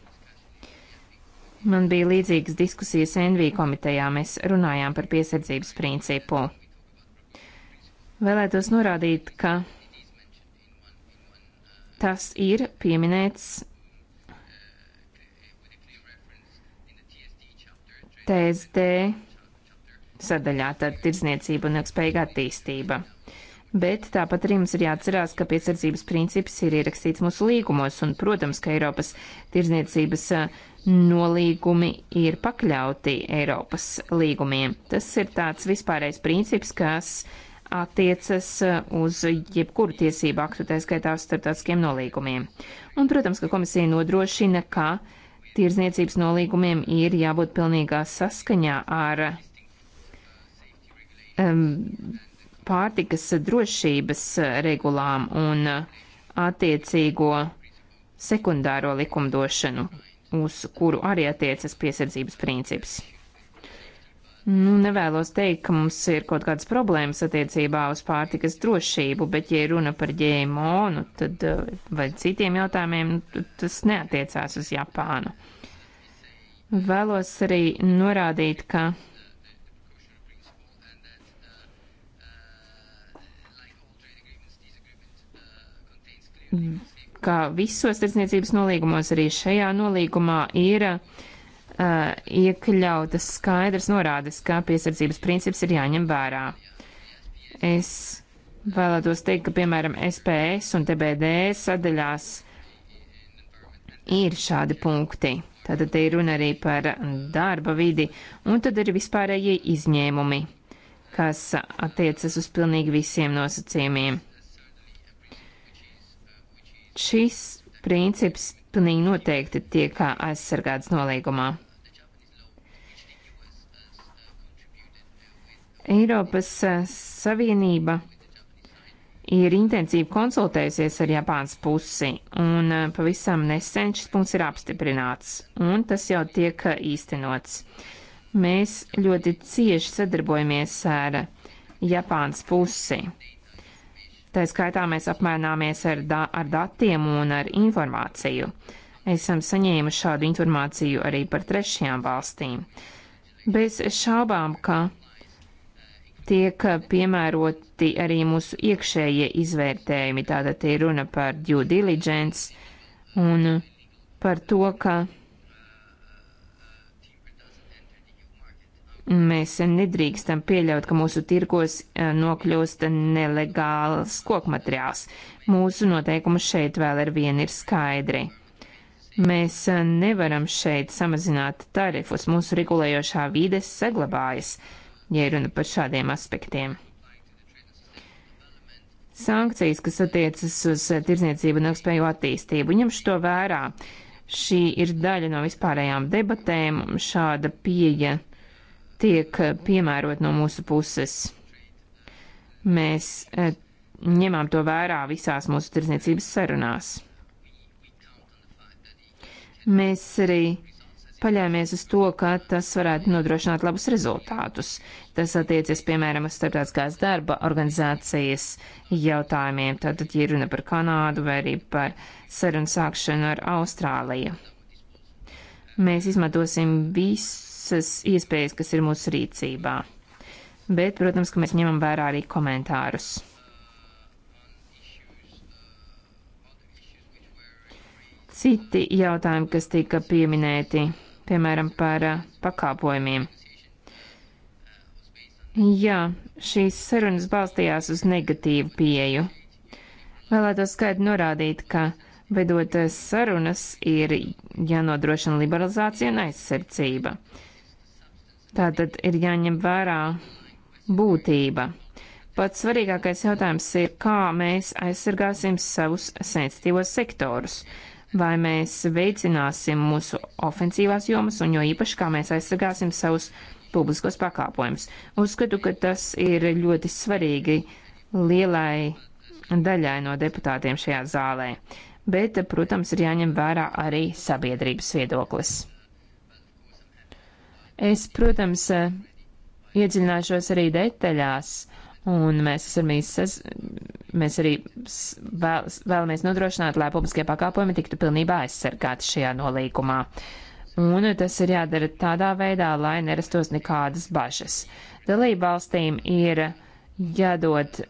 Man bija līdzīgas diskusijas NV komitejā, mēs runājām par piesardzības principu. Vēlētos norādīt, ka tas ir pieminēts TSD sadaļā, tad tirdzniecība un ilgspējīga attīstība. Bet tāpat arī mums ir jāatcerās, ka piesardzības princips ir ierakstīts mūsu līgumos, un, protams, ka Eiropas tirdzniecības nolīgumi ir pakļauti Eiropas līgumiem. Tas ir tāds vispārējais princips, kas attiecas uz jebkuru tiesību aktu, tā skaitā uz starptautiskiem nolīgumiem. Un, protams, ka komisija nodrošina, ka uh, tirzniecības nolīgumiem ir jābūt pilnīgā saskaņā ar um, pārtikas drošības regulām un attiecīgo sekundāro likumdošanu, uz kuru arī attiecas piesardzības princips. Nu, nevēlos teikt, ka mums ir kaut kādas problēmas attiecībā uz pārtikas drošību, bet, ja runa par ģēmo, nu, tad, eh, vai citiem jautājumiem, nu, tas neatiecās uz Japānu. Vēlos arī norādīt, ka kā visos tirdzniecības nolīgumos, arī šajā nolīgumā ir uh, Eh, iekļautas skaidras norādes, ka piesardzības princips ir jāņem vērā. Es vēlētos teikt, ka, piemēram, SPS un TBD sadaļās ir šādi punkti. Tātad te ir runa arī par darba vidi, un tad ir vispārējie izņēmumi, kas attiecas uz pilnīgi visiem nosacījumiem. Šis princips pilnīgi noteikti tiek aizsargāts nolīgumā. Eiropas eh, Savienība ir intensīvi konsultējusies ar Japānas pusi, un eh, pavisam nesen šis punkts ir apstiprināts, un tas jau tiek eh, īstenots. Mēs ļoti cieši sadarbojamies ar Japānas pusi. Tā skaitā mēs apmaināmies ar, da ar datiem un ar informāciju. Esam saņēmuši šādu informāciju arī par trešajām valstīm. Bez šaubām, ka tiek piemēroti arī mūsu iekšējie izvērtējumi. Tātad te ir runa par due diligence un par to, ka mēs nedrīkstam pieļaut, ka mūsu tirgos eh, nokļūst nelegāls kokmateriāls. Mūsu noteikumi šeit vēl ar vienu ir skaidri. Mēs eh, nevaram šeit samazināt tarifus, mūsu regulējošā vīdes saglabājas ja runa par šādiem aspektiem. Sankcijas, kas attiecas uz eh, tirzniecību un ilgspēju attīstību, ņemšu to vērā. Šī ir daļa no vispārējām debatēm, un šāda pieeja tiek eh, piemērot no mūsu puses. Mēs eh, ņemām to vērā visās mūsu tirzniecības sarunās. Mēs arī paļāmies uz to, ka tas varētu nodrošināt labus rezultātus. Tas attiecas, piemēram, uz starptautiskās darba organizācijas jautājumiem, tātad, ja runa par Kanādu vai arī par sarunu sākšanu ar Austrāliju. Mēs izmantosim visas iespējas, kas ir mūsu rīcībā. Bet, protams, ka mēs ņemam vērā arī komentārus. Citi jautājumi, kas tika pieminēti piemēram, par eh, pakāpojumiem. Jā, šīs sarunas balstījās uz negatīvu pieju. Vēlētos skaidri norādīt, ka vedot eh, sarunas ir jānodrošina liberalizācija un aizsardzība. Tātad ir jāņem vērā būtība. Pats svarīgākais jautājums ir, kā mēs aizsargāsim savus sensitīvos sektorus vai mēs veicināsim mūsu ofensīvās jomas un jo īpaši kā mēs aizsargāsim savus publiskos pakāpojumus. Uzskatu, ka tas ir ļoti svarīgi lielai daļai no deputātiem šajā zālē, bet, protams, ir jāņem vērā arī sabiedrības viedoklis. Es, protams, iedziļināšos arī detaļās Un mēs, sas, mēs arī vēl, vēlamies nodrošināt, lai publiskie pakalpojumi tiktu pilnībā aizsargāti šajā nolīgumā. Un tas ir jādara tādā veidā, lai nerastos nekādas bažas. Dalība valstīm ir jādod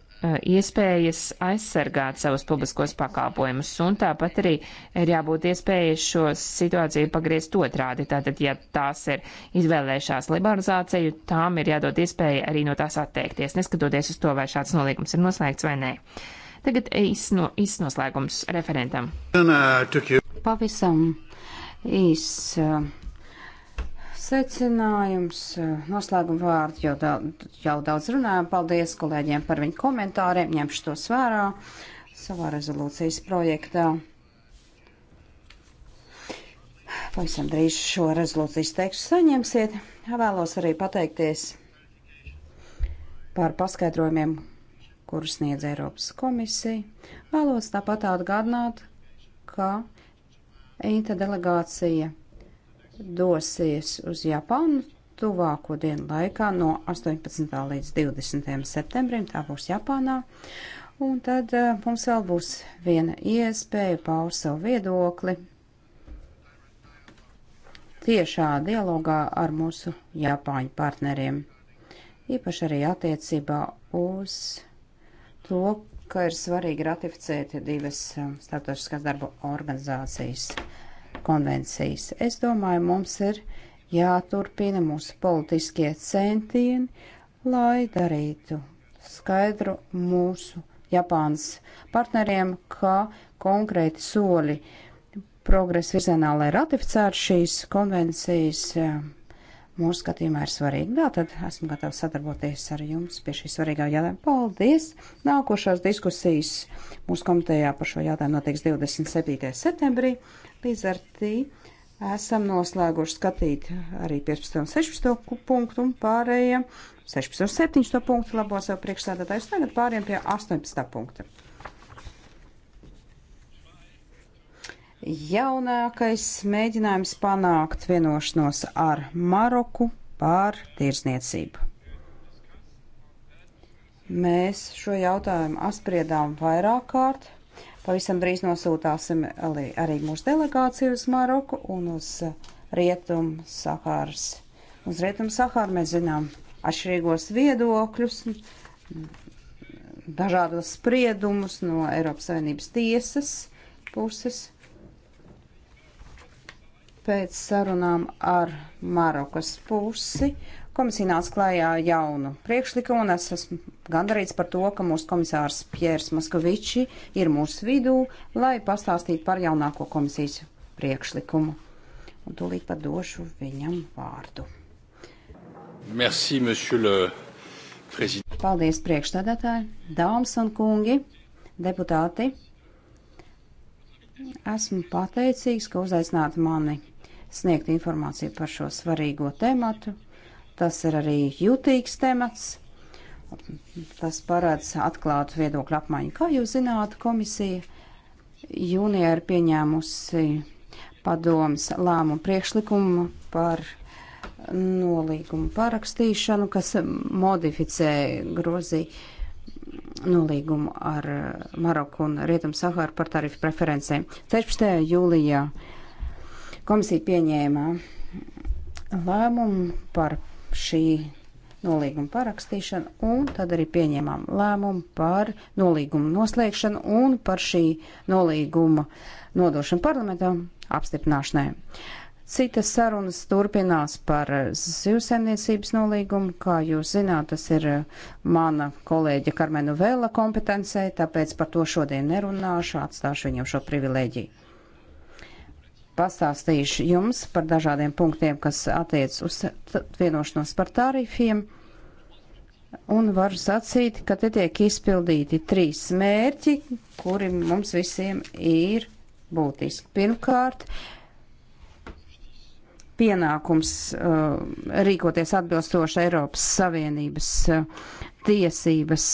iespējas aizsargāt savus publiskos pakalpojumus, un tāpat arī ir jābūt iespējas šo situāciju pagriezt otrādi. Tātad, ja tās ir izvēlējušās liberalizāciju, tām ir jādod iespēja arī no tās atteikties, neskatoties uz to, vai šāds nolīgums ir noslēgts vai nē. Tagad īsno, īsnoslēgums referentam. Uh, Pavisam īs uh, secinājums, noslēguma vārdi jau, daudz, jau daudz runājām. Paldies kolēģiem par viņu komentāriem, ņemšu tos vērā savā rezolūcijas projektā. Pavisam drīz šo rezolūcijas tekstu saņemsiet. Vēlos arī pateikties par paskaidrojumiem, kurus sniedz Eiropas komisija. Vēlos tāpat atgādināt, ka Inta delegācija dosies uz Japānu tuvāko dienu laikā no 18. līdz 20. septembrim. Tā būs Japānā. Un tad uh, mums vēl būs viena iespēja paust savu viedokli tiešā dialogā ar mūsu Japāņu partneriem. Īpaši arī attiecībā uz to, ka ir svarīgi ratificēt divas eh, starptautiskās darba organizācijas konvencijas. Es domāju, mums ir jāturpina mūsu politiskie centieni, lai darītu skaidru mūsu Japānas partneriem, ka konkrēti soļi progresa virzienā, lai ratificētu šīs konvencijas, mūsu skatījumā ir svarīgi. Tā tad esmu gatavs sadarboties ar jums pie šī svarīgā jautājuma. Paldies! Nākošās diskusijas mūsu komitejā par šo jautājumu notiks 27. septembrī. Līdz ar tī esam noslēguši skatīt arī 15. un 16. punktu un pārējiem 16. un 17. punktu labo sev priekšstādātājus. Tagad pāriem pie 18. punkta. Jaunākais mēģinājums panākt vienošanos ar Maroku pār tirsniecību. Mēs šo jautājumu apspriedām vairāk kārt. Pavisam drīz nosūtāsim arī mūsu delegāciju uz Maroku un uz Rietumu Sahāras. Uz Rietumu Sahāru mēs zinām atšķirīgos viedokļus, dažādos spriedumus no Eiropas Savienības tiesas puses. Pēc sarunām ar Marokas pusi Komisija nāca klājā jaunu priekšlikumu, un es esmu gandarīts par to, ka mūsu komisārs Pjērs Maskaviči ir mūsu vidū, lai pastāstītu par jaunāko komisijas priekšlikumu. Un tūlīt pat došu viņam vārdu. Merci, le... Prezident. Paldies, priekšstādātāji, dāmas un kungi, deputāti. Esmu pateicīgs, ka uzaicināt mani sniegt informāciju par šo svarīgo tēmatu Tas ir arī jūtīgs temats. Tas parāds atklātu viedokļu apmaiņu. Kā jūs zināt, komisija jūnijā ir pieņēmusi padomas lēmumu priekšlikumu par nolīgumu parakstīšanu, kas modificē grozī nolīgumu ar Maroku un Rietumu Sahāru par tarifu preferencēm. 16. jūlijā komisija pieņēma lēmumu par šī nolīguma parakstīšanu, un tad arī pieņēmām lēmumu par nolīgumu noslēgšanu un par šī nolīguma nodošanu parlamentam apstiprināšanai. Citas sarunas turpinās par zivsaimniecības nolīgumu. Kā jūs zināt, tas ir uh, mana kolēģa Karmenu Vēla kompetencē, tāpēc par to šodien nerunāšu, atstāšu viņam šo privilēģiju pastāstīšu jums par dažādiem punktiem, kas attiec uz vienošanos par tarifiem. Un varu sacīt, ka te tiek izpildīti trīs mērķi, kuri mums visiem ir būtiski. Pirmkārt, pienākums uh, rīkoties atbilstoši Eiropas Savienības uh, tiesības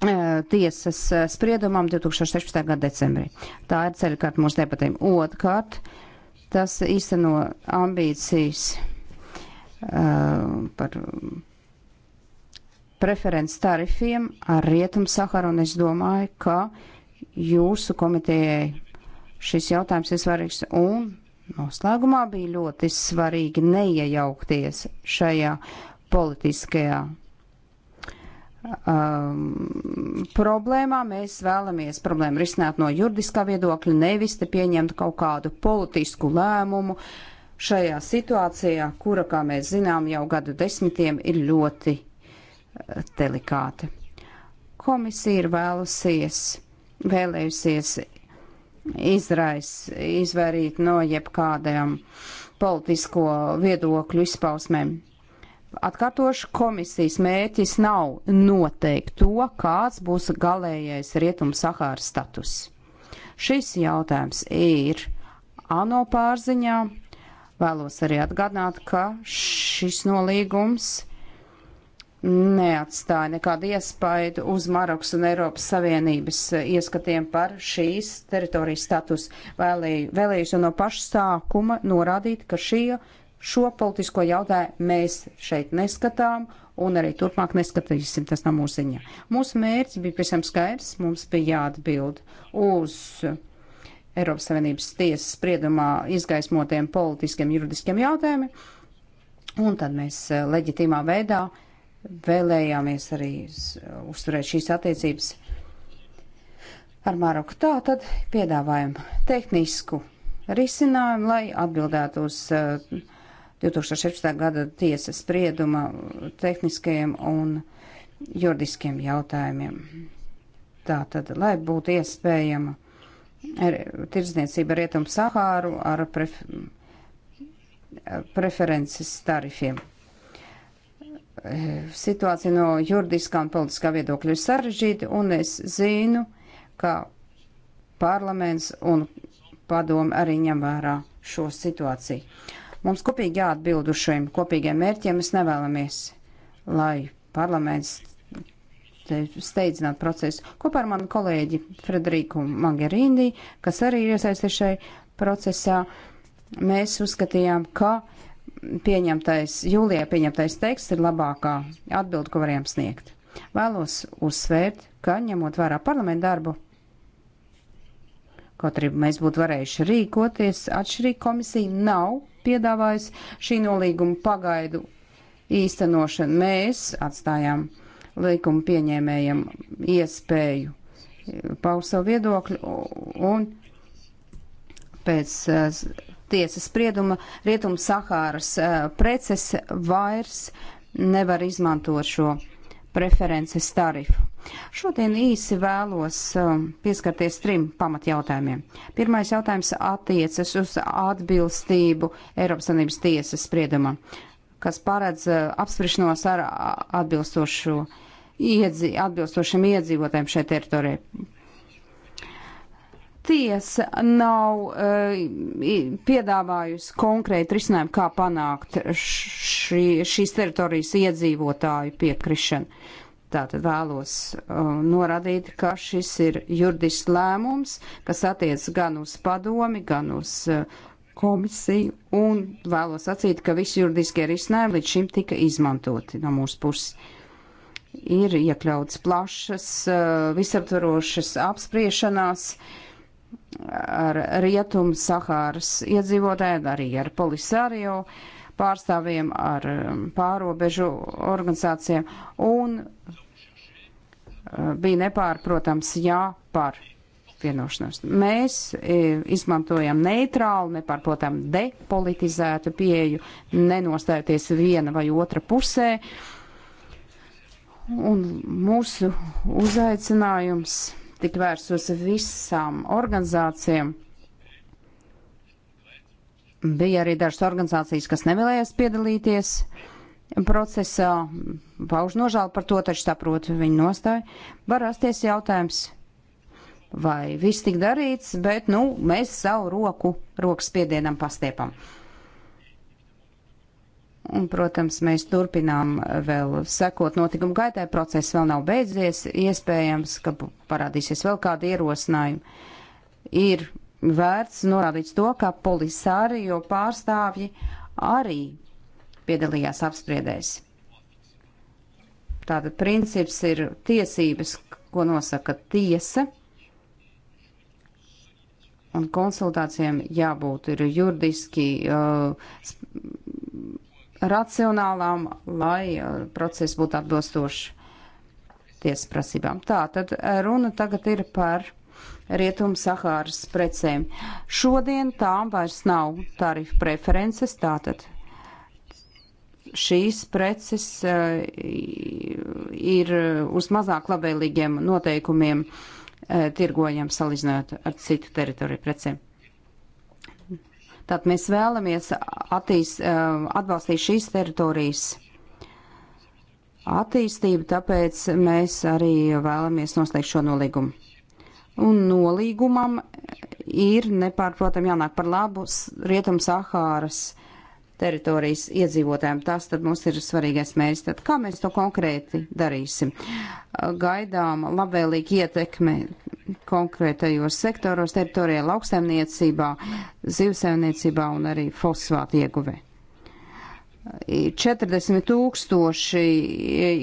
Eh, tiesas eh, spriedumam 2016. gada decembrī. Tā ir ceļkārt mūsu debatēm. Otkārt, tas īsteno ambīcijas uh, par preferences tarifiem ar Rietumu Saharu, un es domāju, ka jūsu komitejai šis jautājums ir svarīgs, un noslēgumā bija ļoti svarīgi neiejaukties šajā politiskajā um, problēmā. Mēs vēlamies problēmu risināt no juridiskā viedokļa, nevis te pieņemt kaut kādu politisku lēmumu šajā situācijā, kura, kā mēs zinām, jau gadu desmitiem ir ļoti uh, delikāta. Komisija ir vēlusies, vēlējusies izrais, izvairīt no jebkādām politisko viedokļu izpausmēm. Atkārtošu, komisijas mērķis nav noteikt to, kāds būs galējais rietumu Sahāras status. Šis jautājums ir ANO pārziņā. Vēlos arī atgādināt, ka šis nolīgums neatstāja nekādu iespaidu uz Marokas un Eiropas Savienības ieskatiem par šīs teritorijas status. Vēlēju, vēlējos jau no paša sākuma norādīt, ka šie Šo politisko jautājumu mēs šeit neskatām un arī turpmāk neskatīsim, tas nav mūsu ziņā. Mūsu mērķis bija pavisam skaidrs, mums bija jāatbild uz Eiropas Savienības tiesas spriedumā izgaismotiem politiskiem juridiskiem jautājumiem, un tad mēs eh, leģitīmā veidā vēlējāmies arī uzturēt šīs attiecības ar Maroku. Tā tad piedāvājam tehnisku risinājumu, lai atbildētu uz uh, 2016. gada tiesas sprieduma tehniskajiem un juridiskiem jautājumiem. Tātad, lai būtu iespējama er, tirdzniecība rietumu Sahāru ar pref preferences tarifiem situācija no juridiskā un politiskā viedokļa ir sarežģīta, un es zinu, ka parlaments un padomi arī ņem vērā šo situāciju. Mums kopīgi jāatbild uz šiem kopīgiem mērķiem. Mēs nevēlamies, lai parlaments steidzināt procesu. Kopā ar manu kolēģi Frederiku Magerīndī, kas arī ir iesaistīts šai procesā, mēs uzskatījām, ka pieņemtais, jūlijā pieņemtais teksts ir labākā atbilde, ko varējām sniegt. Vēlos uzsvērt, ka ņemot vērā parlamentu darbu, Kaut arī mēs būtu varējuši rīkoties, atšķirīgi komisija nav piedāvājusi šī nolīguma pagaidu īstenošanu. Mēs atstājām likuma pieņēmējiem iespēju paust savu viedokļu un pēc uh, tiesas sprieduma Rietum Sahāras uh, preces vairs nevar izmantot šo preferences tarifu. Šodien īsi vēlos um, pieskarties trim pamatjautājumiem. Pirmais jautājums attiecas uz atbilstību Eiropas Sanības tiesas spriedumam, kas paredz uh, apspriešanos ar atbilstošu iedzi, atbilstošiem iedzīvotājiem šai teritorijai. Tiesa nav uh, piedāvājusi konkrēti risinājumu, kā panākt šī, šīs teritorijas iedzīvotāju piekrišanu. Uh, Tātad vēlos uh, norādīt, ka šis ir juridisks lēmums, kas attiec gan uz padomi, gan uz uh, komisiju, un vēlos sacīt, ka visi juridiskie risinājumi līdz šim tika izmantoti no mūsu puses ir iekļauts plašas, uh, visaptvarošas apspriešanās ar rietumu Sahāras iedzīvotāju, arī ar Polisario. Uh, pārstāvjiem, ar um, pārobežu organizācijām, un uh, bija nepārprotams jā par vienošanos. Mēs e, izmantojam neitrālu, nepārprotam depolitizētu pieeju, nenostājoties viena vai otra pusē. Un mūsu uzaicinājums tik vērsos visām organizācijām Bija arī dažas organizācijas, kas nevēlējās piedalīties procesā, pauž nožēlu par to, taču saprotu viņu nostāju. Var rasties jautājums, vai viss tik darīts, bet, nu, mēs savu roku rokas spiedienam pastiepam. Un, protams, mēs turpinām vēl sekot notikumu gaitai, process vēl nav beidzies, iespējams, ka parādīsies vēl kādi ierosinājumi. Ir vērts norādīt to, ka polisārio pārstāvji arī piedalījās apspriedēs. Tātad princips ir tiesības, ko nosaka tiesa, un konsultācijām jābūt ir juridiski uh, racionālām, lai uh, process būtu atbilstošs tiesas prasībām. Tātad uh, runa tagad ir par Rietum Sahāras precēm. Šodien tām vairs nav tarifu preferences, tātad šīs preces uh, ir uz mazāk labvēlīgiem noteikumiem uh, tirgojam salīdzinot ar citu teritoriju precēm. Tātad mēs vēlamies attīs, uh, eh, atbalstīt šīs teritorijas attīstību, tāpēc mēs arī vēlamies noslēgt šo nolīgumu un nolīgumam ir nepārprotam jānāk par labu Rietum Sahāras teritorijas iedzīvotājiem. Tas tad mums ir svarīgais mērķis. Tad kā mēs to konkrēti darīsim? Gaidām labvēlīgi ietekme konkrētajos sektoros, teritorijā, lauksaimniecībā, zivsaimniecībā un arī fosfātu ieguvē. 40 tūkstoši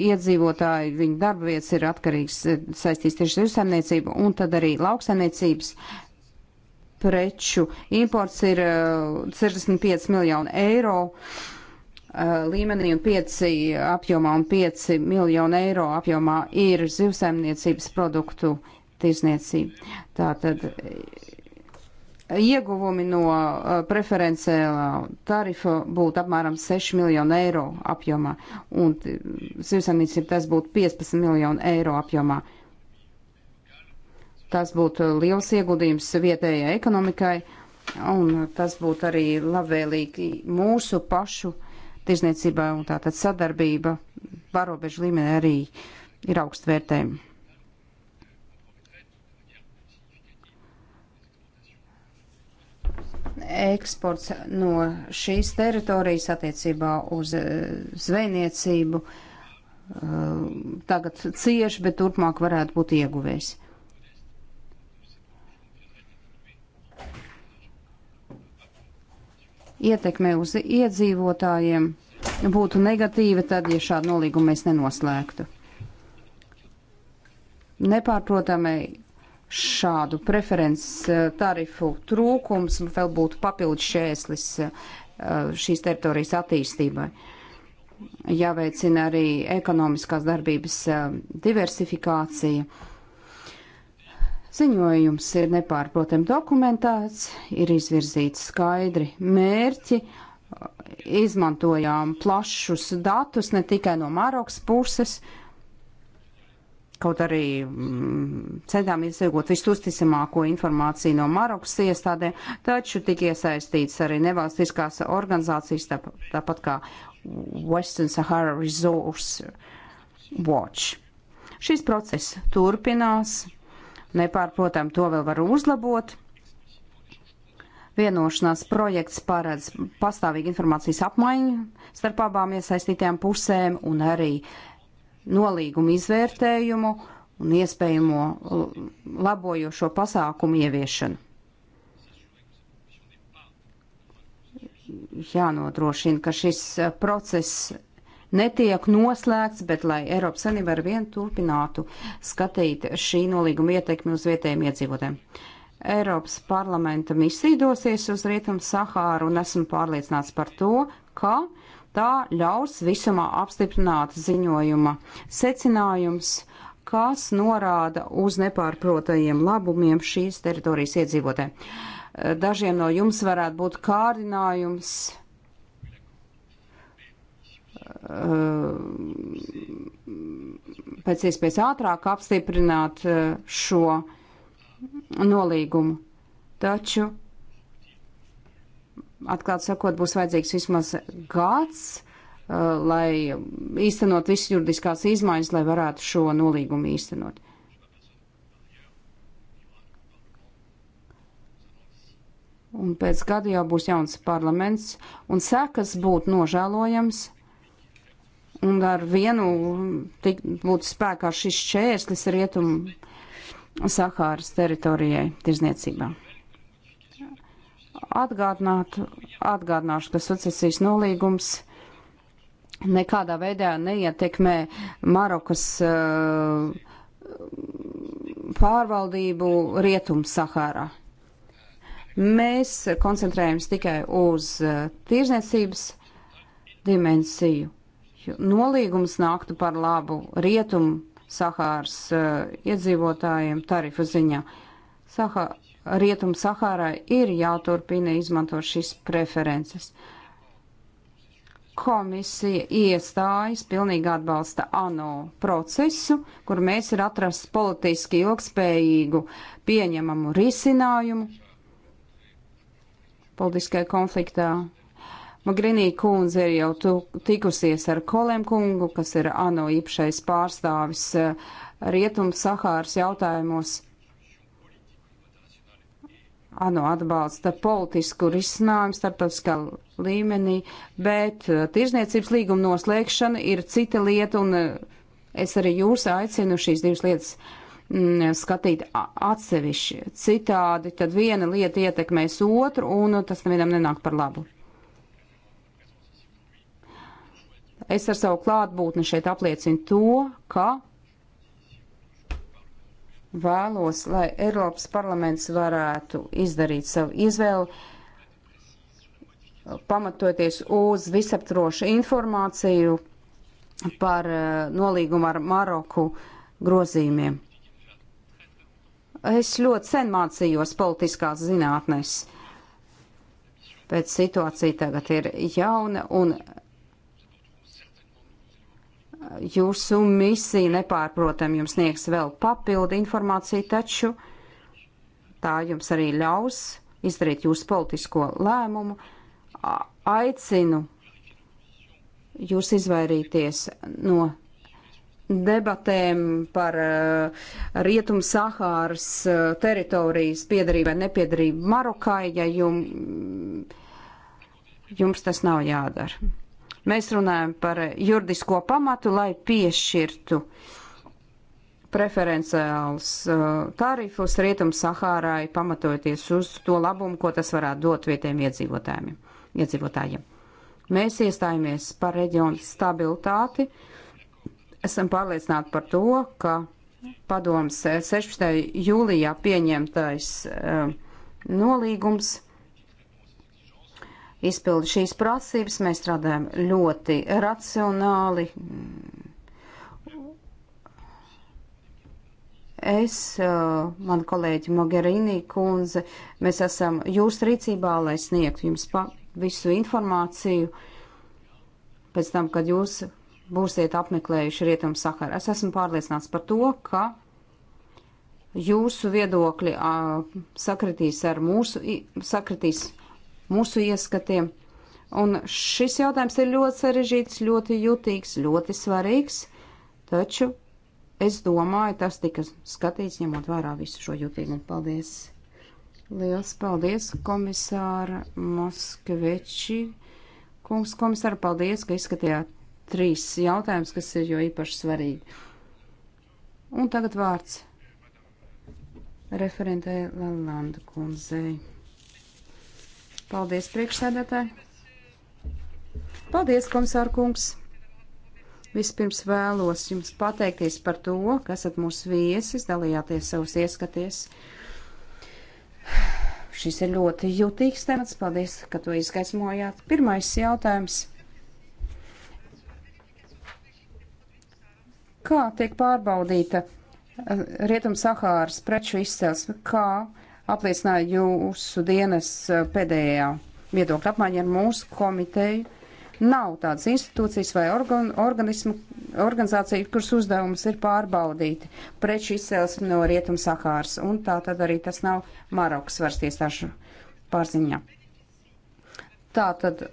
iedzīvotāji, viņu darba vietas ir atkarīgs saistīts tieši ar saimniecību, un tad arī lauksaimniecības preču imports ir 65 uh, miljonu eiro uh, līmenī un 5 apjomā un 5 miljonu eiro apjomā ir zivsaimniecības produktu tirzniecība. Tātad Ieguvumi no eh, preferenciālā eh, tarifa būtu apmēram 6 miljonu eiro apjomā, un zivsaimniecība tas būtu 15 miljonu eiro apjomā. Tas būtu liels ieguldījums vietējai ekonomikai, un tas būtu arī labvēlīgi mūsu pašu tirzniecībai, un tātad sadarbība pārobežu līmenī arī ir augstvērtējuma. eksports no šīs teritorijas attiecībā uz eh, zvejniecību eh, tagad cieši, bet turpmāk varētu būt ieguvējs. Ietekme uz iedzīvotājiem būtu negatīva tad, ja šādu nolīgumu mēs nenoslēgtu. Nepārprotami šādu preferences eh, tarifu trūkums vēl būtu papildus šēslis eh, šīs teritorijas attīstībai. Jāveicina arī ekonomiskās darbības eh, diversifikācija. Ziņojums ir nepārprotam dokumentēts, ir izvirzīti skaidri mērķi, izmantojām plašus datus ne tikai no Marokas puses, uh, Kaut arī mm, centāmies iegūt visuzticamāko informāciju no Marokas iestādēm, taču tika iesaistīts arī nevalstiskās organizācijas, tā, tāpat kā Western Sahara Resource Watch. Šis process turpinās, nepārprotam to vēl var uzlabot. Vienošanās projekts paredz pastāvīgu informācijas apmaiņu starp abām iesaistītajām pusēm un arī uh, nolīgumu izvērtējumu un iespējamo labojošo pasākumu ieviešanu. Jānodrošina, ka šis process netiek noslēgts, bet lai Eiropas Savienība ar vienu turpinātu skatīt šī nolīguma ietekmi uz vietējiem iedzīvotēm. Eiropas parlamenta misija dosies uz Rietumu Sahāru un esmu pārliecināts par to, ka Tā ļaus visumā apstiprināt ziņojuma secinājums, kas norāda uz nepārprotajiem labumiem šīs teritorijas iedzīvotē. Dažiem no jums varētu būt kārdinājums eh, pēc iespējas ātrāk apstiprināt eh, šo nolīgumu. Taču atklāt sakot, būs vajadzīgs vismaz gads, uh, lai īstenot visas juridiskās izmaiņas, lai varētu šo nolīgumu īstenot. Un pēc gada jau būs jauns parlaments, un sekas būtu nožēlojams, un ar vienu tik, būtu spēkā šis čērslis rietumu Sahāras teritorijai tirzniecībā atgādināt, atgādināšu, ka sucesijas nolīgums nekādā veidā neietekmē Marokas uh, pārvaldību Rietumu Sahārā. Mēs koncentrējamies tikai uz uh, tirzniecības dimensiju. Nolīgums nāktu par labu Rietumu Sahāras uh, iedzīvotājiem tarifu ziņā. Sahāra Rietum Sahārai ir jāturpina izmantot šīs preferences. Komisija iestājas, pilnīgi atbalsta ANO procesu, kur mēs ir atrast politiski ilgspējīgu pieņemamu risinājumu politiskajā konfliktā. Magrinī kundze ir jau tu, tikusies ar Kolēm kungu, kas ir ANO īpašais pārstāvis eh, Rietum Sahāras jautājumos ANO atbalsta politisku risinājumu starptautiskā līmenī, bet uh, tirzniecības līguma noslēgšana ir cita lieta, un uh, es arī jūs aicinu šīs divas lietas mm, skatīt atsevišķi. Citādi tad viena lieta ietekmēs otru, un uh, tas nevienam nenāk par labu. Es ar savu klātbūtni šeit apliecinu to, ka vēlos, lai Eiropas parlaments varētu izdarīt savu izvēli, pamatoties uz visaptrošu informāciju par eh, nolīgumu ar Maroku grozījumiem. Es ļoti sen mācījos politiskās zinātnes, bet situācija tagad ir jauna un Jūsu misija nepārprotam jums sniegs vēl papildu informāciju, taču tā jums arī ļaus izdarīt jūsu politisko lēmumu. Aicinu jūs izvairīties no debatēm par uh, Rietumu Sahāras uh, teritorijas piedarību vai nepiedarību Marokai, ja jum, jums tas nav jādara. Mēs runājam par juridisko pamatu, lai piešķirtu preferenciāls uh, tarifus Rietum Sahārai, pamatojoties uz to labumu, ko tas varētu dot vietējiem iedzīvotājiem. iedzīvotājiem. Mēs iestājāmies par reģionu stabilitāti, esam pārliecināti par to, ka padoms 16. Eh, jūlijā pieņemtais um, nolīgums izpildi šīs prasības. Mēs strādājam ļoti racionāli. Es, uh, man kolēģi Mogherini kundze, mēs esam jūsu rīcībā, lai sniegtu jums visu informāciju pēc tam, kad jūs būsiet apmeklējuši Rietumu Sakaru. Es esmu pārliecināts par to, ka jūsu viedokļi uh, sakritīs ar mūsu, sakritīs mūsu ieskatiem. Un šis jautājums ir ļoti sarežģīts, ļoti jutīgs, ļoti svarīgs, taču es domāju, tas tika skatīts ņemot vērā visu šo jutīgumu. Paldies! Liels paldies, komisāra Moskveči! Kungs, komisāra, paldies, ka izskatījāt trīs jautājumus, kas ir jo īpaši svarīgi. Un tagad vārds referentē Lalanda kundzei. Paldies, priekšsēdētāji. Paldies, komisārkungs. Vispirms vēlos jums pateikties par to, ka esat mūsu viesis, dalījāties savus ieskaties. Šis ir ļoti jutīgs temats. Paldies, ka to izgaismojāt. Pirmais jautājums. Kā tiek pārbaudīta eh, Rietum Sahāras preču izcelsme? Kā apliecināja jūsu dienas eh, pēdējā viedokļa apmaiņa ar mūsu komiteju. Nav tādas institūcijas vai organ, organismu, organizācija, kuras uzdevums ir pārbaudīt preču izcelsmi no rietuma sakārs, un tā tad arī tas nav Marokas varas tiesāšu pārziņā. Tā tad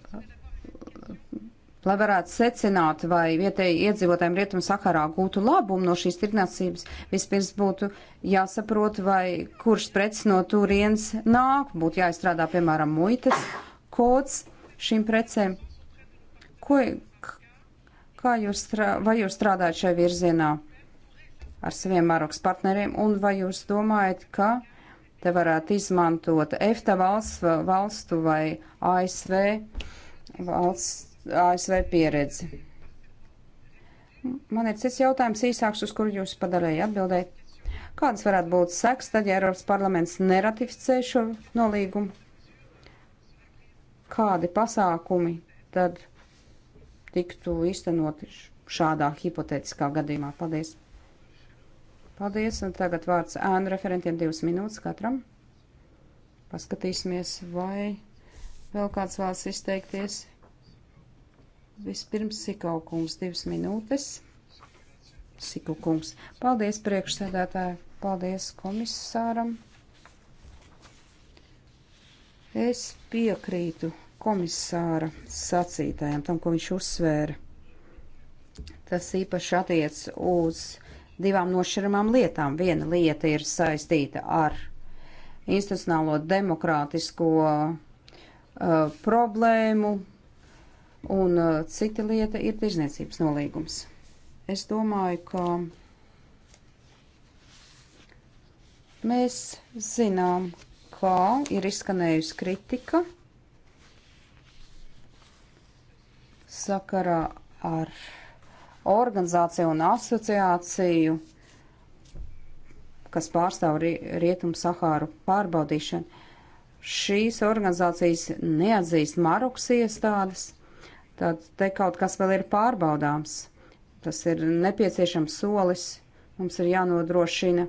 lai varētu secināt, vai vietēji iedzīvotājiem Rietumu Sakarā gūtu labumu no šīs tirdzniecības, vispirms būtu jāsaprot, vai kurš preces no turienes nāk, būtu jāizstrādā, piemēram, muitas kods šīm precēm. Ko, kā jūs, strā, vai jūs strādājat šai virzienā ar saviem Marokas partneriem, un vai jūs domājat, ka te varētu izmantot EFTA valsts, valstu vai ASV valsts ASV pieredzi. Man ir cits jautājums īsāks, uz kuru jūs padarēju atbildēt. Kādas varētu būt seks, tad, ja Eiropas parlaments neratificē šo nolīgumu? Kādi pasākumi tad tiktu īstenoti šādā hipotētiskā gadījumā? Paldies! Paldies, un tagad vārds ēnu referentiem divas minūtes katram. Paskatīsimies, vai vēl kāds vēlas izteikties. Vispirms Sikau kungs divas minūtes. Siku kungs. Paldies priekšsēdētāji, paldies komisāram. Es piekrītu komisāra sacītājiem, tam, ko viņš uzsvēra. Tas īpaši attiec uz divām nošķiramām lietām. Viena lieta ir saistīta ar institucionālo demokrātisko uh, problēmu, un uh, cita lieta ir tirzniecības nolīgums. Es domāju, ka mēs zinām, kā ir izskanējusi kritika sakarā ar organizāciju un asociāciju, kas pārstāv Rietumu Sahāru pārbaudīšanu. Šīs organizācijas neatzīst Marokas iestādes Tad te kaut kas vēl ir pārbaudāms. Tas ir nepieciešams solis. Mums ir jānodrošina,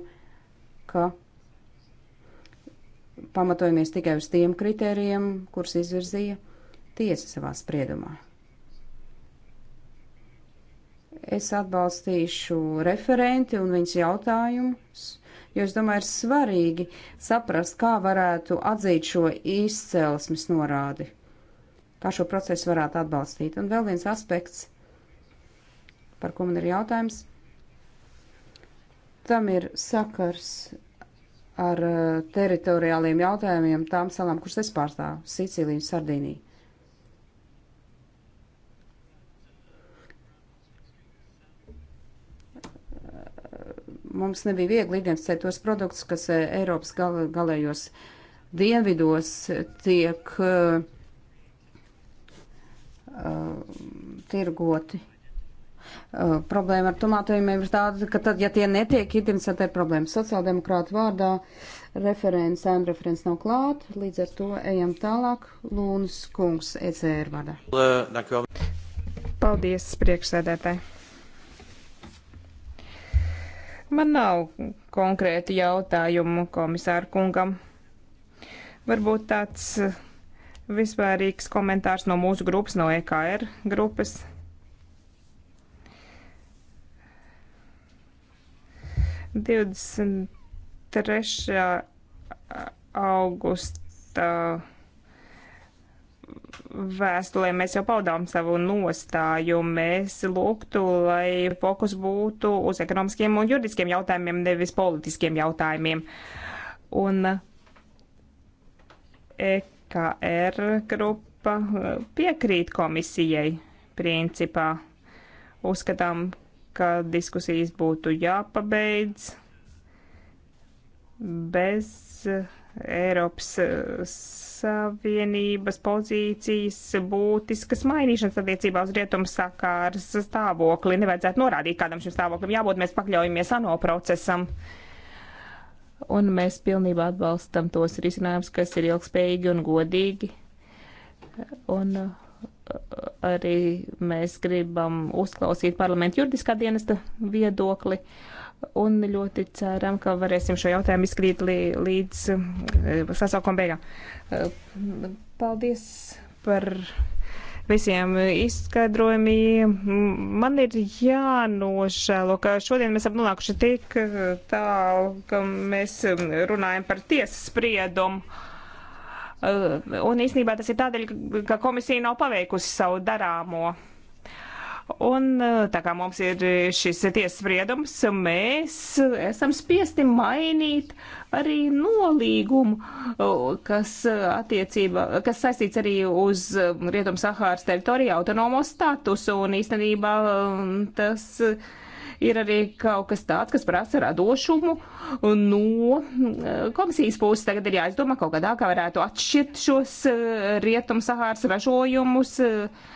ka pamatojamies tikai uz tiem kritērijiem, kurus izvirzīja tiesa savā spriedumā. Es atbalstīšu referenti un viņas jautājumus, jo es domāju, ir svarīgi saprast, kā varētu atzīt šo izcelsmes norādi kā šo procesu varētu atbalstīt. Un vēl viens aspekts, par ko man ir jautājums, tam ir sakars ar uh, teritoriāliem jautājumiem tām salām, kuras es pārstāvu - Sicīlija un Sardīnija. mums nebija viegli identificēt tos produktus, kas uh, Eiropas gal, galējos dienvidos tiek uh, uh, tirgoti. Uh, problēma ar tomātojumiem ir tāda, ka tad, ja tie netiek identificēti, ir problēma. Sociāldemokrāta vārdā referents, ēna referents nav klāt, līdz ar to ejam tālāk. Lūnas kungs, ECR vārdā. Paldies, priekšsēdētāji. Man nav konkrēti jautājumu komisāru kungam. Varbūt tāds Vispārīgs komentārs no mūsu grupas, no EKR grupas. Divdesmit trešā augusta vēstulē mēs jau paudām savu nostāju. Mēs lūgtu, lai fokus būtu uz ekonomiskiem un juridiskiem jautājumiem, nevis politiskiem jautājumiem. Un ek ka R grupa eh, piekrīt komisijai principā. Uzskatām, ka diskusijas būtu jāpabeidz bez eh, Eiropas eh, Savienības pozīcijas būtiskas mainīšanas attiecībā uz rietumu sakārs stāvokli. Nevajadzētu norādīt, kādam šim stāvoklim jābūt. Mēs pakļaujamies ANO procesam. Uh, un mēs pilnībā atbalstam tos risinājumus, kas ir ilgspējīgi un godīgi. Un uh, arī mēs gribam uzklausīt parlamentu juridiskā dienesta viedokli un ļoti ceram, ka varēsim šo jautājumu izskrīt līdz uh, sasaukuma beigām. Uh, paldies par visiem izskaidrojumiem. Man ir jānošēlo, ka šodien mēs esam nonākuši tik tālu, ka mēs runājam par tiesas spriedumu. Un īsnībā tas ir tādēļ, ka komisija nav paveikusi savu darāmo. Un eh, tā kā mums ir šis tiesas spriedums, mēs esam spiesti mainīt arī nolīgumu, eh, kas, eh, attiecība, kas saistīts arī uz Rietumu Sahāras teritoriju autonomo statusu. Un īstenībā tas ir arī kaut kas tāds, kas prasa radošumu no komisijas puses. Tagad ir jāizdomā kaut kādā, kā varētu atšķirt šos rietum sahāras ražojumus. Uh,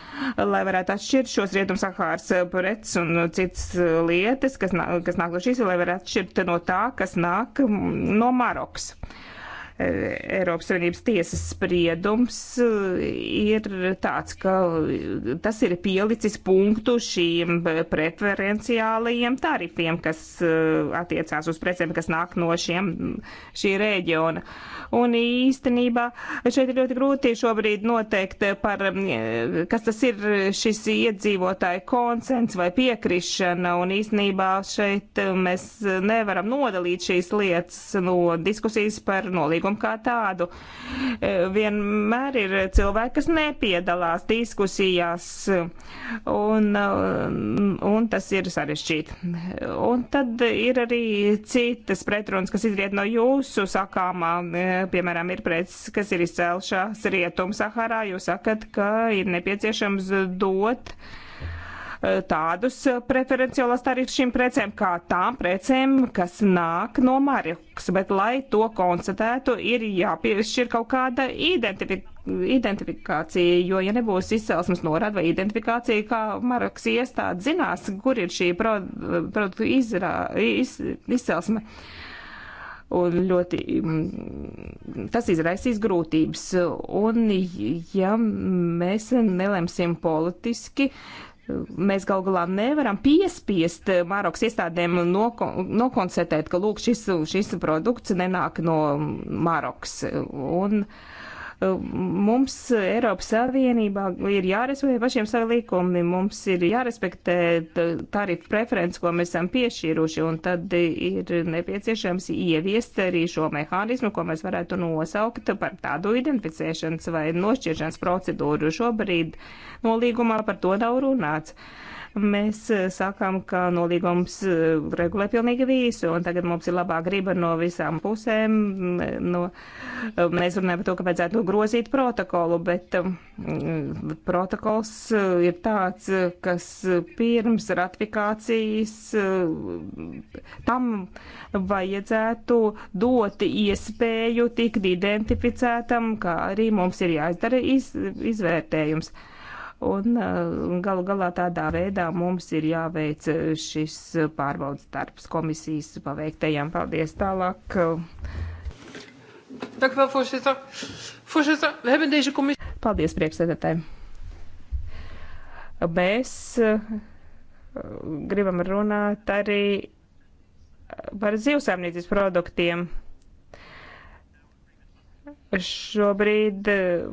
lai varētu atšķirt šos rietumsakārs eh, preces un eh, citas eh, lietas, kas, nā, kas nāk no šīs, lai varētu atšķirt no tā, kas nāk mm, no Marokas. Uh, Eiropas Savienības tiesas spriedums eh, ir tāds, ka tas ir pielicis punktu šīm preferenciālajiem tarifiem, kas eh, attiecās uz precēm, kas nāk no šiem, šī reģiona. Un īstenībā šeit ir ļoti grūti šobrīd noteikt eh, par, kas tas ir šis iedzīvotāju konsens vai piekrišana, un īstenībā šeit mēs nevaram nodalīt šīs lietas no diskusijas par nolīgumu līgumu kā tādu. E, vienmēr ir cilvēki, kas nepiedalās diskusijās, un, un tas ir sarežģīti. Un tad ir arī citas pretrunas, kas izriet no jūsu sakāmā, e, piemēram, ir preces, kas ir izcēlušās rietumu Sahārā, jūs sakat, ka ir nepieciešams dot uh, Eh, tādus eh, preferenciālos tarifus šīm precēm, kā tām precēm, kas nāk no Marijas. Bet, lai to konstatētu, ir jāpiešķir kaut kāda identifikācija. Identifikācija, jo, ja nebūs izcelsmes norāda vai identifikācija, kā Maraks iestāde zinās, kur ir šī eh, produktu izrā, iz, izcelsme. Un ļoti mm, tas izraisīs grūtības. Un, ja mēs nelemsim politiski, uh, Mēs gal galā nevaram piespiest Mārokas iestādēm noko, nokonstatēt, ka lūk, šis, šis produkts nenāk no Mārokas. Un, uh, Mums Eiropas Savienībā ir jārespektē pašiem savi likumi, mums ir jārespektē tarifu preferences, ko mēs esam piešķīruši, un tad ir nepieciešams ieviest arī šo mehānismu, ko mēs varētu nosaukt par tādu identificēšanas vai nošķiršanas procedūru. Šobrīd nolīgumā par to nav runāts. Uh, Mēs eh, sakām, ka nolīgums eh, regulē pilnīgi visu, un tagad mums ir labā griba no visām pusēm. Mm, no, eh, mēs runājam par to, ka vajadzētu grozīt protokolu, bet mm, protokols ir tāds, kas pirms ratifikācijas tam vajadzētu dot iespēju tikt identificētam, kā arī mums ir jāizdara iz, izvērtējums. Un eh, galu galā tādā veidā mums ir jāveic eh, šis eh, pārbaudas darbs komisijas paveiktajām. Paldies tālāk. Paldies, priekšsēdētāji. Mēs gribam runāt arī par zivsēmniecības produktiem šobrīd eh,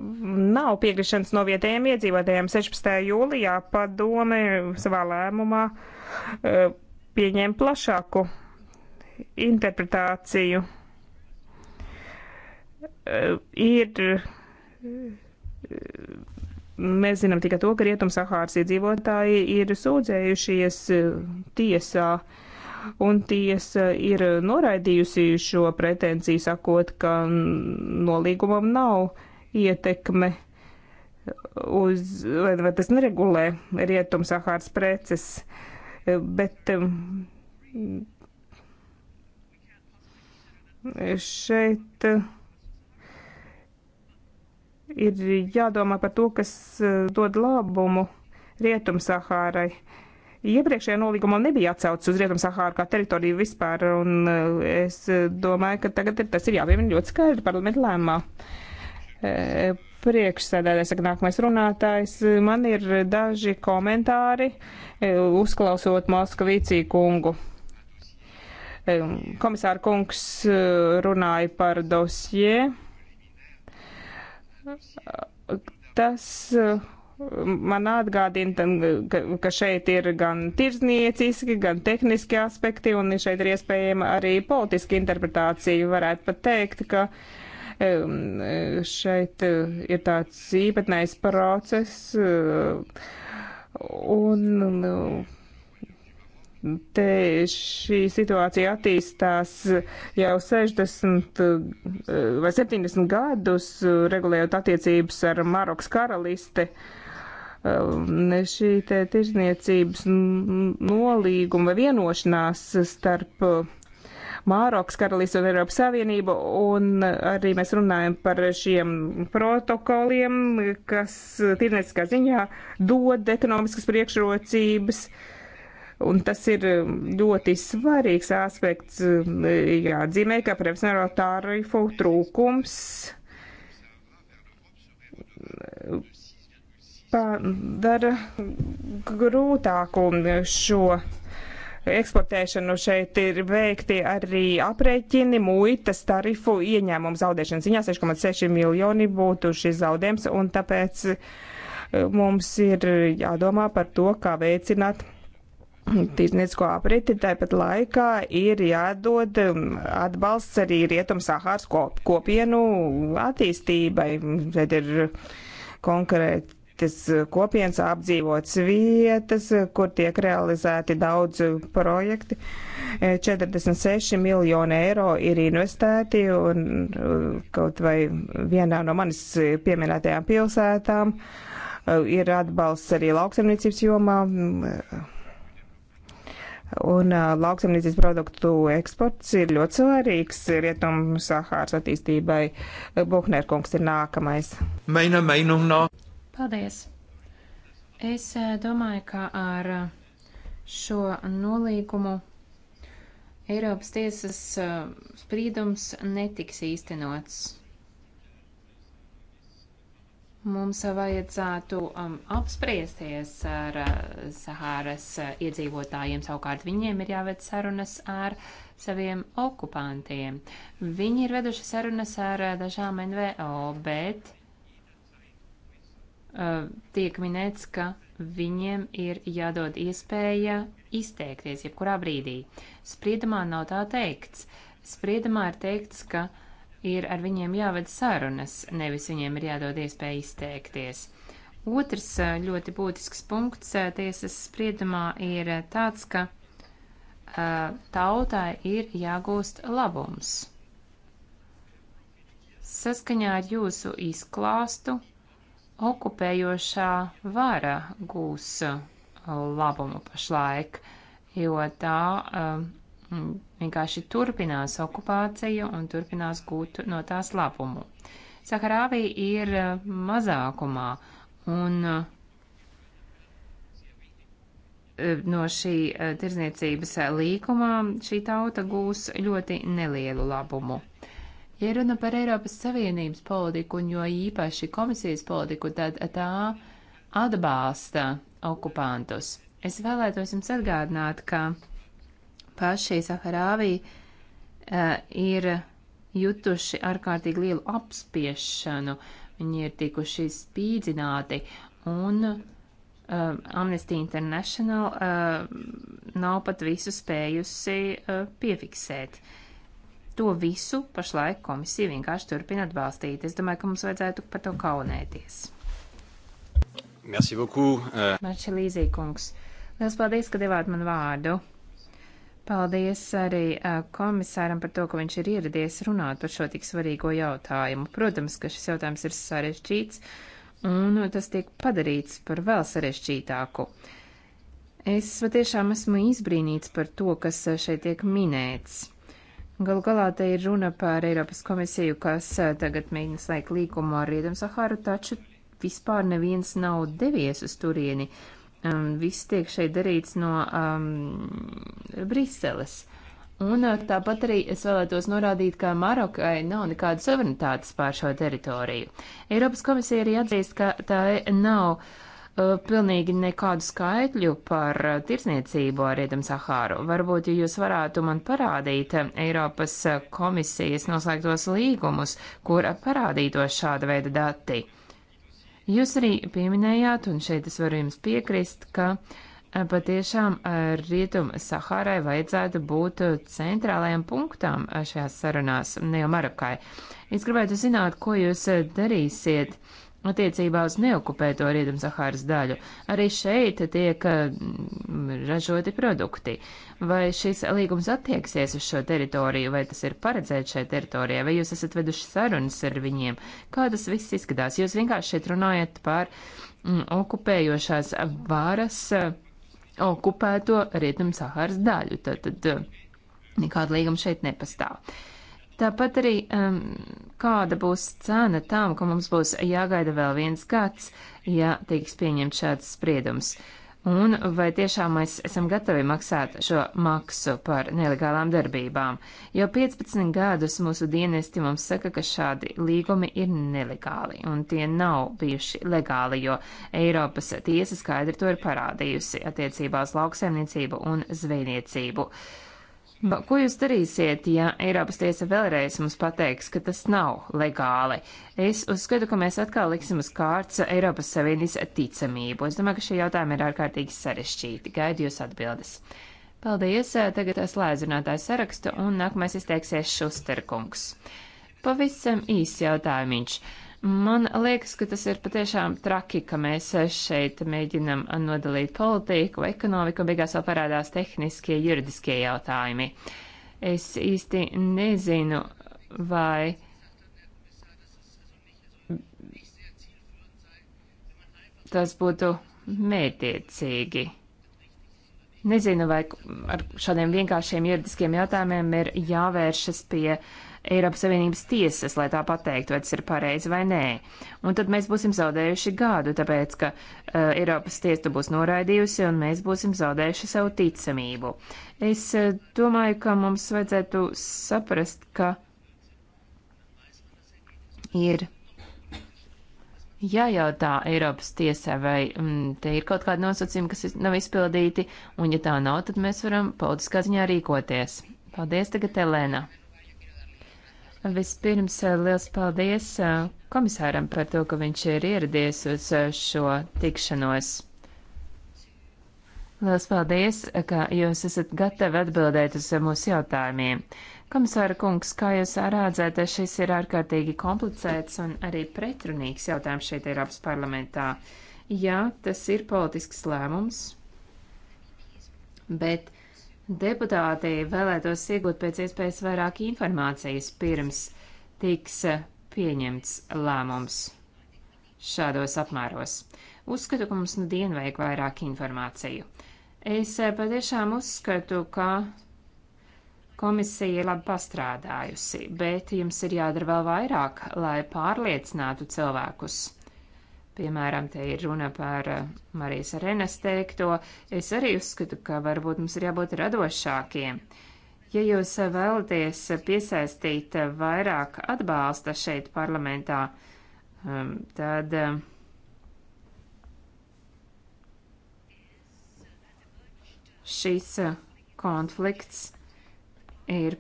nav piekrišanas no vietējiem iedzīvotājiem. 16. jūlijā padome savā lēmumā eh, pieņēma plašāku interpretāciju. Eh, ir mēs zinām tikai to, ka Rietum Sahāras iedzīvotāji ir sūdzējušies tiesā uh, un tiesa ir noraidījusi šo pretenciju, sakot, ka nolīgumam nav ietekme uz, vai, vai tas neregulē rietumsahāras preces, bet um, šeit uh, ir jādomā par to, kas uh, dod labumu rietumsahārai. Iepriekšējā nolīgumā nebija atcaucis uz Rietumsahāru kā teritoriju vispār, un eh, es domāju, ka tagad ir, tas ir jāpiemina ļoti skaidri parlamentu lēmumā. Eh, Priekšsēdētājs saka, nākamais runātājs. Man ir daži komentāri, eh, uzklausot Moskavīcī kungu. Komisāra kungs runāja par dosie. Tas man atgādina, ka šeit ir gan tirznieciski, gan tehniski aspekti, un šeit ir iespējama arī politiska interpretācija. Varētu pat teikt, ka šeit eh, ir tāds īpatnējs process, eh, un nu, te šī situācija attīstās jau 60 eh, vai 70 gadus, regulējot attiecības ar Marokas karalisti. Uh, šī te tirzniecības nolīguma vai vienošanās starp uh, Mārokas karalīs un Eiropas Savienību, un arī mēs runājam par šiem protokoliem, kas tirnieciskā ziņā dod ekonomiskas priekšrocības. Un tas ir ļoti svarīgs aspekts, jāatzīmē, ka profesionālo tarifu trūkums padara grūtāku šo eksportēšanu. Šeit ir veikti arī aprēķini muitas tarifu ieņēmumu zaudēšanas ziņā. 6,6 miljoni būtu šis zaudējums, un tāpēc e, mums ir jādomā par to, kā veicināt tīrzniecko apriti. Tāpat laikā ir jādod atbalsts arī Rietum Sahāras kopienu attīstībai. Šeit ir konkrēti citas kopienas, apdzīvotas vietas, kur tiek realizēti daudz projekti. 46 eh, miljoni eiro ir investēti un eh, kaut vai vienā no manis pieminētajām pilsētām eh, ir atbalsts arī lauksaimniecības jomā. Mm, un uh, lauksaimniecības produktu eksports ir ļoti svarīgs rietumu Sahāras attīstībai. Buhnerkungs ir nākamais. Meina, meina, no. Paldies! Es e, domāju, ka ar e, šo nolīgumu Eiropas tiesas e, sprīdums netiks īstenots. Mums vajadzētu um, apspriesties ar uh, Sahāras uh, iedzīvotājiem. Savukārt viņiem ir jāved sarunas ar saviem okupantiem. Viņi ir veduši sarunas ar uh, dažām NVO, bet Eh, tiek minēts, ka viņiem ir jādod iespēja izteikties jebkurā brīdī. Spriedumā nav tā teikts. Spriedumā ir teikts, ka ir ar viņiem jāved sarunas, nevis viņiem ir jādod iespēja izteikties. Otrs eh, ļoti būtisks punkts eh, tiesas spriedumā ir tāds, ka tautai ir jāgūst labums. Saskaņā ar jūsu izklāstu okupējošā vara gūs uh, labumu pašlaik, jo tā um, vienkārši turpinās okupāciju un turpinās gūt no tās labumu. Saharāvī ir uh, mazākumā un uh, no šī tirdzniecības līkumā šī tauta gūs ļoti nelielu labumu. Ja runa par Eiropas Savienības politiku un jo īpaši komisijas politiku, tad tā atbalsta okupantus. Es vēlētos jums atgādināt, ka paši Saharāvī uh, eh, ir jutuši ārkārtīgi lielu apspiešanu, viņi ir tikuši spīdzināti un uh, Amnesty International uh, nav pat visu spējusi uh, piefiksēt. Uh, To visu pašlaik komisija vienkārši turpina atbalstīt. Es domāju, ka mums vajadzētu par to kaunēties. Merci beaucoup. Euh, Marča Līzīkungs, liels paldies, ka devāt man vārdu. Paldies arī komisāram par to, ka viņš ir ieradies runāt par šo tik svarīgo jautājumu. Protams, ka šis jautājums ir sarežģīts, un tas tiek padarīts par vēl sarežģītāku. Es patiešām esmu izbrīnīts par to, kas šeit tiek minēts. Galu galā te ir runa par Eiropas komisiju, kas eh, tagad mēģina slēgt līkumu ar Rietumsahāru, taču vispār neviens nav devies uz turieni. Um, viss tiek šeit darīts no um, Briseles. Un eh, tāpat arī es vēlētos norādīt, ka Marokai nav nekāda suverenitātes pār šo teritoriju. Eiropas komisija arī atzīst, ka tā nav uh, pilnīgi nekādu skaitļu par tirsniecību ar Rietumu Sahāru. Varbūt, ja jūs varētu man parādīt Eiropas komisijas noslēgtos līgumus, kur parādītos šāda veida dati. Jūs arī pieminējāt, un šeit es varu jums piekrist, ka patiešām Rietum Sahārai vajadzētu būt centrālajam punktam šajās sarunās, ne jau Marokai. Es gribētu zināt, ko jūs darīsiet attiecībā uz neokupēto Rietumsahāras daļu. Arī šeit tiek mm, ražoti produkti. Vai šis līgums attieksies uz šo teritoriju, vai tas ir paredzēts šai teritorijai, vai jūs esat veduši sarunas ar viņiem? Kā tas viss izskatās? Jūs vienkārši šeit runājat par mm, okupējošās varas eh, okupēto Rietumsahāras daļu. Tad, tad eh, nekāda līguma šeit nepastāv. Uh, Tāpat arī um, kāda būs cena tām, ka mums būs jāgaida vēl viens gads, ja tiks pieņemts šāds spriedums. Un vai tiešām mēs esam gatavi maksāt šo maksu par nelegālām darbībām? Jau 15 gadus mūsu dienesti mums saka, ka šādi līgumi ir nelegāli, un tie nav bijuši legāli, jo Eiropas tiesa skaidri to ir parādījusi attiecībā uz lauksaimniecību un zvejniecību. Uh, Ko jūs darīsiet, ja Eiropas tiesa vēlreiz mums pateiks, ka tas nav legāli? Es uzskatu, ka mēs atkal liksim uz kārts Eiropas Savienības ticamību. Es domāju, ka šie jautājumi ir ārkārtīgi sarežģīti. Gaidu jūs atbildes. Paldies! Tagad es lēdzinātāju sarakstu un nākamais izteiksies Šusterkungs. Pavisam īsts jautājums. Man liekas, ka tas ir patiešām traki, ka mēs šeit mēģinam nodalīt politiku, ekonomiku, un beigās vēl parādās tehniskie, juridiskie jautājumi. Es īsti nezinu, vai. Tas būtu mētiecīgi. Nezinu, vai ar šādiem vienkāršiem juridiskiem jautājumiem ir jāvēršas pie uh, Eiropas Savienības tiesas, lai tā pateiktu, vai tas ir pareizi vai nē. Un tad mēs būsim zaudējuši gadu, tāpēc, ka uh, Eiropas tiesa to būs noraidījusi un mēs būsim zaudējuši savu ticamību. Es uh, domāju, ka mums vajadzētu saprast, ka ir jājautā Eiropas tiesā, vai mm, te ir kaut kādi nosacījumi, kas nav izpildīti, un ja tā nav, tad mēs varam politiskā ziņā rīkoties. Paldies tagad, Elēna! Vispirms eh, liels paldies eh, komisāram par to, ka viņš ir ieradies uz eh, šo tikšanos. Liels paldies, ka jūs esat gatavi atbildēt uz mūsu jautājumiem. Komisāra kungs, kā jūs rādzat, šis ir ārkārtīgi komplicēts un arī pretrunīgs jautājums šeit Eiropas parlamentā. Jā, tas ir politisks lēmums, bet Deputāti vēlētos iegūt pēc iespējas vairāk informācijas pirms tiks pieņemts lēmums šādos apmēros. Uzskatu, ka mums nu dienu vajag vairāk informāciju. Es eh, patiešām uzskatu, ka komisija ir labi pastrādājusi, bet jums ir jādara vēl vairāk, lai pārliecinātu cilvēkus Piemēram, te ir runa par eh, Marijas Arenas teikto. Es arī uzskatu, ka varbūt mums ir jābūt radošākiem. Ja jūs vēlaties piesaistīt vairāk atbalsta šeit parlamentā, ehm, tad eh, šis eh, konflikts ir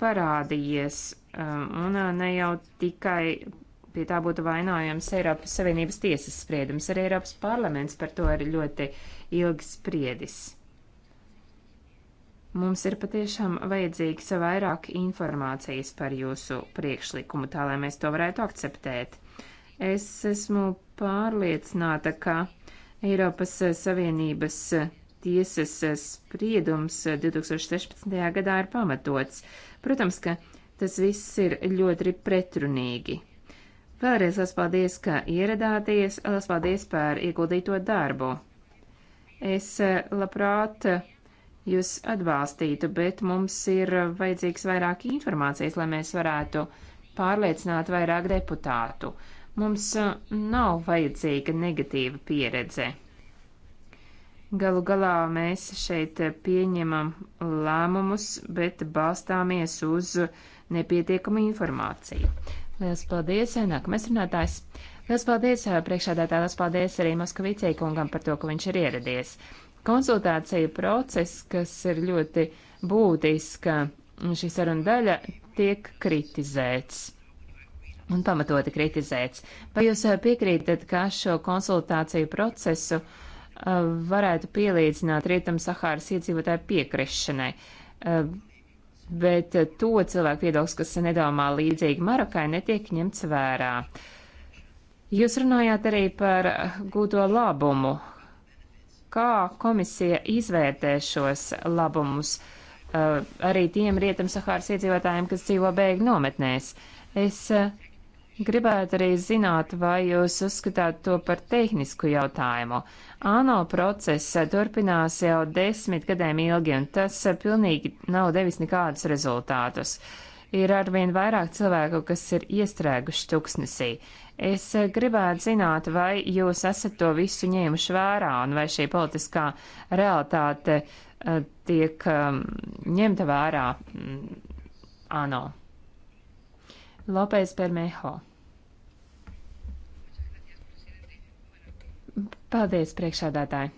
parādījies, ehm, un ne jau tikai pie tā būtu vainojams Eiropas Savienības tiesas spriedums. Arī Eiropas parlaments par to ir ļoti ilgi spriedis. Mums ir patiešām vajadzīgs vairāk informācijas par jūsu priekšlikumu, tā lai mēs to varētu akceptēt. Es esmu pārliecināta, ka Eiropas Savienības tiesas spriedums 2016. gadā ir pamatots. Protams, ka tas viss ir ļoti pretrunīgi. Vēlreiz liels paldies, ka ieradāties, liels paldies par ieguldīto darbu. Es eh, labprāt jūs atbalstītu, bet mums ir vajadzīgs vairāk informācijas, lai mēs varētu pārliecināt vairāk deputātu. Mums eh, nav vajadzīga negatīva pieredze. Galu galā mēs šeit pieņemam lēmumus, bet balstāmies uz nepietiekamu informāciju. Liels paldies, nākamais runātājs. Liels paldies, eh, priekšādātāj, liels paldies arī Moskavīcei kungam par to, ka viņš ir ieradies. Konsultācija process, kas ir ļoti būtiska, šī saruna daļa tiek kritizēts un pamatoti kritizēts. Vai jūs eh, piekrītat, ka šo konsultāciju procesu eh, varētu pielīdzināt Rietam Sahāras iedzīvotāju piekrišanai? bet eh, to cilvēku viedoklis, kas nedomā līdzīgi Marokai, netiek ņemts vērā. Jūs runājāt arī par gūto labumu. Kā komisija izvērtē šos labumus eh, arī tiem rietumsahāras iedzīvotājiem, kas dzīvo bēgļu nometnēs? Es eh, Gribētu arī zināt, vai jūs uzskatāt to par tehnisku jautājumu. ANO process turpinās jau desmit gadiem ilgi, un tas pilnīgi nav devis nekādus rezultātus. Ir arvien vairāk cilvēku, kas ir iestrēguši tuksnesī. Es gribētu zināt, vai jūs esat to visu ņēmuši vērā, un vai šī politiskā realitāte eh, tiek ehm, ņemta vērā mm, ANO. Lopes Bermeho. Paldies, priekšādātāji!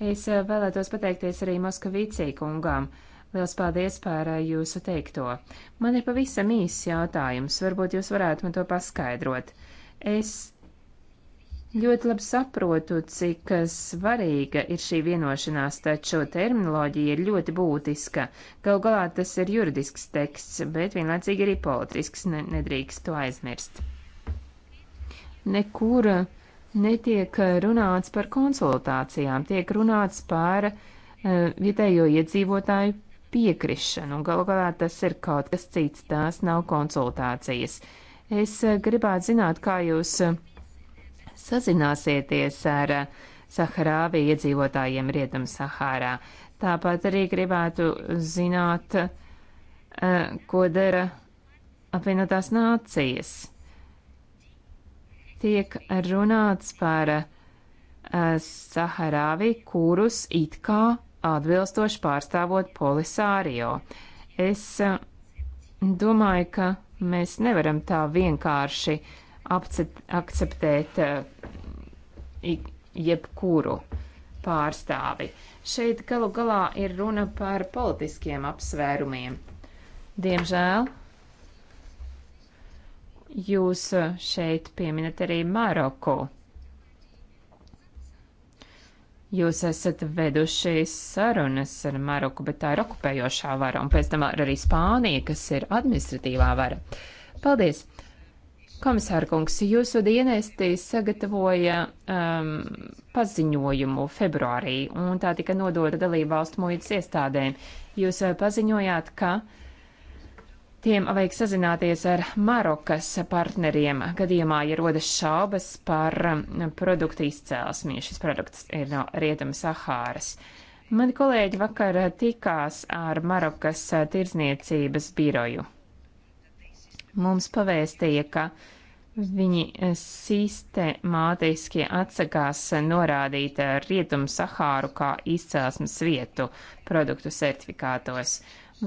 Es eh, vēlētos pateikties arī Moskavīcī kungām. Liels paldies par eh, jūsu teikto. Man ir pavisam īss jautājums, varbūt jūs varētu man to paskaidrot. Es ļoti labi saprotu, cik svarīga ir šī vienošanās, taču terminoloģija ir ļoti būtiska. Gal galā tas ir juridisks teksts, bet vienlaicīgi arī politisks, ne, nedrīkst to aizmirst. Nekur netiek runāts par konsultācijām, tiek runāts par uh, vietējo iedzīvotāju piekrišanu, un gal galā tas ir kaut kas cits, tās nav konsultācijas. Es eh, gribētu zināt, kā jūs uh, sazināsieties ar eh, Saharāvi iedzīvotājiem Rietam Sahārā. Tāpat arī gribētu zināt, eh, ko dara apvienotās nācijas. Tiek runāts par eh, Saharāvi, kurus it kā atbilstoši pārstāvot polisārio. Es domāju, ka mēs nevaram tā vienkārši uh, akceptēt eh, jebkuru pārstāvi. Šeit galu galā ir runa par politiskiem apsvērumiem. Diemžēl jūs eh, šeit pieminat arī Maroku. Jūs esat veduši sarunas ar Maroku, bet tā ir okupējošā vara, un pēc tam arī Spānija, kas ir administratīvā vara. Paldies! Komisārkungs, jūsu dienesti sagatavoja um, paziņojumu februārī, un tā tika nodota dalību valstu muitas iestādēm. Jūs uh, paziņojāt, ka tiem vajag sazināties ar Marokas partneriem gadījumā, ja rodas šaubas par um, produktu izcēlesmi, ja šis produkts ir no Rietuma Sahāras. Mani kolēģi vakar tikās ar Marokas uh, tirdzniecības biroju. Mums pavēstīja, ka uh, Viņi eh, sistemātiski atsakās eh, norādīt eh, Rietumu Sahāru kā izcelsmes vietu produktu certifikātos.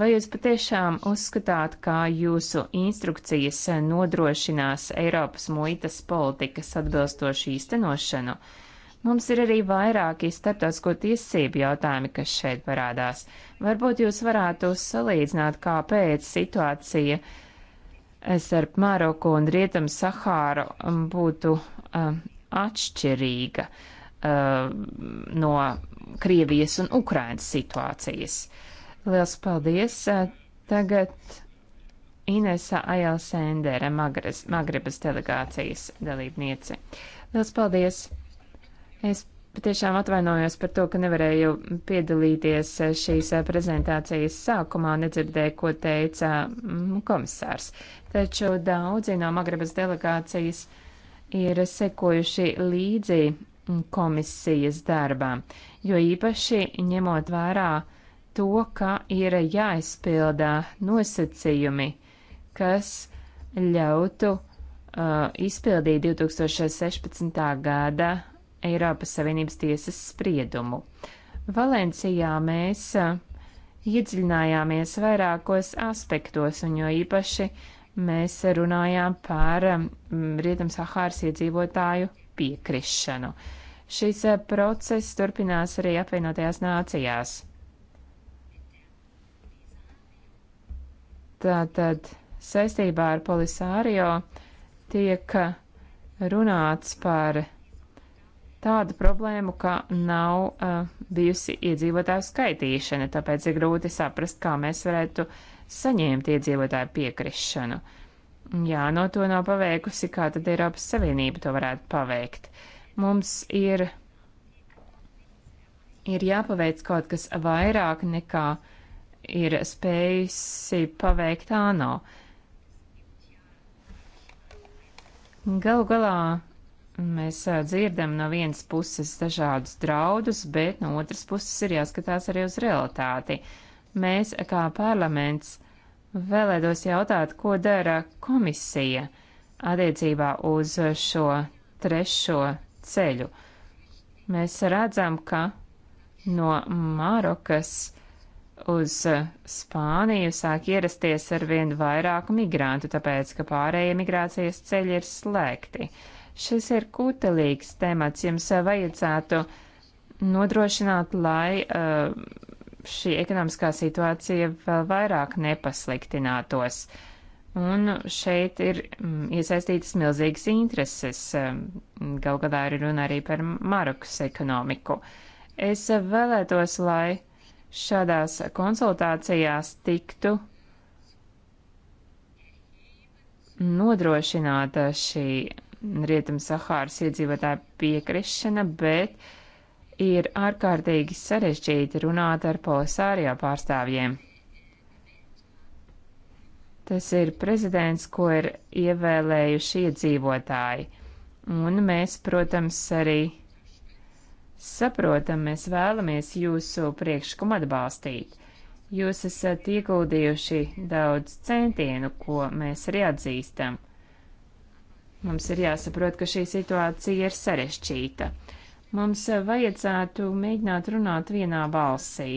Vai jūs patiešām uzskatāt, ka jūsu instrukcijas nodrošinās Eiropas muitas politikas atbilstošu īstenošanu? Mums ir arī vairāki starptautisko tiesību jautājumi, kas šeit parādās. Varbūt jūs varētu salīdzināt, kāpēc situācija uh, starp Maroku un Rietumu Sahāru um, būtu uh, atšķirīga uh, no Krievijas un Ukrainas situācijas. Liels paldies! Uh, tagad Inesa Ajelsendere, Magrebas delegācijas dalībniece. Liels paldies! Es patiešām atvainojos par to, ka nevarēju piedalīties šīs eh, prezentācijas sākumā un nedzirdēju, ko teica mm, komisārs. Taču daudzi no Magrebas delegācijas ir sekojuši līdzi mm, komisijas darbām, jo īpaši ņemot vērā to, ka ir jāizpildā nosacījumi, kas ļautu uh, izpildīt 2016. gada Eiropas Savienības tiesas spriedumu. Valencijā mēs iedziļinājāmies vairākos aspektos, un jo īpaši mēs runājām par Rietumsahāras iedzīvotāju piekrišanu. Šis process turpinās arī apvienotajās nācijās. Tātad saistībā ar polisārio tiek runāts par tādu problēmu, ka nav uh, bijusi iedzīvotāju skaitīšana, tāpēc ir grūti saprast, kā mēs varētu saņemt iedzīvotāju piekrišanu. Jā, no to nav paveikusi, kā tad Eiropas Savienība to varētu paveikt. Mums ir, ir jāpaveic kaut kas vairāk nekā ir spējusi paveikt ANO. Galu galā Mēs dzirdam no vienas puses dažādus draudus, bet no otras puses ir jāskatās arī uz realitāti. Mēs, kā parlaments, vēlētos jautāt, ko dara komisija attiecībā uz šo trešo ceļu. Mēs redzam, ka no Marokas uz Spāniju sāk ierasties arvien vairāk migrantu, tāpēc, ka pārējie migrācijas ceļi ir slēgti. Uh, Šis ir kutelīgs temats. Jums eh, vajadzētu nodrošināt, lai eh, šī ekonomiskā situācija vēl vairāk nepasliktinātos. Un šeit ir mm, iesaistītas milzīgas intereses. Eh, gal galā ir runa arī par Marokas ekonomiku. Es vēlētos, lai šādās konsultācijās tiktu nodrošināta šī Rietum Sahāras iedzīvotāju piekrišana, bet ir ārkārtīgi sarežģīti runāt ar polisārijā pārstāvjiem. Tas ir prezidents, ko ir ievēlējuši iedzīvotāji. Un mēs, protams, arī saprotam, mēs vēlamies jūsu priekšlikumu atbalstīt. Jūs esat ieguldījuši daudz centienu, ko mēs arī atzīstam. Mums ir jāsaprot, ka šī situācija ir sarešķīta. Mums vajadzētu mēģināt runāt vienā balsī,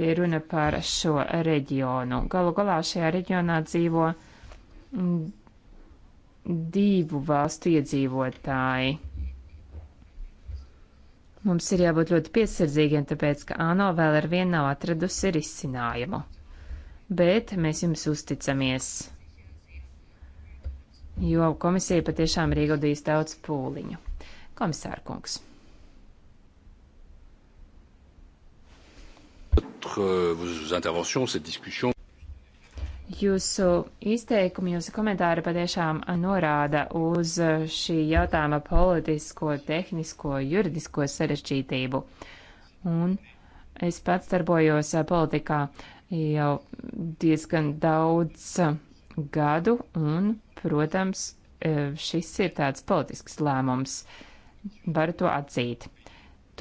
ja runa par šo reģionu. Galu galā šajā reģionā dzīvo divu valstu iedzīvotāji. Mums ir jābūt ļoti piesardzīgiem, tāpēc, ka ANO vēl ar vienu nav atradusi risinājumu. Bet mēs jums uzticamies jo komisija patiešām ir ieguldījusi daudz pūliņu. Komisārkungs. Euh, jūsu izteikumi, jūsu komentāri patiešām norāda uz šī jautājuma politisko, tehnisko, juridisko sarežģītību. Un es pats darbojos politikā jau diezgan daudz gadu, un, protams, e, šis ir tāds politisks lēmums. Varu to atzīt.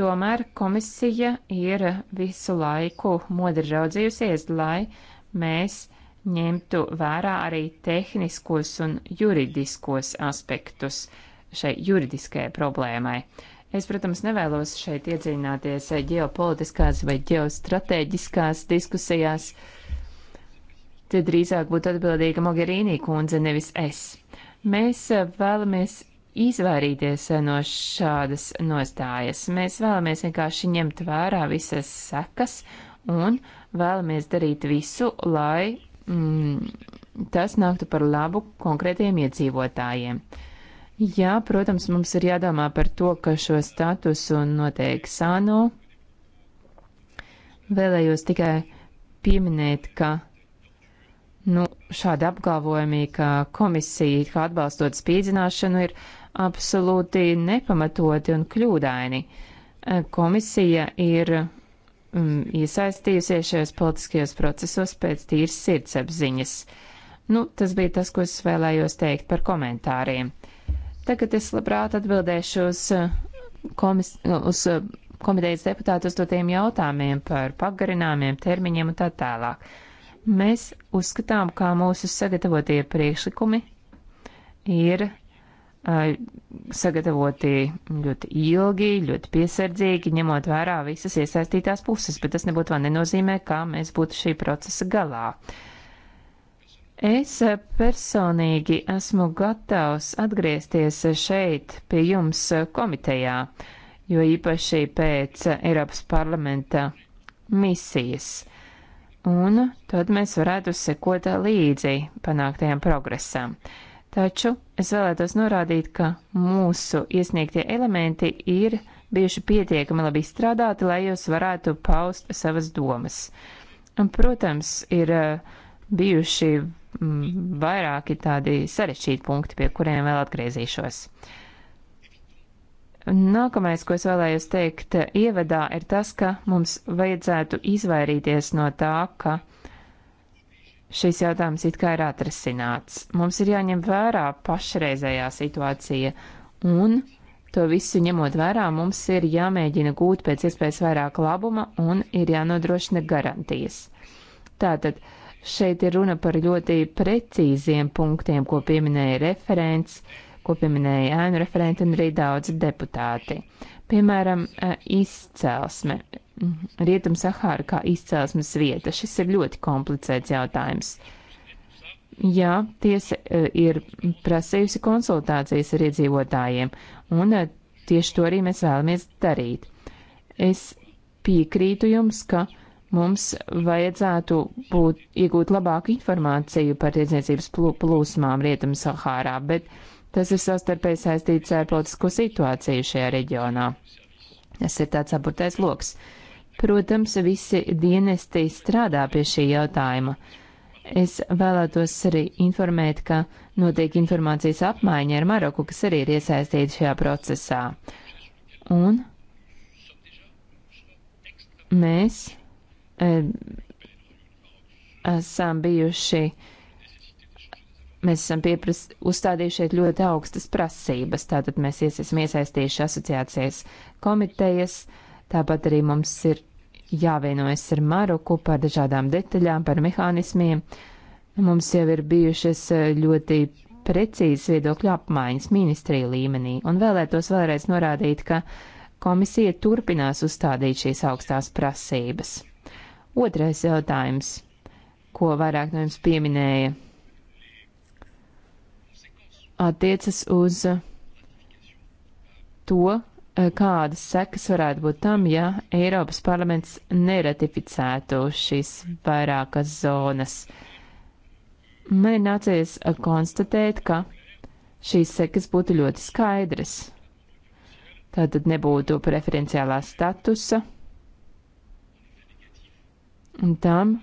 Tomēr komisija ir visu laiku modri raudzījusies, lai mēs ņemtu vērā arī tehniskos un juridiskos aspektus šai juridiskajai problēmai. Es, protams, nevēlos šeit iedziļināties ģeopolitiskās vai ģeostrateģiskās diskusijās. Uh, te drīzāk būtu atbildīga Mogherīnī kundze, nevis es. Mēs eh, vēlamies izvairīties eh, no šādas nostājas. Mēs vēlamies vienkārši ņemt vērā visas sekas un vēlamies darīt visu, lai mm, tas nāktu par labu konkrētiem iedzīvotājiem. Jā, protams, mums ir jādomā par to, ka šo statusu noteiks ANO. Vēlējos tikai pieminēt, ka Nu, šādi apgalvojumi, ka komisija kā atbalstot spīdzināšanu ir absolūti nepamatoti un kļūdaini. Eh, komisija ir mm, iesaistījusies šajos politiskajos procesos pēc tīras sirdsapziņas. Nu, tas bija tas, ko es vēlējos teikt par komentāriem. Tagad es labprāt atbildēšu uz, eh, komis, uz eh, komitejas deputātu uzdotiem jautājumiem par pagarinājumiem, termiņiem un tā tālāk. Mēs uzskatām, ka mūsu sagatavotie priekšlikumi ir sagatavoti ļoti ilgi, ļoti piesardzīgi, ņemot vērā visas iesaistītās puses, bet tas nebūtu vēl nenozīmē, kā mēs būtu šī procesa galā. Es personīgi esmu gatavs atgriezties šeit pie jums komitejā, jo īpaši pēc Eiropas parlamenta misijas un tad mēs varētu sekot līdzi panāktajam progresam. Taču es vēlētos norādīt, ka mūsu iesniegtie elementi ir bijuši pietiekami labi izstrādāti, lai jūs varētu paust savas domas. Un, protams, ir eh, bijuši mm, vairāki tādi sarešķīti punkti, pie kuriem vēl atgriezīšos. Uh, Nākamais, ko es vēlējos teikt eh, ievadā, ir tas, ka mums vajadzētu izvairīties no tā, ka šis jautājums it kā ir atrasināts. Mums ir jāņem vērā pašreizējā situācija un To visu ņemot vērā, mums ir jāmēģina gūt pēc iespējas vairāk labuma un ir jānodrošina garantijas. Tātad šeit ir runa par ļoti precīziem punktiem, ko pieminēja referents. Uh, ko pieminēja ēnu referenti un arī daudzi deputāti. Piemēram, e, izcelsme. Rietum Sahāra kā izcelsmes vieta. Šis ir ļoti komplicēts jautājums. Jā, tiesa e, ir prasījusi konsultācijas ar iedzīvotājiem, un e, tieši to arī mēs vēlamies darīt. Es piekrītu jums, ka mums vajadzētu būt, iegūt labāku informāciju par tirdzniecības plūsmām Rietum Sahārā, bet Tas ir sastarpēji saistīts ar politisko situāciju šajā reģionā. Tas ir tāds aburtais loks. Protams, visi dienesti strādā pie šī jautājuma. Es vēlētos arī informēt, ka notiek informācijas apmaiņa ar Maroku, kas arī ir iesaistīta šajā procesā. Un mēs e, esam bijuši e, Mēs esam piepras, uzstādījuši šeit ļoti augstas prasības, tātad mēs esam iesaistījuši asociācijas komitejas, tāpat arī mums ir jāvienojas ar Maroku par dažādām detaļām, par mehānismiem. Mums jau ir bijušas eh, ļoti precīzas viedokļu apmaiņas ministrija līmenī, un vēlētos vēlreiz norādīt, ka komisija turpinās uzstādīt šīs augstās prasības. Otrais jautājums, ko vairāk no jums pieminēja attiecas uz uh, to, uh, kādas sekas varētu būt tam, ja Eiropas parlaments neratificētu šīs vairākas zonas. Man ir nācies uh, konstatēt, ka šīs sekas būtu ļoti skaidras. Tātad nebūtu preferenciālā statusa, un tam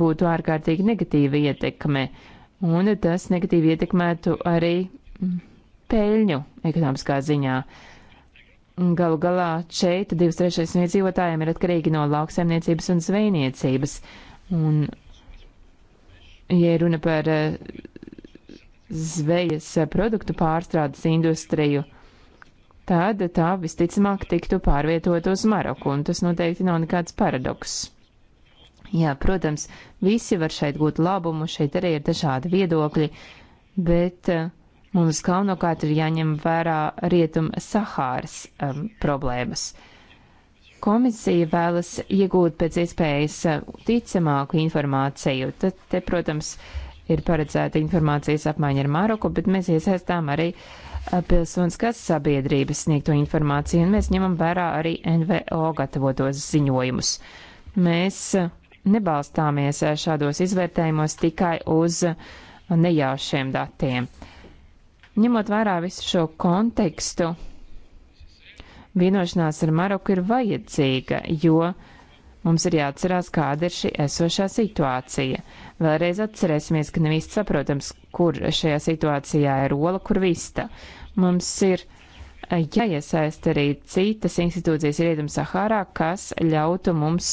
būtu ārkārtīgi negatīva ietekme un tas negatīvi ietekmētu arī mm, peļņu ekonomiskā ziņā. Galu galā šeit divas trešais no iedzīvotājiem ir atkarīgi no lauksaimniecības un zvejniecības. Un, ja runa par eh, zvejas produktu pārstrādes industriju, tad tā visticamāk tiktu pārvietot uz Maroku, un tas noteikti nav nekāds paradoks. Jā, protams, visi var šeit gūt labumu, šeit arī ir dažādi viedokļi, bet eh, mums galvenokārt ir jāņem vērā rietum Sahāras um, problēmas. Komisija vēlas iegūt pēc iespējas eh, ticamāku informāciju. Tad, te, protams, ir paredzēta informācijas apmaiņa ar Maroku, bet mēs iesaistām arī eh, pilsoniskās sabiedrības sniegto informāciju, un mēs ņemam vērā arī NVO gatavotos ziņojumus. Mēs nebalstāmies eh, šādos izvērtējumos tikai uz eh, nejaušiem datiem. Ņemot vērā visu šo kontekstu, vienošanās ar Maroku ir vajadzīga, jo mums ir jāatcerās, kāda ir šī esošā situācija. Vēlreiz atcerēsimies, ka nevis saprotams, kur šajā situācijā ir ola, kur vista. Mums ir eh, jāiesaist arī citas institūcijas Rietum Sahārā, kas ļautu mums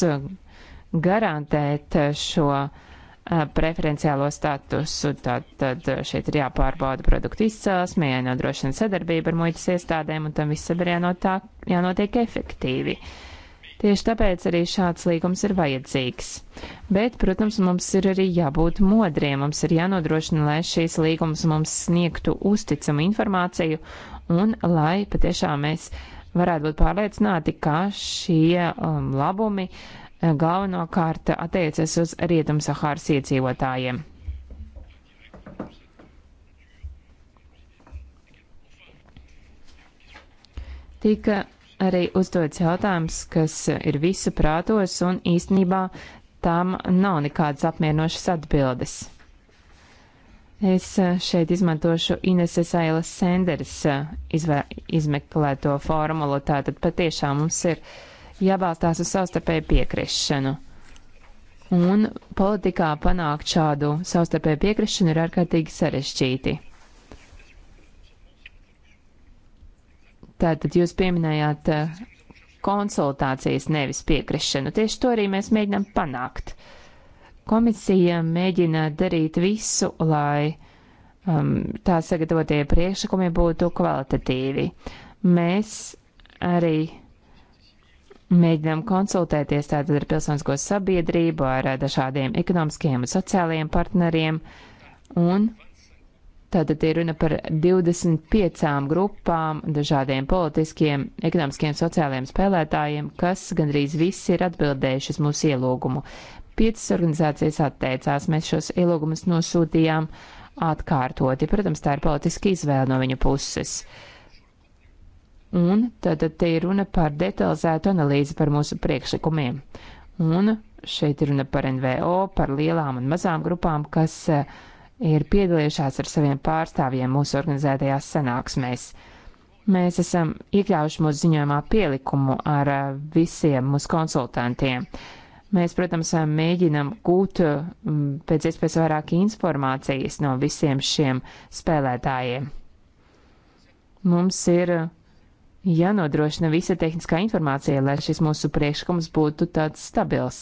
garantēt šo eh, preferenciālo statusu. Tātad šeit ir jāpārbauda produktu izcelsme, jānodrošina sadarbība ar muitas iestādēm, un tam visam ir jānotā, jānotiek efektīvi. Tieši tāpēc arī šāds līgums ir vajadzīgs. Bet, protams, mums ir arī jābūt modriem, mums ir jānodrošina, lai šīs līgums mums sniegtu uzticamu informāciju un lai patiešām mēs varētu būt pārliecināti, ka šie um, labumi uh, galvenokārt attiecas uz Rietumsahāras iedzīvotājiem. Tika arī uzdots jautājums, kas ir visu prātos un īstenībā tam nav nekādas apmierinošas atbildes. Es šeit izmantošu Ineses Ailes Senderis izmeklēto formulu, tātad patiešām mums ir uh, jābalstās uz savstarpēju piekrišanu. Un politikā panākt šādu savstarpēju piekrišanu ir ārkārtīgi sarežģīti. Tātad jūs pieminējāt eh, konsultācijas, nevis piekrišanu. Tieši to arī mēs mēģinām panākt. Komisija mēģina darīt visu, lai um, tā sagatavotie priekšlikumi būtu kvalitatīvi. Mēs arī mēģinām konsultēties tātad ar pilsonisko sabiedrību, ar dažādiem ekonomiskiem un sociālajiem partneriem. Un tātad ir runa par 25 grupām, dažādiem politiskiem, ekonomiskiem, sociālajiem spēlētājiem, kas gandrīz visi ir atbildējuši uz mūsu ielūgumu. Piecas organizācijas atteicās, mēs šos ielūgumus nosūtījām atkārtoti. Protams, tā ir politiska izvēle no viņa puses. Uh, Un tad te ir runa par detalizētu analīzi par mūsu priekšlikumiem. Un šeit ir runa par NVO, par lielām un mazām grupām, kas eh, ir piedalījušās ar saviem pārstāvjiem mūsu organizētajās sanāksmēs. Mēs esam iekļāvuši mūsu ziņojumā pielikumu ar eh, visiem mūsu konsultantiem. Mēs, protams, mēģinam gūt mm, pēc iespējas vairāk informācijas no visiem šiem spēlētājiem. Mums ir jānodrošina visa tehniskā informācija, lai šis mūsu priekšlikums būtu tāds stabils.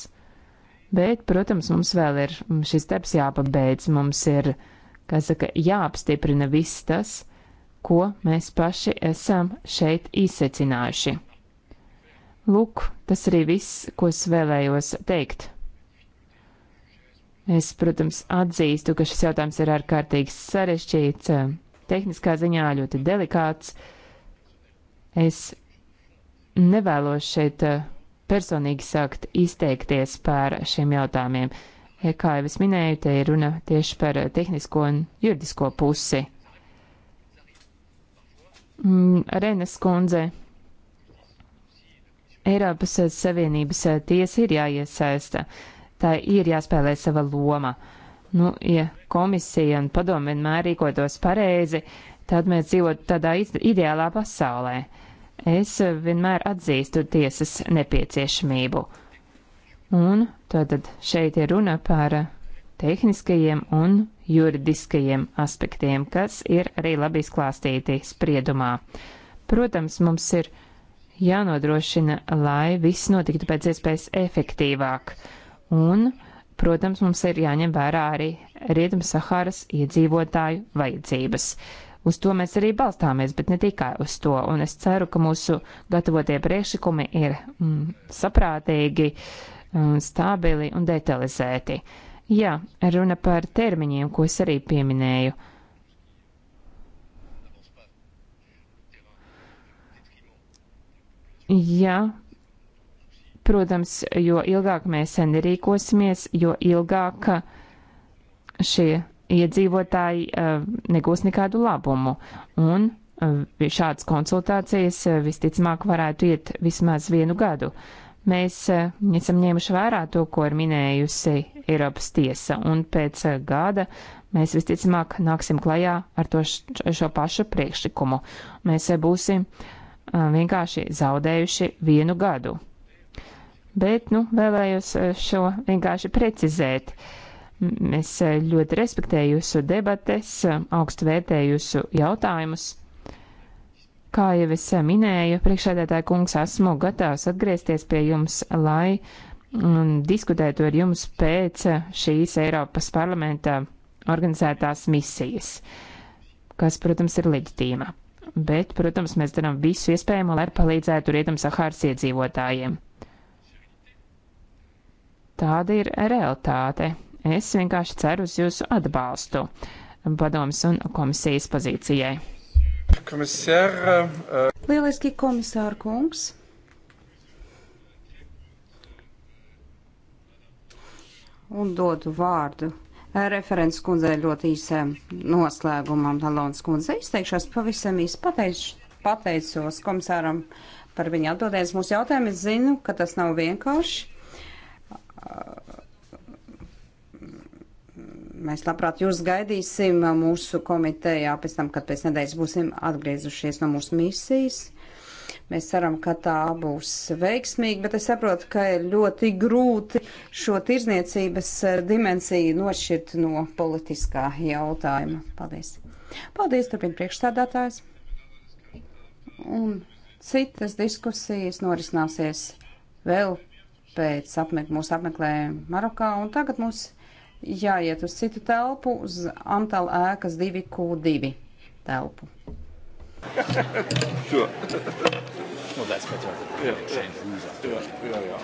Bet, protams, mums vēl ir mm, šis darbs jāpabeidz, mums ir, kā saka, jāapstiprina viss tas, ko mēs paši esam šeit izsecinājuši. Lūk, tas arī viss, ko es vēlējos teikt. Es, protams, atzīstu, ka šis jautājums ir ārkārtīgi sarežģīts, tehniskā ziņā ļoti delikāts, uh, Es nevēlos šeit eh, personīgi sākt izteikties par šiem jautājumiem. Kā jau es minēju, te ir runa tieši par eh, tehnisko un juridisko pusi. Mm, Renes kundze, Eiropas Savienības eh, tiesa ir jāiesaista, tā ir jāspēlē sava loma. Nu, ja komisija un padomu vienmēr rīkotos pareizi, tad mēs dzīvotu tādā ideālā pasaulē. Es vienmēr atzīstu tiesas nepieciešamību. Un tātad šeit ir runa par tehniskajiem un juridiskajiem aspektiem, kas ir arī labi izklāstīti spriedumā. Protams, mums ir jānodrošina, lai viss notiktu pēc iespējas efektīvāk. Un, protams, mums ir jāņem vērā arī Rietum Saharas iedzīvotāju vajadzības. Uz to mēs arī balstāmies, bet ne tikai uz to. Un es ceru, ka mūsu gatavotie priekšlikumi ir mm, saprātīgi, mm, stabili un detalizēti. Jā, runa par termiņiem, ko es arī pieminēju. Jā, protams, jo ilgāk mēs nerīkosimies, jo ilgāk šie iedzīvotāji eh, negūs nekādu labumu. Un eh, šādas konsultācijas eh, visticamāk varētu iet vismaz vienu gadu. Mēs esam ņēmuši vērā to, ko ir minējusi Eiropas tiesa, un pēc gada mēs visticamāk nāksim klajā ar to šo pašu priekšlikumu. Mēs būsim vienkārši zaudējuši vienu gadu. Bet, nu, vēlējos šo vienkārši precizēt. Uh, Es eh, ļoti respektēju jūsu debates, eh, augstu vērtēju jūsu jautājumus. Kā jau es eh, minēju, priekšādētāja kungs, esmu gatavs atgriezties pie jums, lai mm, diskutētu ar jums pēc šīs Eiropas parlamenta organizētās misijas, kas, protams, ir leģitīma. Bet, protams, mēs darām visu iespējamo, lai palīdzētu Rietumsahāras iedzīvotājiem. Tāda ir realitāte. Es vienkārši ceru uz jūsu atbalstu padomas un komisijas pozīcijai. Komisāra. Uh... Eh, Lieliski komisāra kungs. Un dodu vārdu referents kundzei ļoti īsēm noslēgumam. Alons kundze izteikšos pavisam īsi pateic, pateicos komisāram par viņa atbildēs mūsu jautājumu. Es zinu, ka tas nav vienkārši. Uh, Mēs labprāt jūs gaidīsim mūsu komitejā pēc tam, kad pēc nedēļas būsim atgriezušies no mūsu misijas. Mēs ceram, ka tā būs veiksmīga, bet es saprotu, ka ir ļoti grūti šo tirzniecības eh, dimensiju nošķirt no politiskā jautājuma. Paldies. Paldies, turpina priekšstādātājs. Un citas diskusijas norisināsies vēl pēc apmek mūsu apmeklējuma Marokā, un tagad mūsu jāiet uz citu telpu, uz Amtal ēkas 2Q2 telpu. sure. well, that's better. Yeah, yeah. Yeah, yeah, yeah.